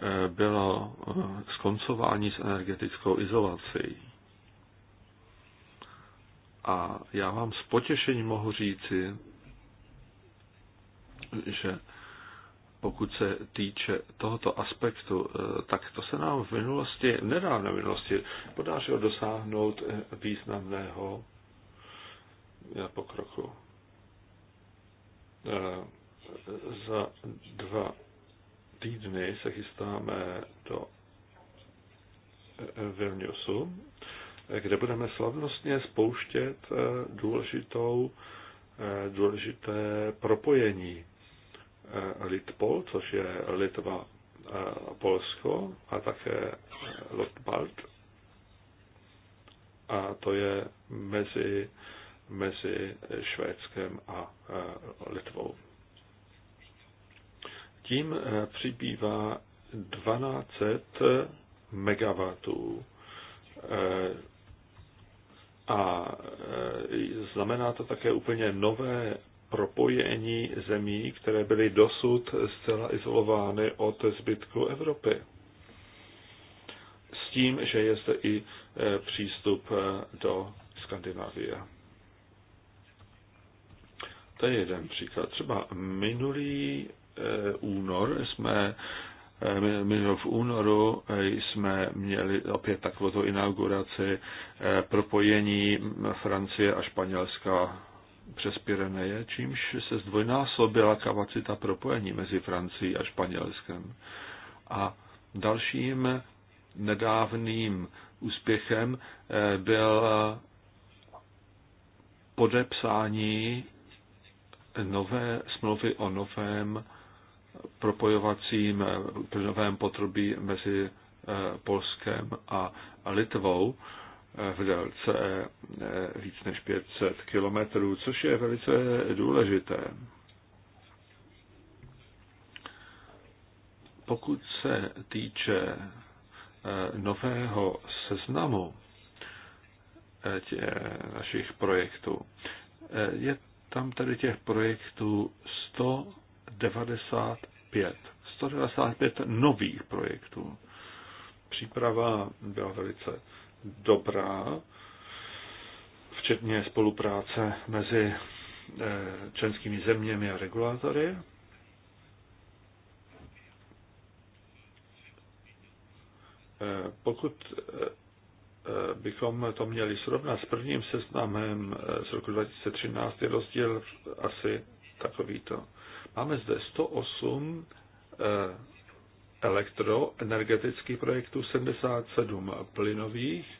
Speaker 1: eh, bylo eh, skoncování s energetickou izolací. A já vám s potěšením mohu říci, že pokud se týče tohoto aspektu, eh, tak to se nám v minulosti, nedávné minulosti, podařilo dosáhnout eh, významného eh, pokroku. Za dva týdny se chystáme do Vilniusu, kde budeme slavnostně spouštět důležitou, důležité propojení Eh, Litpol, což je Litva, eh, Polsko a také eh, Lotbalt. A to je mezi, mezi Švédskem a Litvou. Tím přibývá 1200 megawatů a znamená to také úplně nové propojení zemí, které byly dosud zcela izolovány od zbytku Evropy. S tím, že je zde i e, přístup e, do Skandinávie. To je jeden příklad. Třeba minulý e, únor jsme Minul v únoru jsme měli opět takovou inauguraci propojení Francie a Španělska přes Pireneje, čímž se zdvojnásobila kapacita propojení mezi Francií a Španělskem. A dalším nedávným úspěchem eh, byl podepsání nové smlouvy o novém propojovacím plynovém eh, potrubí mezi eh, Polskem a Litvou, v délce eh, víc než 500 kilometrů, což je velice důležité. Pokud se týče eh, nového seznamu eh, našich projektů, je tam tedy těch projektů 195. 195 nových projektů. Příprava byla velice dobrá, včetně spolupráce mezi eh, členskými zeměmi a regulátory. Eh, pokud eh, bychom to měli srovnat s prvním seznamem z roku 2013, je rozdíl asi takovýto. Máme zde 108 elektroenergetických projektů, 77 plynových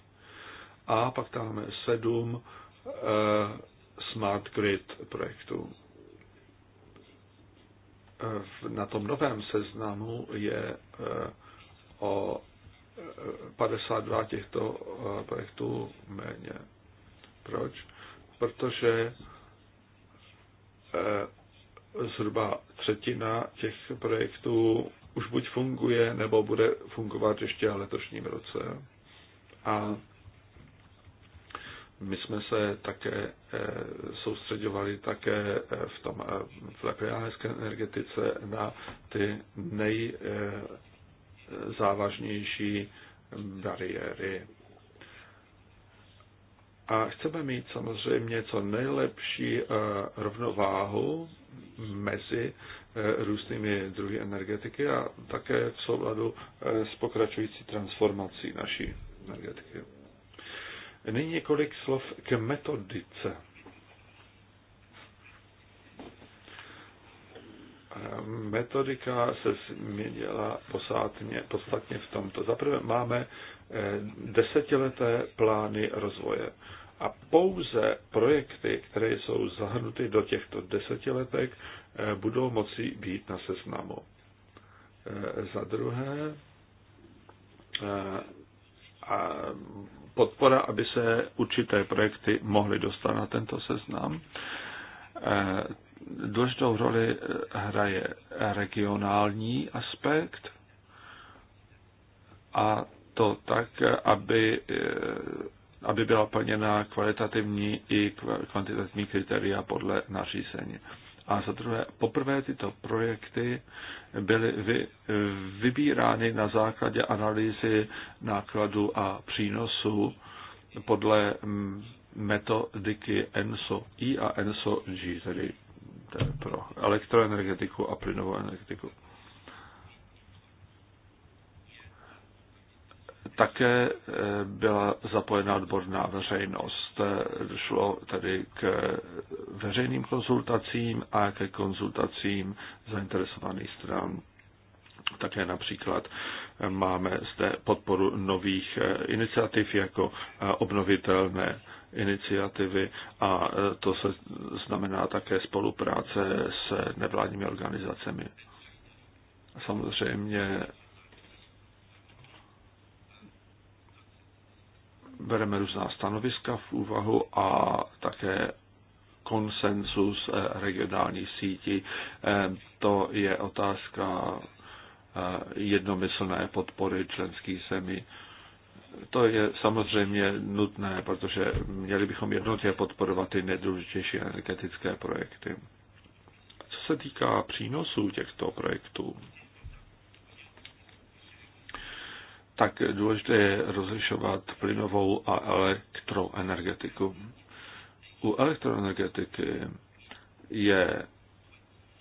Speaker 1: a pak tam máme 7 eh, smart grid projektů. Eh, na tom novém seznamu je eh, o 52 těchto projektů méně. Proč? Protože zhruba třetina těch projektů už buď funguje, nebo bude fungovat ještě v letošním roce. A my jsme se také eh, soustředovali také eh, v, tom, eh, v takové energetice na ty nejzávažnější bariéry. A chceme mít samozřejmě co nejlepší rovnováhu mezi Eh, různými druhy energetiky a také v souladu eh, s pokračující transformací naší energetiky. Nyní několik slov k metodice. Eh, metodika se změnila posátně, podstatně v tomto. Zaprvé máme desetileté plány rozvoje. A pouze projekty, které jsou zahrnuty do těchto desetiletek, Eh, budou moci být na seznamu. Eh, za druhé, eh, a podpora, aby se určité projekty mohly dostat na tento seznam. Důležitou roli hraje regionální aspekt a to tak, aby, aby byla plněna kvalitativní i kvantitativní kritéria podle nařízení. A za druhé, poprvé tyto projekty byly vy, vybírány na základě analýzy nákladu a přínosu podle metodiky ENSO I a ENSO G, tedy pro elektroenergetiku a plynovou energetiku. Také eh, byla zapojena odborná veřejnost. Došlo tedy k veřejným konzultacím a ke konzultacím zainteresovaných stran. Také například eh, máme zde podporu nových eh, iniciativ jako obnovitelné iniciativy a to se znamená také spolupráce s nevládními organizacemi. Samozřejmě bereme různá stanoviska v úvahu a také konsensus eh, regionální síti. Eh, to je otázka eh, jednomyslné podpory členských zemí. To je samozřejmě nutné, protože měli bychom jednotně podporovat ty nejdůležitější energetické projekty. Co se týká přínosů těchto projektů, tak důležité je rozlišovat plynovou a elektroenergetiku. U elektroenergetiky je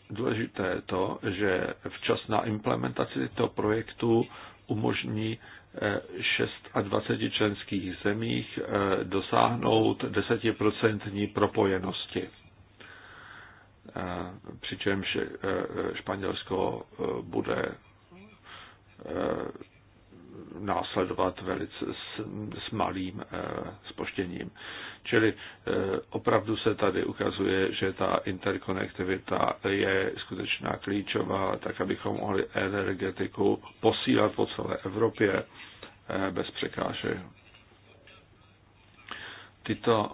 Speaker 1: důležité to, že včasná implementace toho projektu umožní 26 eh, členských zemích eh, dosáhnout 10% propojenosti. Eh, přičemž Španělsko bude následovat velice s, s malým spoštěním. Eh, Čili eh, opravdu se tady ukazuje, že ta interkonektivita je skutečná klíčová, tak abychom mohli energetiku posílat po celé Evropě eh, bez překážek. Tyto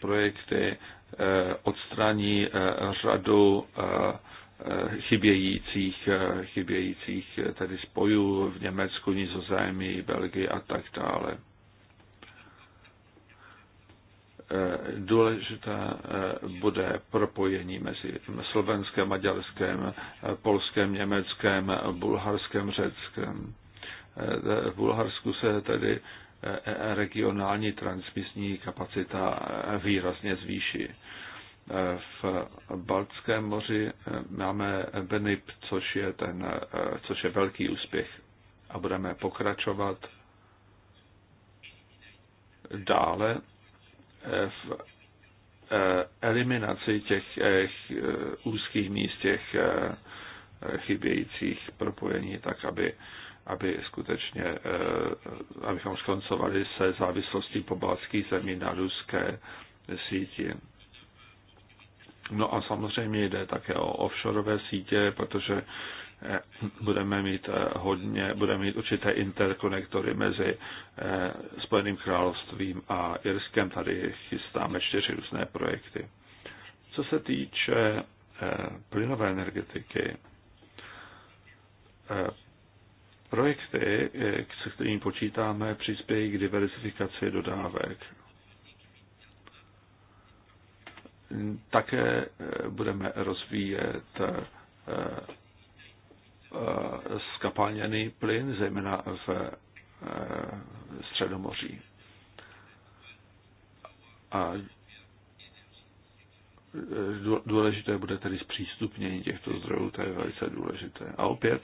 Speaker 1: projekty odstraní řadu chybějících, chybějících tedy spojů v Německu, Nizozemí, Belgii a tak dále. Důležité bude propojení mezi slovenském, maďarském, polském, německém, bulharském, řeckém. V Bulharsku se tedy regionální transmisní kapacita výrazně zvýší v Baltském moři eh, máme BENIP, což je, ten, eh, což je velký úspěch a budeme pokračovat dále eh, v eliminaci těch úzkých míst, těch chybějících propojení, tak aby, aby skutečně, abychom skoncovali se závislostí pobalských zemí na ruské síti. No a samozřejmě jde také o offshoreové sítě, protože eh, budeme mít eh, hodně, budeme mít určité interkonektory mezi eh, Spojeným královstvím a Irskem. Tady chystáme čtyři různé projekty. Co se týče plynové energetiky, projekty, se kterými počítáme, přispějí k diversifikaci dodávek Také eh, budeme rozvíjet eh, eh, skapalněný plyn, zejména v Středomoří. A důležité bude tedy zpřístupnění těchto zdrojů, to je velice důležité. A opět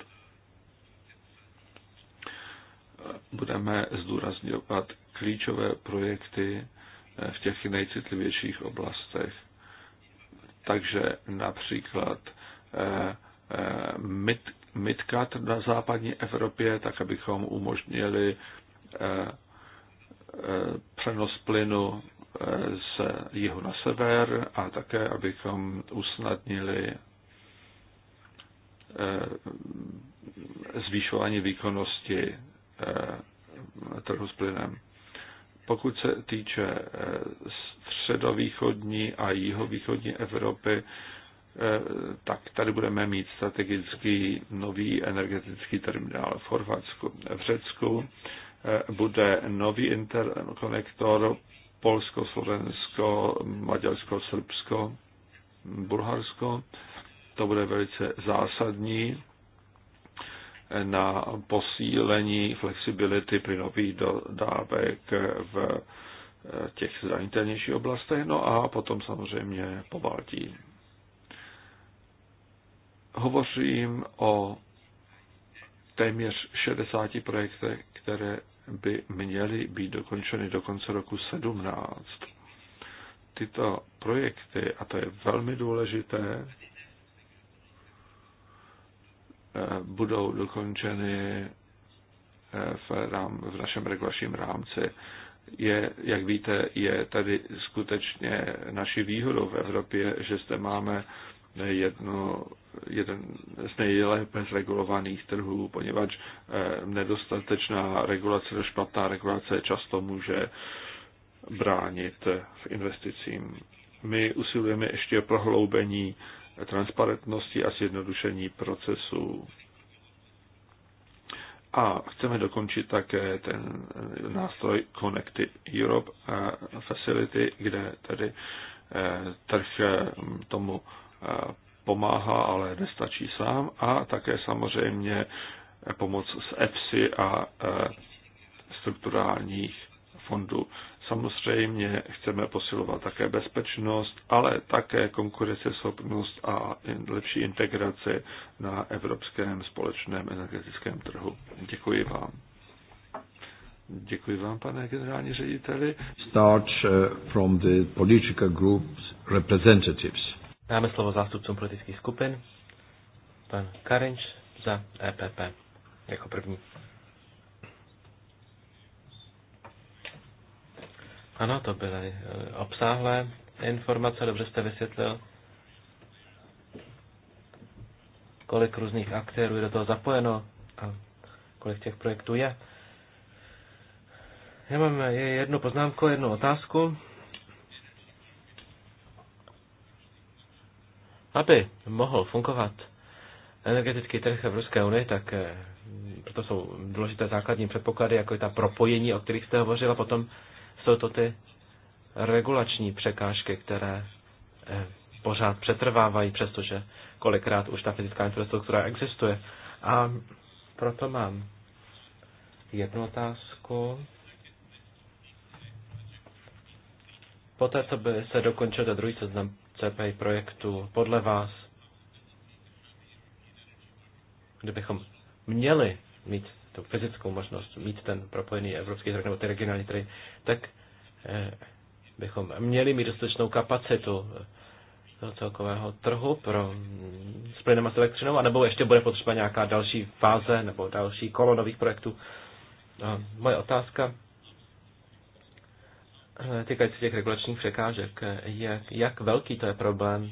Speaker 1: budeme zdůrazňovat klíčové projekty v těch nejcitlivějších oblastech takže například eh, eh, MidCat na západní Evropě, tak abychom umožnili eh, přenos plynu z jihu na sever a také, abychom usnadnili zvýšování výkonnosti trhu s plynem. Pokud se týče eh, středovýchodní a jihovýchodní Evropy, eh, tak tady budeme mít strategický nový energetický terminál v Chorvatsku, v Řecku. Eh, bude nový interkonektor Polsko, Slovensko, Maďarsko, Srbsko, Bulharsko. To bude velice zásadní na posílení flexibility plynových dodávek v eh, těch zranitelnějších oblastech, no a potom samozřejmě po Baltí. Hovořím o téměř 60 projektech, které by měly být dokončeny do konce roku 17. Tyto projekty, a to je velmi důležité, Eh, budou dokončeny eh, v, rám, v našem regulačním rámci. Je, jak víte, je tady skutečně naší výhodou v Evropě, že zde máme jedno, jeden z nejlépe zregulovaných trhů, poněvadž eh, nedostatečná regulace, špatná regulace často může bránit v investicím. My usilujeme ještě o prohloubení transparentnosti a zjednodušení procesů. A chceme dokončit také ten nástroj Connected Europe eh, Facility, kde tedy eh, trh eh, tomu pomáhá, ale nestačí sám. A také samozřejmě pomoc z EFSI a strukturálních fondů. Samozřejmě chceme posilovat také bezpečnost, ale také konkurenceschopnost a lepší integraci na evropském společném energetickém trhu. Děkuji vám. Děkuji vám, pane
Speaker 2: generální řediteli.
Speaker 1: Start uh, from the political groups representatives.
Speaker 2: Dáme slovo zástupcům politických skupin. Pan Karinč za EPP jako první. Ano, to byly eh, obsáhlé informace, dobře jste vysvětlil, kolik různých aktérů je do toho zapojeno a kolik těch projektů je. Já mám eh, jednu poznámku, jednu otázku. Aby mohl fungovat energetický trh v Ruské unii, tak eh, proto jsou důležité základní předpoklady, jako je ta propojení, o kterých jste hovořila, potom jsou to ty regulační překážky, které eh, pořád přetrvávají, přestože kolikrát už ta fyzická infrastruktura existuje. A proto mám jednu otázku. Poté, co by se dokončil ten druhý seznam CPI projektu, podle vás, kdybychom měli mít tu fyzickou možnost mít ten propojený evropský trh nebo ty regionální trhy, tak eh, bychom měli mít dostatečnou kapacitu eh, toho celkového trhu pro mm, s plynem a s elektřinou, anebo ještě bude potřeba nějaká další fáze nebo další kolo nových projektů. A moje otázka eh, týkající těch regulačních překážek je, jak velký to je problém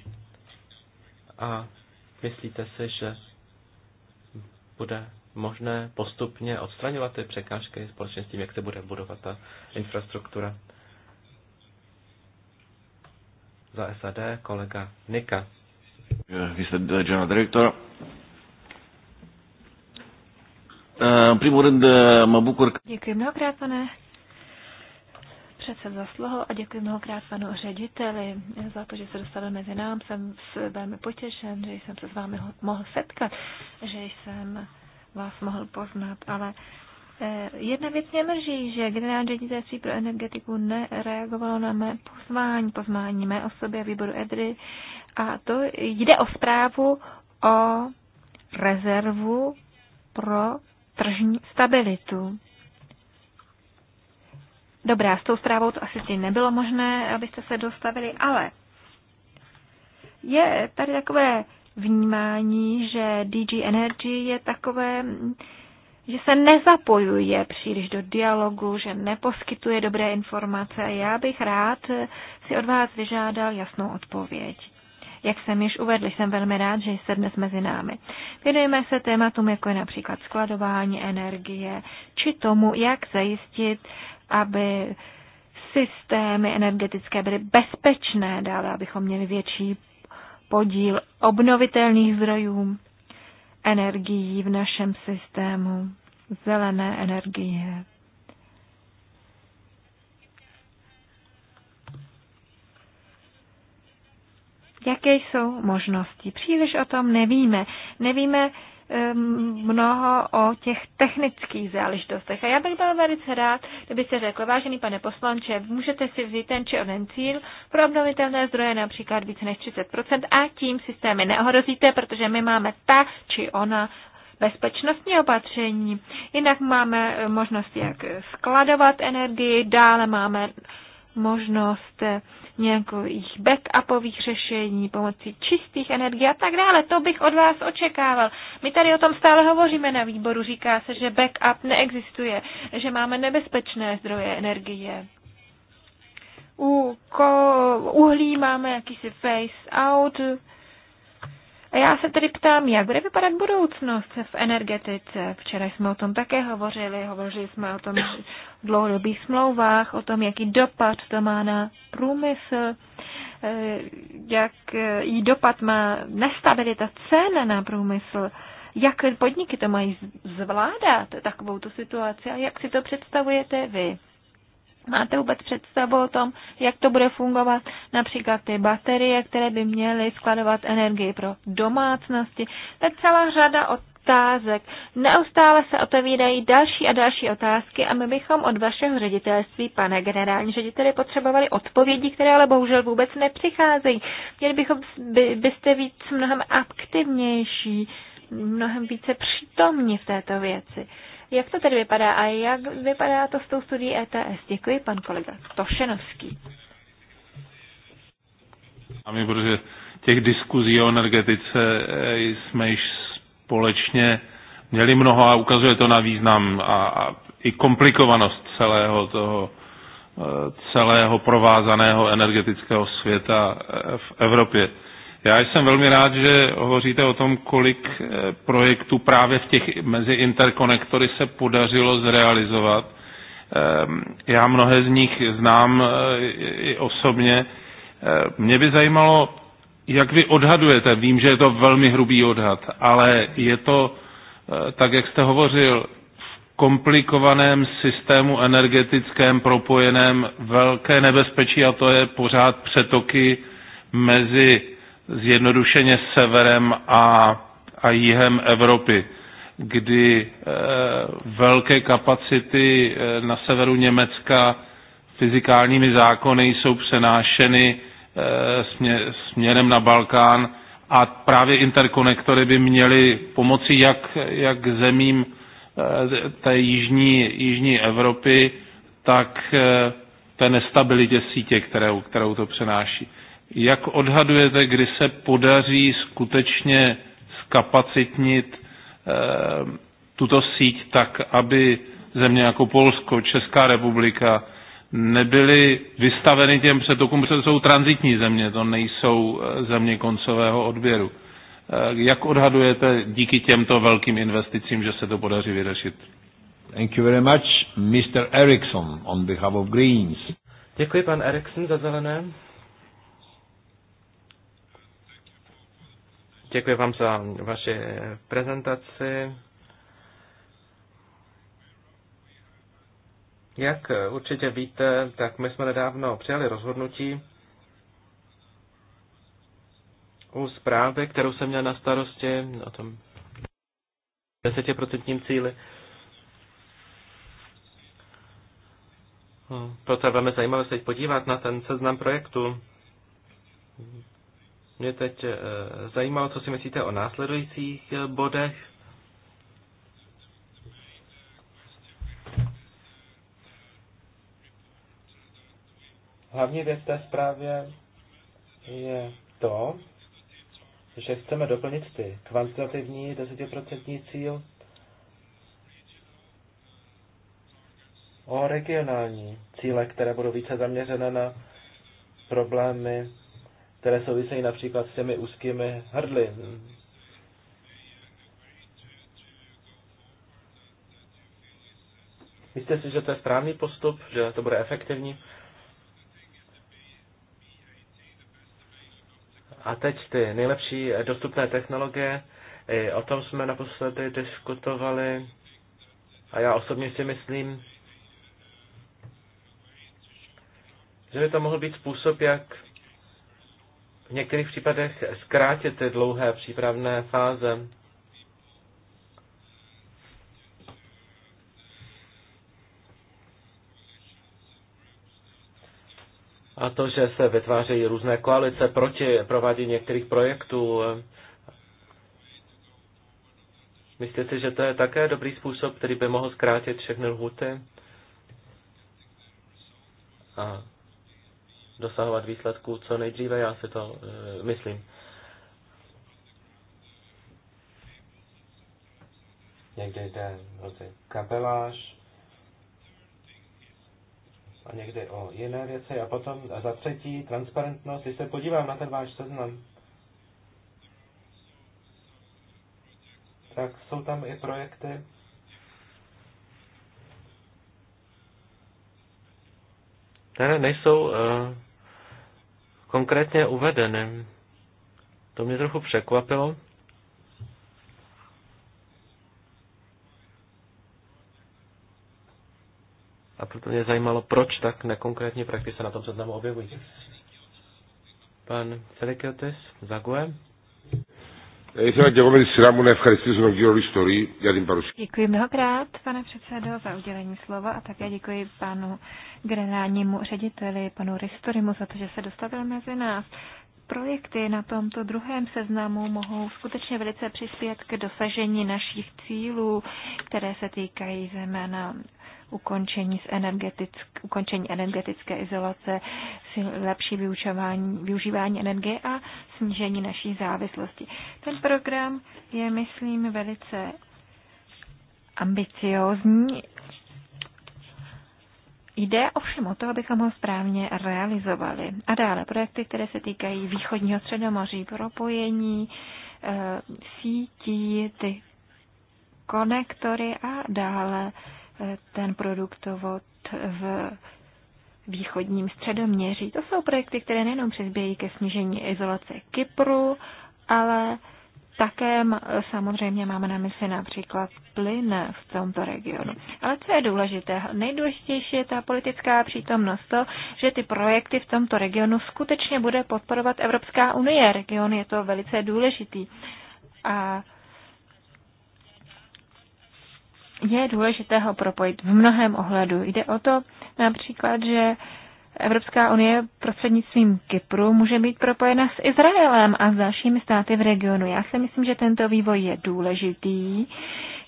Speaker 2: a myslíte si, že bude možné postupně odstraňovat ty překážky společně s tím, jak se bude budovat ta infrastruktura. Za SAD kolega Nika. general director. Eh,
Speaker 3: děkuji mnohokrát, pane předsed za slovo a děkuji mnohokrát panu řediteli za to, že se dostal mezi nám. Jsem velmi potěšen, že jsem se s vámi mohl setkat, že jsem vás mohl poznat, ale eh, Jedna věc mě mrží, že generální ředitelství pro energetiku nereagovalo na mé pozvání, pozvání mé osoby a výboru EDRY. A to jde o zprávu o rezervu pro tržní stabilitu. Dobrá, s tou zprávou to asi tím nebylo možné, abyste se dostavili, ale je tady takové vnímání, že DG Energy je takové, že se nezapojuje příliš do dialogu, že neposkytuje dobré informace. Já bych rád si od vás vyžádal jasnou odpověď. Jak jsem již uvedl, jsem velmi rád, že jste dnes mezi námi. Věnujeme se tématům, jako je například skladování energie, či tomu, jak zajistit, aby systémy energetické byly bezpečné dále, abychom měli větší podíl obnovitelných zdrojů energií v našem systému, zelené energie. Jaké jsou možnosti? Příliš o tom nevíme. Nevíme, mnoho o těch technických záležitostech. A já bych byla velice rád, kdyby se řekl, vážený pane poslanče, můžete si vzít ten či onen cíl pro obnovitelné zdroje například více než 30% a tím systémy neohrozíte, protože my máme ta či ona bezpečnostní opatření. Jinak máme možnost, jak skladovat energii, dále máme možnost eh, nějakých backupových řešení pomocí čistých energií a tak dále. To bych od vás očekával. My tady o tom stále hovoříme na výboru. Říká se, že backup neexistuje, že máme nebezpečné zdroje energie. U uhlí máme jakýsi face out, a já se tedy ptám, jak bude vypadat budoucnost v energetice. Včera jsme o tom také hovořili, hovořili jsme o tom v dlouhodobých smlouvách, o tom, jaký dopad to má na průmysl, eh, jak eh, jaký dopad má nestabilita cen na průmysl, jak podniky to mají zvládat, takovou tu situaci a jak si to představujete vy. Máte vůbec představu o tom, jak to bude fungovat? Například ty baterie, které by měly skladovat energii pro domácnosti. To je celá řada otázek. Neustále se otevírají další a další otázky a my bychom od vašeho ředitelství, pane generální řediteli, potřebovali odpovědi, které ale bohužel vůbec nepřicházejí. Měli bychom, by, byste víc mnohem aktivnější, mnohem více přítomní v této věci. Jak to tedy vypadá a jak vypadá to s tou studií ETS? Děkuji, pan kolega Tošenovský.
Speaker 4: A my, protože těch diskuzí o energetice eh, jsme již společně měli mnoho a ukazuje to na význam a, a i komplikovanost celého toho eh, celého provázaného energetického světa eh, v Evropě. Já jsem velmi rád, že hovoříte o tom, kolik eh, projektů právě v těch mezi interkonektory se podařilo zrealizovat. Ehm, já mnohé z nich znám eh, i osobně. Ehm, mě by zajímalo, jak vy odhadujete, vím, že je to velmi hrubý odhad, ale je to, eh, tak jak jste hovořil, v komplikovaném systému energetickém propojeném velké nebezpečí a to je pořád přetoky mezi zjednodušeně severem a, a jihem Evropy, kdy e, velké kapacity e, na severu Německa fyzikálními zákony jsou přenášeny e, eh, směr, směrem na Balkán a právě interkonektory by měly pomoci jak, jak zemím e, té jižní, jižní Evropy, tak e, té nestabilitě sítě, kterou, kterou to přenáší. Jak odhadujete, kdy se podaří skutečně skapacitnit eh, tuto síť tak, aby země jako Polsko, Česká republika nebyly vystaveny těm přetokům, protože to jsou transitní země, to nejsou eh, země koncového odběru. Eh, jak odhadujete díky těmto velkým investicím,
Speaker 1: že se to podaří vyřešit? Thank you very much, Mr. Erickson, on behalf
Speaker 2: of Greens. Děkuji, pan Erickson, za zelené. Děkuji vám za vaši prezentaci. Jak určitě víte, tak my jsme nedávno přijali rozhodnutí u zprávy, kterou jsem měl na starosti, o tom desetiprocentním cíli. Hm, proto je velmi zajímavé se podívat na ten seznam projektu? Mě teď eh, zajímalo, co si myslíte o následujících eh, bodech. Hlavní věc té zprávě je to, že chceme doplnit ty kvantitativní 10% cíl o regionální cíle, které budou více zaměřené na problémy které souvisejí například s těmi úzkými hrdly. Myslíte si, že to je správný postup, že to bude efektivní? A teď ty nejlepší dostupné technologie, I o tom jsme naposledy diskutovali a já osobně si myslím, že by to mohl být způsob, jak v některých případech zkrátit ty dlouhé přípravné fáze. A to, že se vytvářejí různé koalice proti provádění některých projektů, myslíte, že to je také dobrý způsob, který by mohl zkrátit všechny lhuty? A dosahovat výsledků co nejdříve, já si to e, myslím. Někdy jde o ty kapeláž a někdy o jiné věci. A potom a za třetí transparentnost, když se podívám na ten váš seznam, tak jsou tam i projekty, které nejsou eh, konkrétně uvedeny. To mě trochu překvapilo. A proto mě zajímalo, proč tak nekonkrétní projekty se na tom seznamu objevují. Pan Felikiotis Zague.
Speaker 4: Eh, ήθελα και εγώ με τη σειρά μου να ευχαριστήσω τον κύριο Ριστορή για την
Speaker 3: παρουσία. Děkuji mnohokrát, pane předsedo, za udělení slova a také děkuji panu generálnímu řediteli, panu Ristorimu, za to, že se dostavil mezi nás projekty na tomto druhém seznamu mohou skutečně velice přispět k dosažení našich cílů, které se týkají zejména ukončení, z energetick, ukončení energetické izolace, lepší vyučování, využívání energie a snížení naší závislosti. Ten program je, myslím, velice ambiciózní Jde ovšem o to, abychom ho správně realizovali. A dále projekty, které se týkají východního středomoří, propojení, eh, sítí, ty konektory a dále eh, ten produktovod v východním středoměří. To jsou projekty, které nejenom přizbějí ke snížení izolace Kypru, ale také samozřejmě máme na mysli například plyn v tomto regionu. Ale co je důležité? Nejdůležitější je ta politická přítomnost, to, že ty projekty v tomto regionu skutečně bude podporovat Evropská unie. Region je to velice důležitý. A je důležité ho propojit v mnohem ohledu. Jde o to například, že Evropská unie prostřednictvím Kypru může být propojena s Izraelem a s dalšími státy v regionu. Já si myslím, že tento vývoj je důležitý.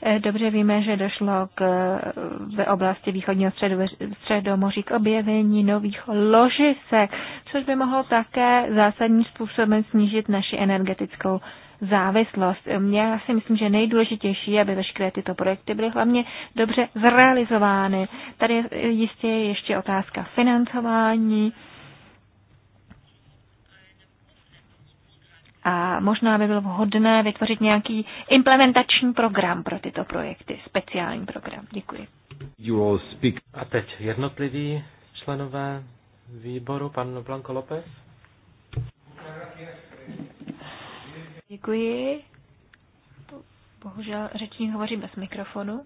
Speaker 3: Eh, dobře víme, že došlo k, eh, v oblasti východního středu, středomoří k objevení nových ložisek, což by mohlo také zásadním způsobem snížit naši energetickou závislost. Já si myslím, že nejdůležitější, aby veškeré tyto projekty byly hlavně dobře zrealizovány. Tady je jistě ještě otázka financování. A možná by bylo vhodné vytvořit nějaký implementační program pro tyto projekty, speciální program. Děkuji.
Speaker 2: A teď jednotliví členové výboru, pan Blanco López.
Speaker 3: Děkuji. Bohužel řečník hovoří bez mikrofonu.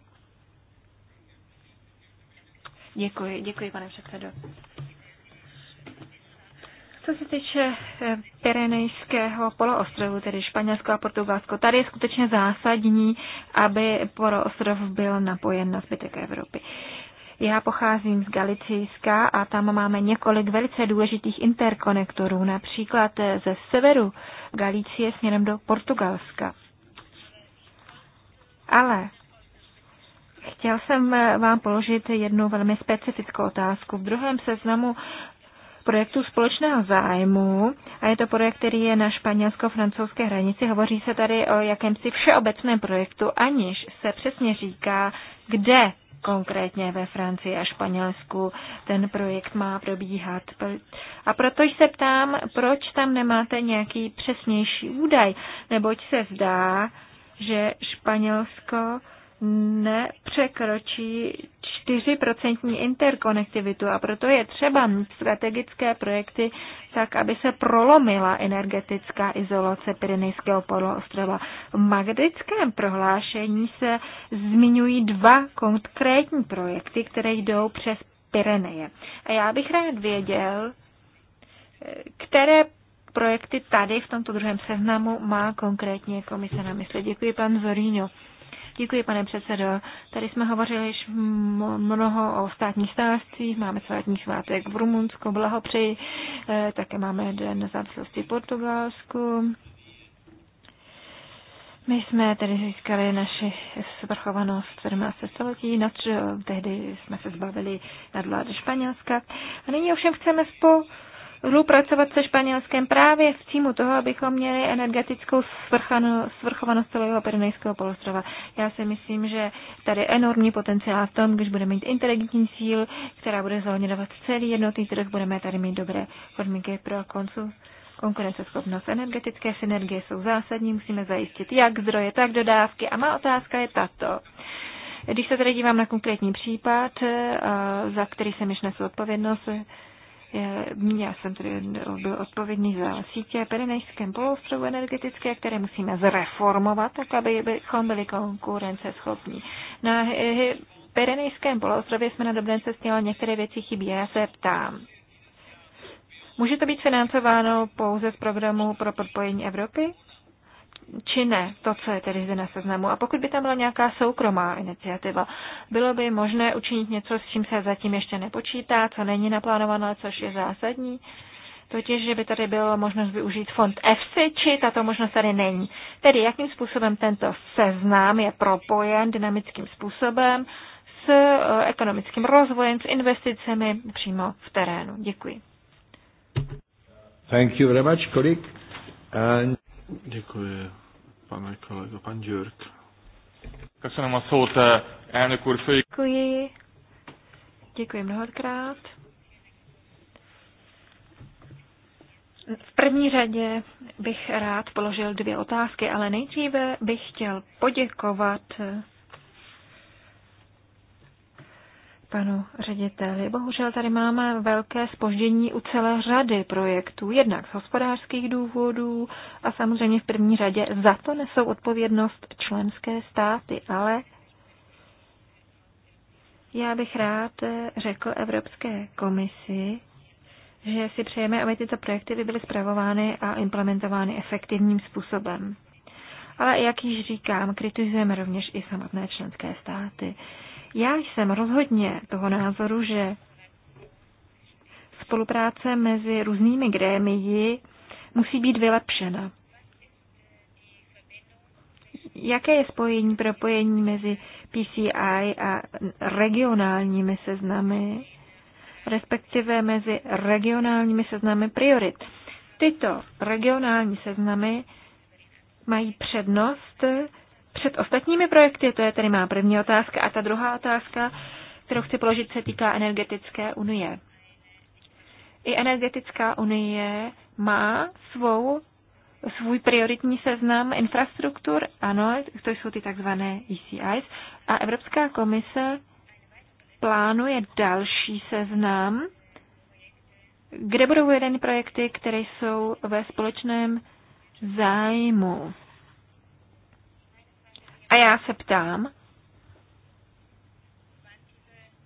Speaker 3: Děkuji, děkuji, pane předsedo. Co se týče eh, Pirenejského poloostrovu, tedy Španělsko a Portugalsko, tady je skutečně zásadní, aby poloostrov byl napojen na zbytek Evropy. Já pocházím z Galicijska a tam máme několik velice důležitých interkonektorů, například eh, ze severu Galicie směrem do Portugalska. Ale chtěl jsem eh, vám položit jednu velmi specifickou otázku. V druhém seznamu projektu společného zájmu a je to projekt, který je na španělsko-francouzské hranici. Hovoří se tady o jakémsi všeobecném projektu, aniž se přesně říká, kde konkrétně ve Francii a Španělsku ten projekt má probíhat. A proto se ptám, proč tam nemáte nějaký přesnější údaj, neboť se zdá, že Španělsko nepřekročí 4% interkonektivitu a proto je třeba mít strategické projekty tak, aby se prolomila energetická izolace Pirinejského poloostrova. V magnetickém prohlášení se zmiňují dva konkrétní projekty, které jdou přes Pireneje. A já bych rád věděl, které projekty tady v tomto druhém seznamu má konkrétně komise na mysli. Děkuji, pan Zorino. Děkuji, pane předsedo. Tady jsme hovořili již mnoho o státních svátcích, máme státní svátek v Rumunsku, blahopřeji, e, také máme Den nezávislosti v Portugalsku. My jsme tedy získali naši svrchovanost 17. století, nač, e, tehdy jsme se zbavili vlády Španělska. A nyní ovšem chceme spolu pracovat se španělském právě v címu toho, abychom měli energetickou svrchovanost celého Pyrenejského polostrova. Já si myslím, že tady je enormní potenciál v tom, když budeme mít inteligentní síl, která bude zohledňovat celý jednotný trh, budeme tady mít dobré podmínky pro koncu. Konkurenceschopnost energetické synergie jsou zásadní, musíme zajistit jak zdroje, tak dodávky. A má otázka je tato. Když se tady dívám na konkrétní případ, eh, za který jsem již nesu odpovědnost, Eh, já jsem tedy byl odpovědný za sítě Pirinejském poloostrovu energetické, které musíme zreformovat, tak aby bychom byli konkurenceschopní. Na eh, Pirinejském poloostrově jsme na dobré cestě, ale některé věci chybí. Já se ptám. Může to být financováno pouze z programu pro propojení Evropy? či ne, to, co je tedy zde na seznamu. A pokud by tam byla nějaká soukromá iniciativa, bylo by možné učinit něco, s čím se zatím ještě nepočítá, co není naplánované, což je zásadní, totiž, že by tady byla možnost využít fond EFSI, či tato možnost tady není. Tedy jakým způsobem tento seznam je propojen dynamickým způsobem s e, ekonomickým rozvojem, s investicemi přímo v terénu. Děkuji.
Speaker 1: Thank you very much, And... Děkuji, pane kolego, pan Jörg. Köszönöm a szót, eh, elnök úr,
Speaker 3: Děkuji. Děkuji mnohokrát. V první řadě bych rád položil dvě otázky, ale nejdříve bych chtěl poděkovat panu řediteli. Bohužel tady máme velké spoždění u celé řady projektů, jednak z hospodářských důvodů a samozřejmě v první řadě za to nesou odpovědnost členské státy, ale já bych rád řekl Evropské komisi, že si přejeme, aby tyto projekty by byly zpravovány a implementovány efektivním způsobem. Ale jak již říkám, kritizujeme rovněž i samotné členské státy. Já jsem rozhodně toho názoru, že spolupráce mezi různými grémii musí být vylepšena. Jaké je spojení, propojení mezi PCI a regionálními seznamy, respektive mezi regionálními seznamy priorit? Tyto regionální seznamy mají přednost před ostatními projekty? To je tedy má první otázka. A ta druhá otázka, kterou chci položit, se týká energetické unie. I energetická unie má svou, svůj prioritní seznam infrastruktur, ano, to jsou ty takzvané ECIs, a Evropská komise plánuje další seznam, kde budou uvedeny projekty, které jsou ve společném zájmu a já se ptám,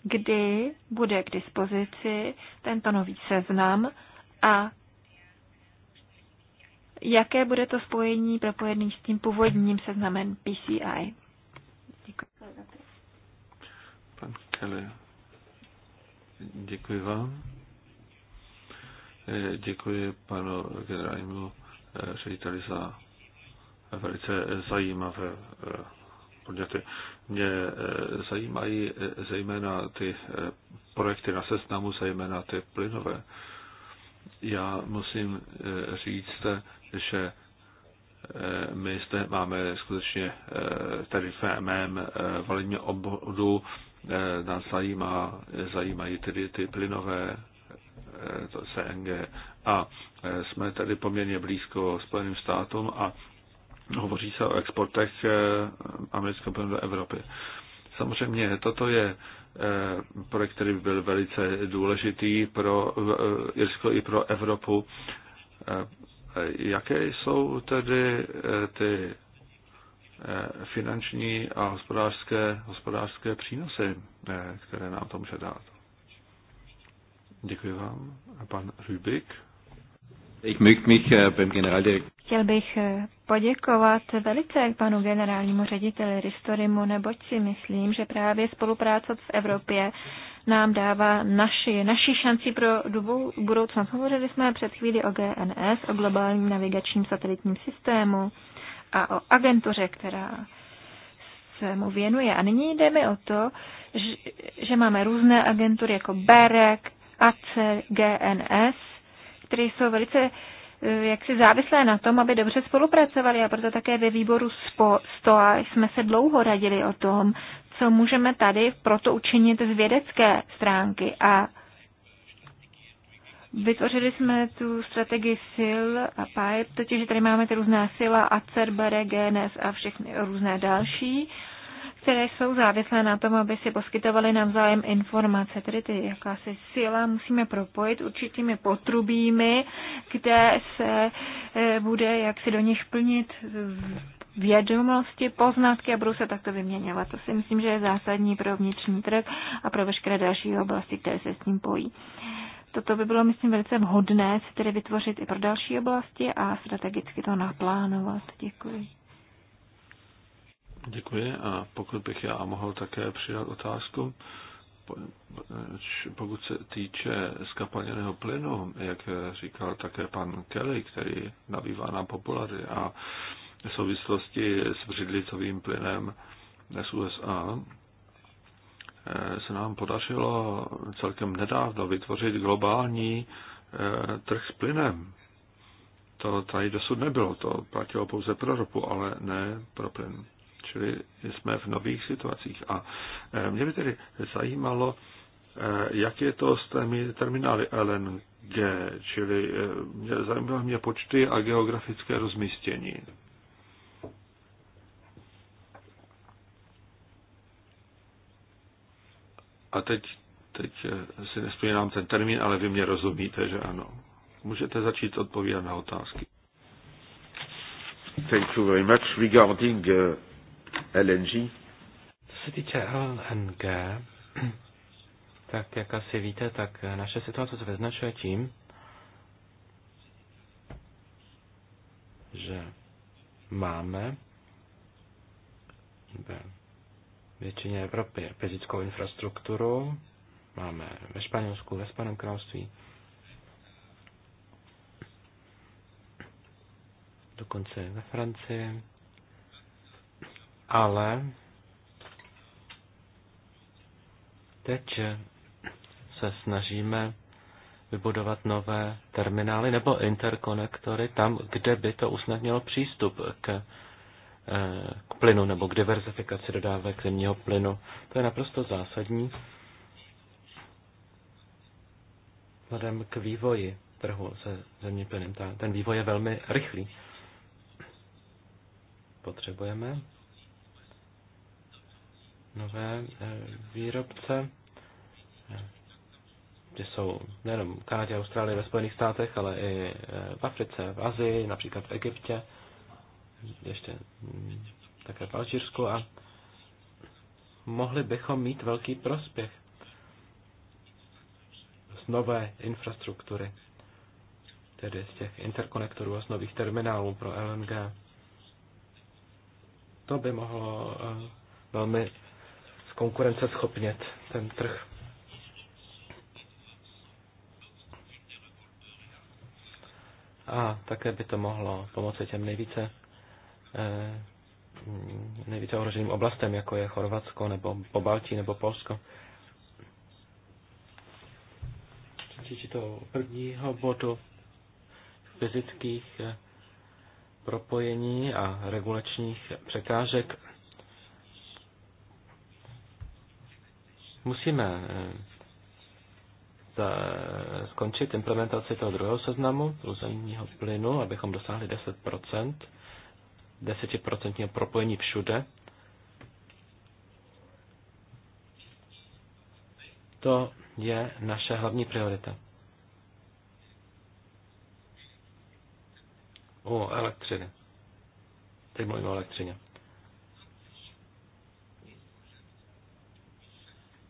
Speaker 3: kdy bude k dispozici tento nový seznam a jaké bude to spojení propojené s tím původním seznamem PCI. Děkuji.
Speaker 1: Pan Kelly, děkuji vám. Eh, děkuji panu generálnímu eh, řediteli za velice zajímavé eh, podněty. Mě eh, zajímají eh, zejména ty projekty na seznamu, zejména ty plynové. Já musím říct, že my zde máme skutečně tady v mém valení obvodu nás zajímá, zajímají tedy ty plynové to CNG a jsme tady poměrně blízko Spojeným státům a Hovoří se o exportech eh, amerického do Evropy. Samozřejmě toto je eh, projekt, který byl velice důležitý pro eh, Irsko i pro Evropu. Jaké jsou tedy ty finanční a hospodářské, hospodářské přínosy, které nám to může dát? Děkuji vám. Pan Rubik.
Speaker 3: Äh, Chtěl bych äh, poděkovat velice panu generálnímu řediteli Ristorimu, neboť si myslím, že právě spolupráce v Evropě nám dává naši, naši šanci pro dobu budoucnost. Hovořili jsme před chvíli o GNS, o globálním navigačním satelitním systému a o agentuře, která se mu věnuje. A nyní jde mi o to, že, že máme různé agentury jako BEREC, AC, GNS které jsou velice eh, jaksi závislé na tom, aby dobře spolupracovali a proto také ve výboru SPO, STOA jsme se dlouho radili o tom, co můžeme tady proto učinit z vědecké stránky a Vytvořili jsme tu strategii sil a PIPE, totiž tady máme ty různá sila, ACER, BRE, GNS a všechny různé další které jsou závislé na tom, aby si poskytovali navzájem informace. Tedy ty jakási síla musíme propojit určitými potrubími, kde se e, bude jak si do nich plnit vědomosti, poznatky a budou se takto vyměňovat. To si myslím, že je zásadní pro vnitřní trh a pro veškeré další oblasti, které se s ním pojí. Toto by bylo, myslím, velice vhodné si tedy vytvořit i pro další oblasti a strategicky to naplánovat. Děkuji.
Speaker 1: Děkuji a pokud bych já mohl také přidat otázku, pokud se týče skapalněného plynu, jak říkal také pan Kelly, který nabývá na populary a v souvislosti s břidlicovým plynem z USA, eh, se nám podařilo celkem nedávno vytvořit globální eh, trh s plynem. To tady dosud nebylo, to platilo pouze pro ropu, ale ne pro plyn čili jsme v nových situacích. A e, mě by tedy zajímalo, e, jak je to s těmi terminály LNG, čili e, mě zajímalo mě počty a geografické rozmístění. A teď, teď si nespomínám ten termín, ale vy mě rozumíte, že ano. Můžete začít odpovídat na otázky. Thank you very much regarding uh... LNG.
Speaker 2: Co se týče LNG, tak jak asi víte, tak naše situace se vyznačuje tím, že máme ve většině Evropy fyzickou infrastrukturu, máme ve Španělsku, ve Spaném království, dokonce ve Francii, ale teď se snažíme vybudovat nové terminály nebo interkonektory tam, kde by to usnadnilo přístup k, eh, k plynu nebo k diverzifikaci dodávek zemního plynu. To je naprosto zásadní vzhledem k vývoji trhu se zemním plynem. Ten vývoj je velmi rychlý. Potřebujeme nové eh, výrobce, eh, kde jsou nejenom v Kanadě, Austrálii, ve Spojených státech, ale i eh, v Africe, v Azii, například v Egyptě, ještě mm, také v Alžírsku a mohli bychom mít velký prospěch z nové infrastruktury, tedy z těch interkonektorů a z nových terminálů pro LNG. To by mohlo velmi schopnět ten trh. A také by to mohlo pomoci těm nejvíce, eh, nejvíce ohroženým oblastem, jako je Chorvatsko, nebo Pobaltí, nebo Polsko. Týče to prvního bodu fyzických eh, propojení a regulačních překážek Musíme eh, skončit implementaci toho druhého seznamu luzejního plynu, abychom dosáhli 10%, 10% propojení všude. To je naše hlavní priorita. U elektřiny. Teď mluvím o elektřině.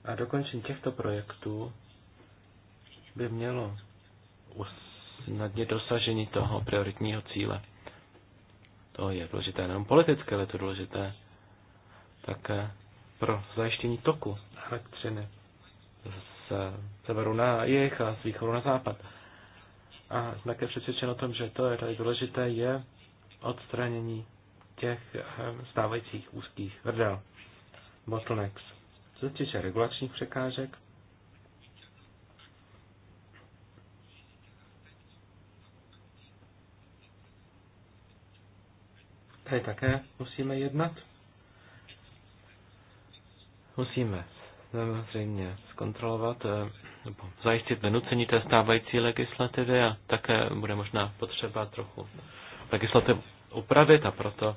Speaker 2: A dokončení těchto projektů by mělo usnadnit dosažení toho prioritního cíle. To je důležité nejen politické, ale to důležité také pro zajištění toku elektřiny z severu na jih a z východu na západ. A jsem také přesvědčen o tom, že to je tady důležité, je odstranění těch eh, stávajících úzkých hrdel, bottlenecks. Co se týče regulačních překážek, tady také musíme jednat. Musíme samozřejmě zkontrolovat, eh, nebo zajistit vynucení té stávající legislativy a také bude možná potřeba trochu legislativu upravit a proto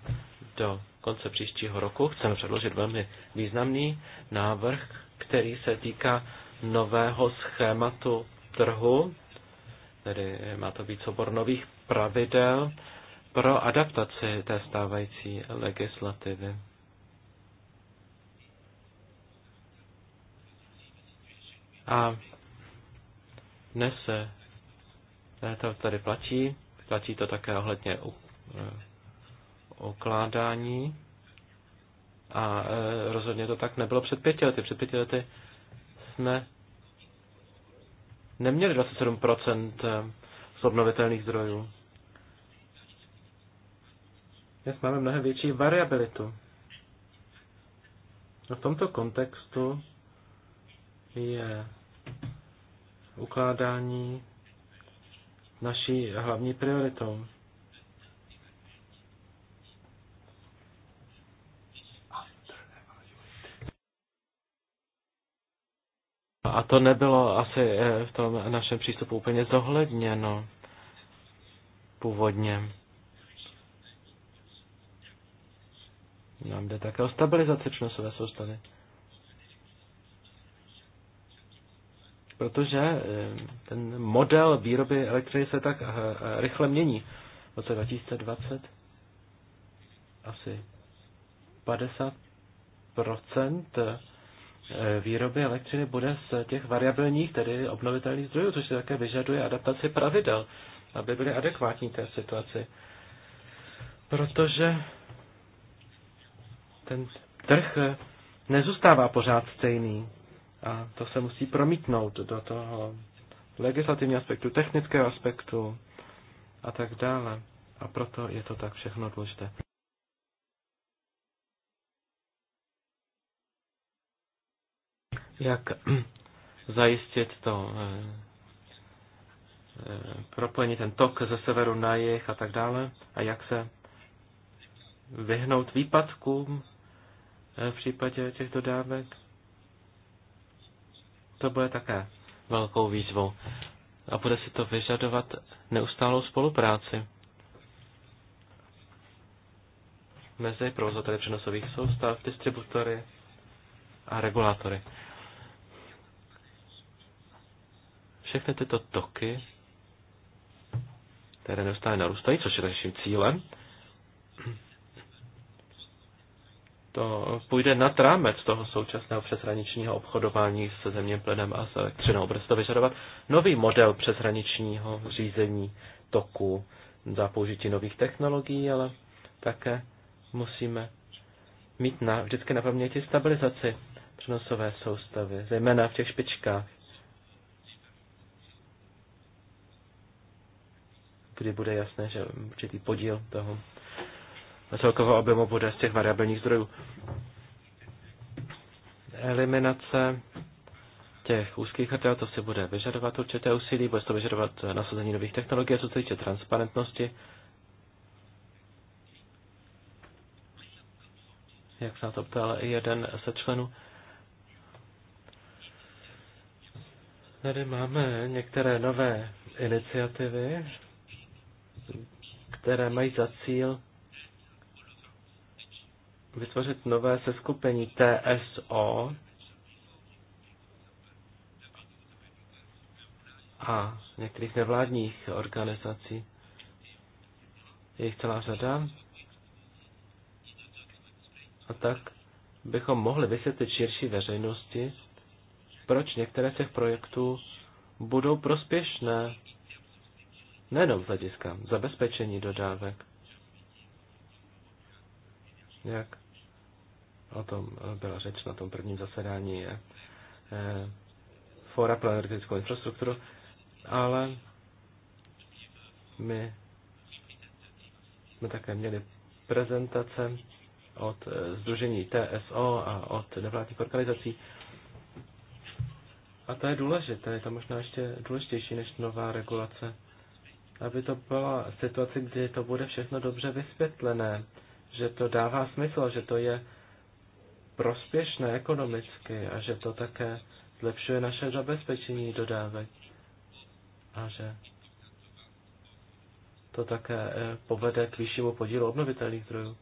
Speaker 2: do konce příštího roku chceme předložit velmi významný návrh, který se týká nového schématu trhu, tedy má to být soubor nových pravidel pro adaptaci té stávající legislativy. A dnes se to tady platí, platí to také ohledně eh, ukládání a e, rozhodně to tak nebylo před pěti lety. Před pěti lety jsme neměli 27% e, z obnovitelných zdrojů. Dnes máme mnohem větší variabilitu. A v tomto kontextu je ukládání naší hlavní prioritou. a to nebylo asi eh, v tom našem přístupu úplně zohledněno původně. Nám jde také o stabilizaci přenosové soustavy. Protože eh, ten model výroby elektřiny se tak eh, rychle mění. V roce 2020 asi 50 Eh, výroby elektřiny bude z těch variabilních, tedy obnovitelných zdrojů, což se také vyžaduje adaptaci pravidel, aby byly adekvátní té situaci. Protože ten trh eh, nezůstává pořád stejný a to se musí promítnout do toho legislativního aspektu, technického aspektu a tak dále. A proto je to tak všechno důležité. jak zajistit to eh, eh, propojení, ten tok ze severu na jih a tak dále a jak se vyhnout výpadkům eh, v případě těch dodávek. To bude také velkou výzvou a bude si to vyžadovat neustálou spolupráci mezi provozovateli přenosových soustav, distributory a regulátory. všechny tyto toky, které neustále narůstají, což je naším cílem, to půjde nad rámec toho současného přeshraničního obchodování se zemním plynem a s elektřinou. Bude se to vyžadovat nový model přeshraničního řízení toku za použití nových technologií, ale také musíme mít na, vždycky na paměti stabilizaci přenosové soustavy, zejména v těch špičkách. kdy bude jasné, že určitý podíl toho celkového objemu bude z těch variabilních zdrojů. Eliminace těch úzkých krtel, to si bude vyžadovat určité úsilí, bude to vyžadovat nasazení nových technologií co se týče transparentnosti. Jak se na to ptal jeden se členů. Tady máme některé nové iniciativy, které mají za cíl vytvořit nové seskupení TSO a některých nevládních organizací. Je jich celá řada. A tak bychom mohli vysvětlit širší veřejnosti, proč některé z těch projektů budou prospěšné nejenom z hlediska zabezpečení dodávek, jak o tom byla řeč na tom prvním zasedání je, e, fora pro energetickou infrastrukturu, ale my jsme také měli prezentace od eh, Združení TSO a od nevládních organizací. A to je důležité, je to možná ještě důležitější než nová regulace aby to byla situace, kdy to bude všechno dobře vysvětlené, že to dává smysl, že to je prospěšné ekonomicky a že to také zlepšuje naše zabezpečení dodávek a že to také eh, povede k vyššímu podílu obnovitelných zdrojů.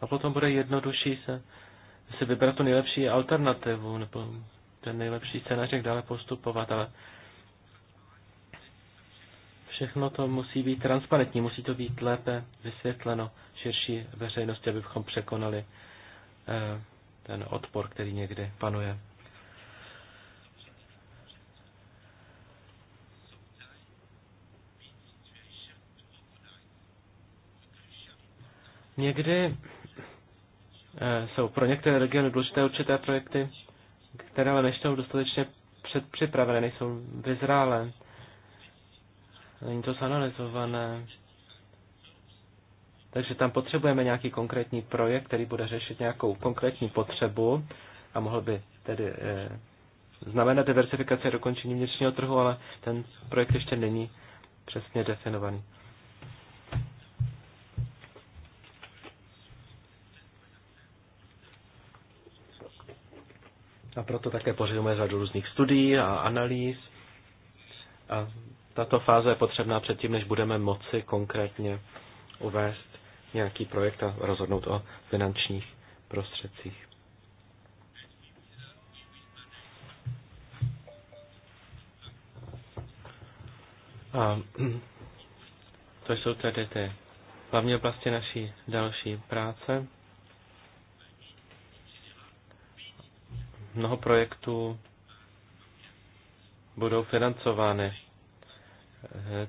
Speaker 2: A potom bude jednodušší se si vybrat tu nejlepší alternativu nebo ten nejlepší scénář, jak dále postupovat, ale Všechno to musí být transparentní, musí to být lépe vysvětleno širší veřejnosti, abychom překonali eh, ten odpor, který někdy panuje. Někdy eh, jsou pro některé regiony důležité určité projekty, které ale nejsou dostatečně předpřipravené, nejsou vyzrálé. Není to zanalizované. Takže tam potřebujeme nějaký konkrétní projekt, který bude řešit nějakou konkrétní potřebu a mohl by tedy e, znamenat diversifikaci a dokončení vnitřního trhu, ale ten projekt ještě není přesně definovaný. A proto také pořizujeme řadu různých studií a analýz a tato fáze je potřebná předtím, než budeme moci konkrétně uvést nějaký projekt a rozhodnout o finančních prostředcích. A to jsou tedy ty hlavní oblasti naší další práce. Mnoho projektů budou financovány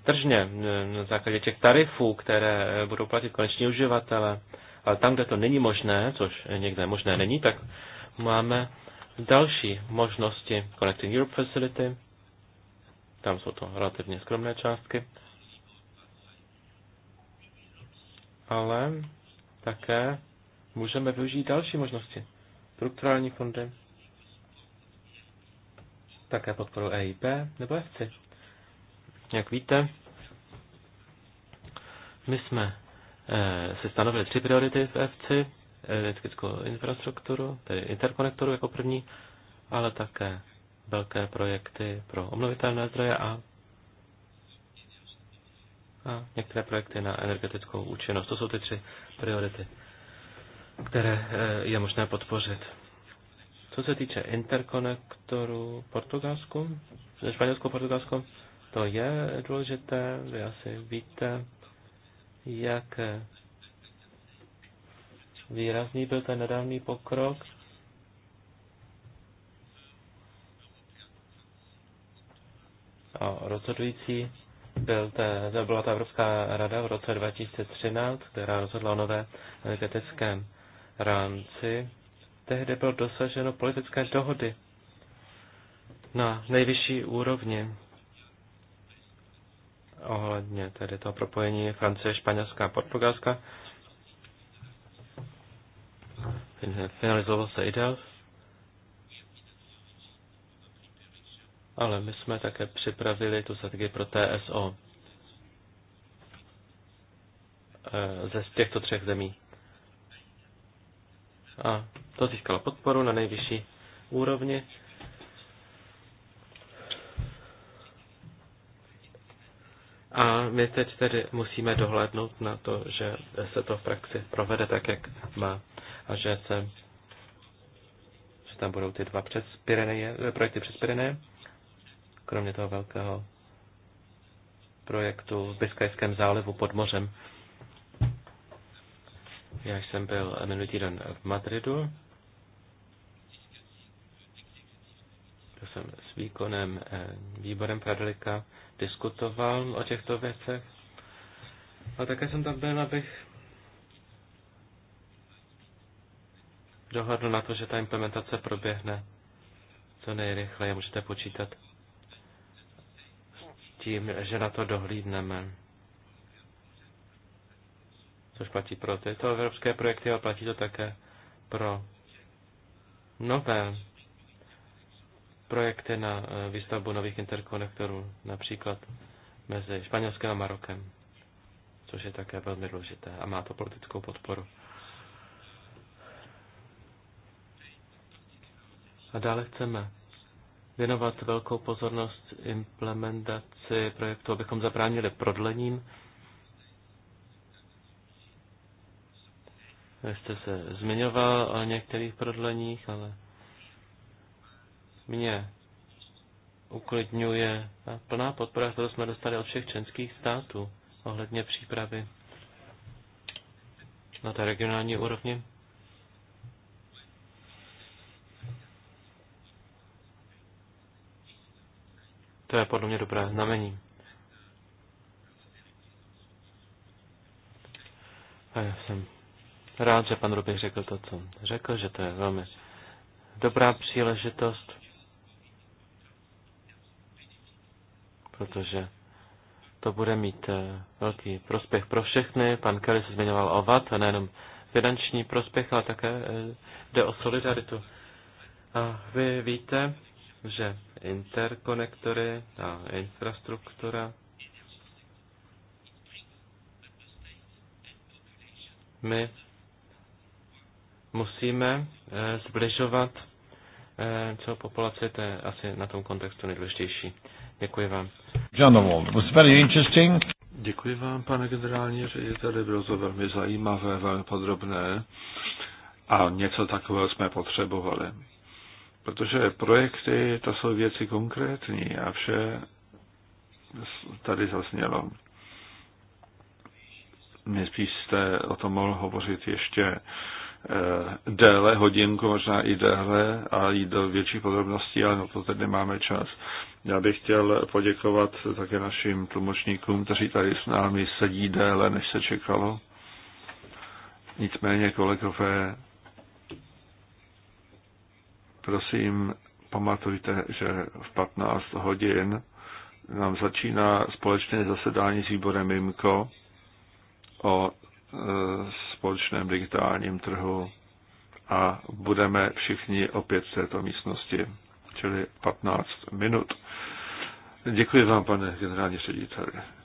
Speaker 2: tržně eh, na základě těch tarifů, které budou platit koneční uživatele. Ale tam, kde to není možné, což někde možné není, tak máme další možnosti Connecting Europe Facility. Tam jsou to relativně skromné částky. Ale také můžeme využít další možnosti. Strukturální fondy, také podporu EIP nebo FCI. Jak víte, my jsme eh, si stanovili tři priority v FC: energetickou infrastrukturu, tedy interkonektoru jako první, ale také velké projekty pro obnovitelné zdroje a, a některé projekty na energetickou účinnost. To jsou ty tři priority, které eh, je možné podpořit. Co se týče interkonektoru Portugalsku, španělsko Portugalsku? To je důležité, vy asi víte, jak výrazný byl ten nedávný pokrok. A rozhodující byl te, to byla ta Evropská rada v roce 2013, která rozhodla o nové energetickém rámci. Tehdy bylo dosaženo politické dohody na nejvyšší úrovni ohledně tedy toho propojení Francie, Španělská a Portugalska. Finalizoval se ideál, ale my jsme také připravili tu strategii pro TSO eh, ze z těchto třech zemí. A to získalo podporu na nejvyšší úrovni. A my teď tedy musíme dohlédnout na to, že se to v praxi provede tak, jak má a že se že tam budou ty dva projekty přes kromě toho velkého projektu v Biskajském zálivu pod mořem. Já jsem byl minulý týden v Madridu. Byl jsem s výkonem eh, výborem Pradelika diskutoval o těchto věcech. A také jsem tam byl, abych dohodl na to, že ta implementace proběhne co nejrychleji. Můžete počítat s tím, že na to dohlídneme. Což platí pro tyto evropské projekty, ale platí to také pro nové projekty na eh, výstavbu nových interkonektorů, například mezi Španělskem a Marokem, což je také velmi důležité a má to politickou podporu. A dále chceme věnovat velkou pozornost implementaci projektu, abychom zabránili prodlením. Jste se zmiňoval o některých prodleních, ale mě uklidňuje a plná podpora, kterou jsme dostali od všech členských států ohledně přípravy na té regionální úrovni. To je podle mě dobré znamení. A já jsem rád, že pan Rubik řekl to, co řekl, že to je velmi dobrá příležitost protože to bude mít eh, velký prospěch pro všechny. Pan Kelly se zmiňoval o VAT, a nejenom finanční prospěch, ale také eh, jde o solidaritu. A vy víte, že interkonektory a infrastruktura my musíme eh, zbližovat celou populaci, to je asi na tom kontextu nejdůležitější. Děkuji vám.
Speaker 1: John was very interesting. Děkuji vám, pane generální řediteli, bylo to velmi zajímavé, velmi podrobné a něco takového jsme potřebovali. Protože projekty, to jsou věci konkrétní a vše tady zasnělo. Nejspíš jste o tom mohl hovořit ještě Eh, déle, hodinku, možná i déle a jít do větších podrobností, ale no to teď nemáme čas. Já bych chtěl poděkovat také našim tlumočníkům, kteří tady s námi sedí déle, než se čekalo. Nicméně, kolegové, prosím, pamatujte, že v 15 hodin nám začíná společné zasedání s výborem IMCO o společném digitálním trhu a budeme všichni opět v této místnosti, čili 15 minut. Děkuji vám, pane generální řediteli.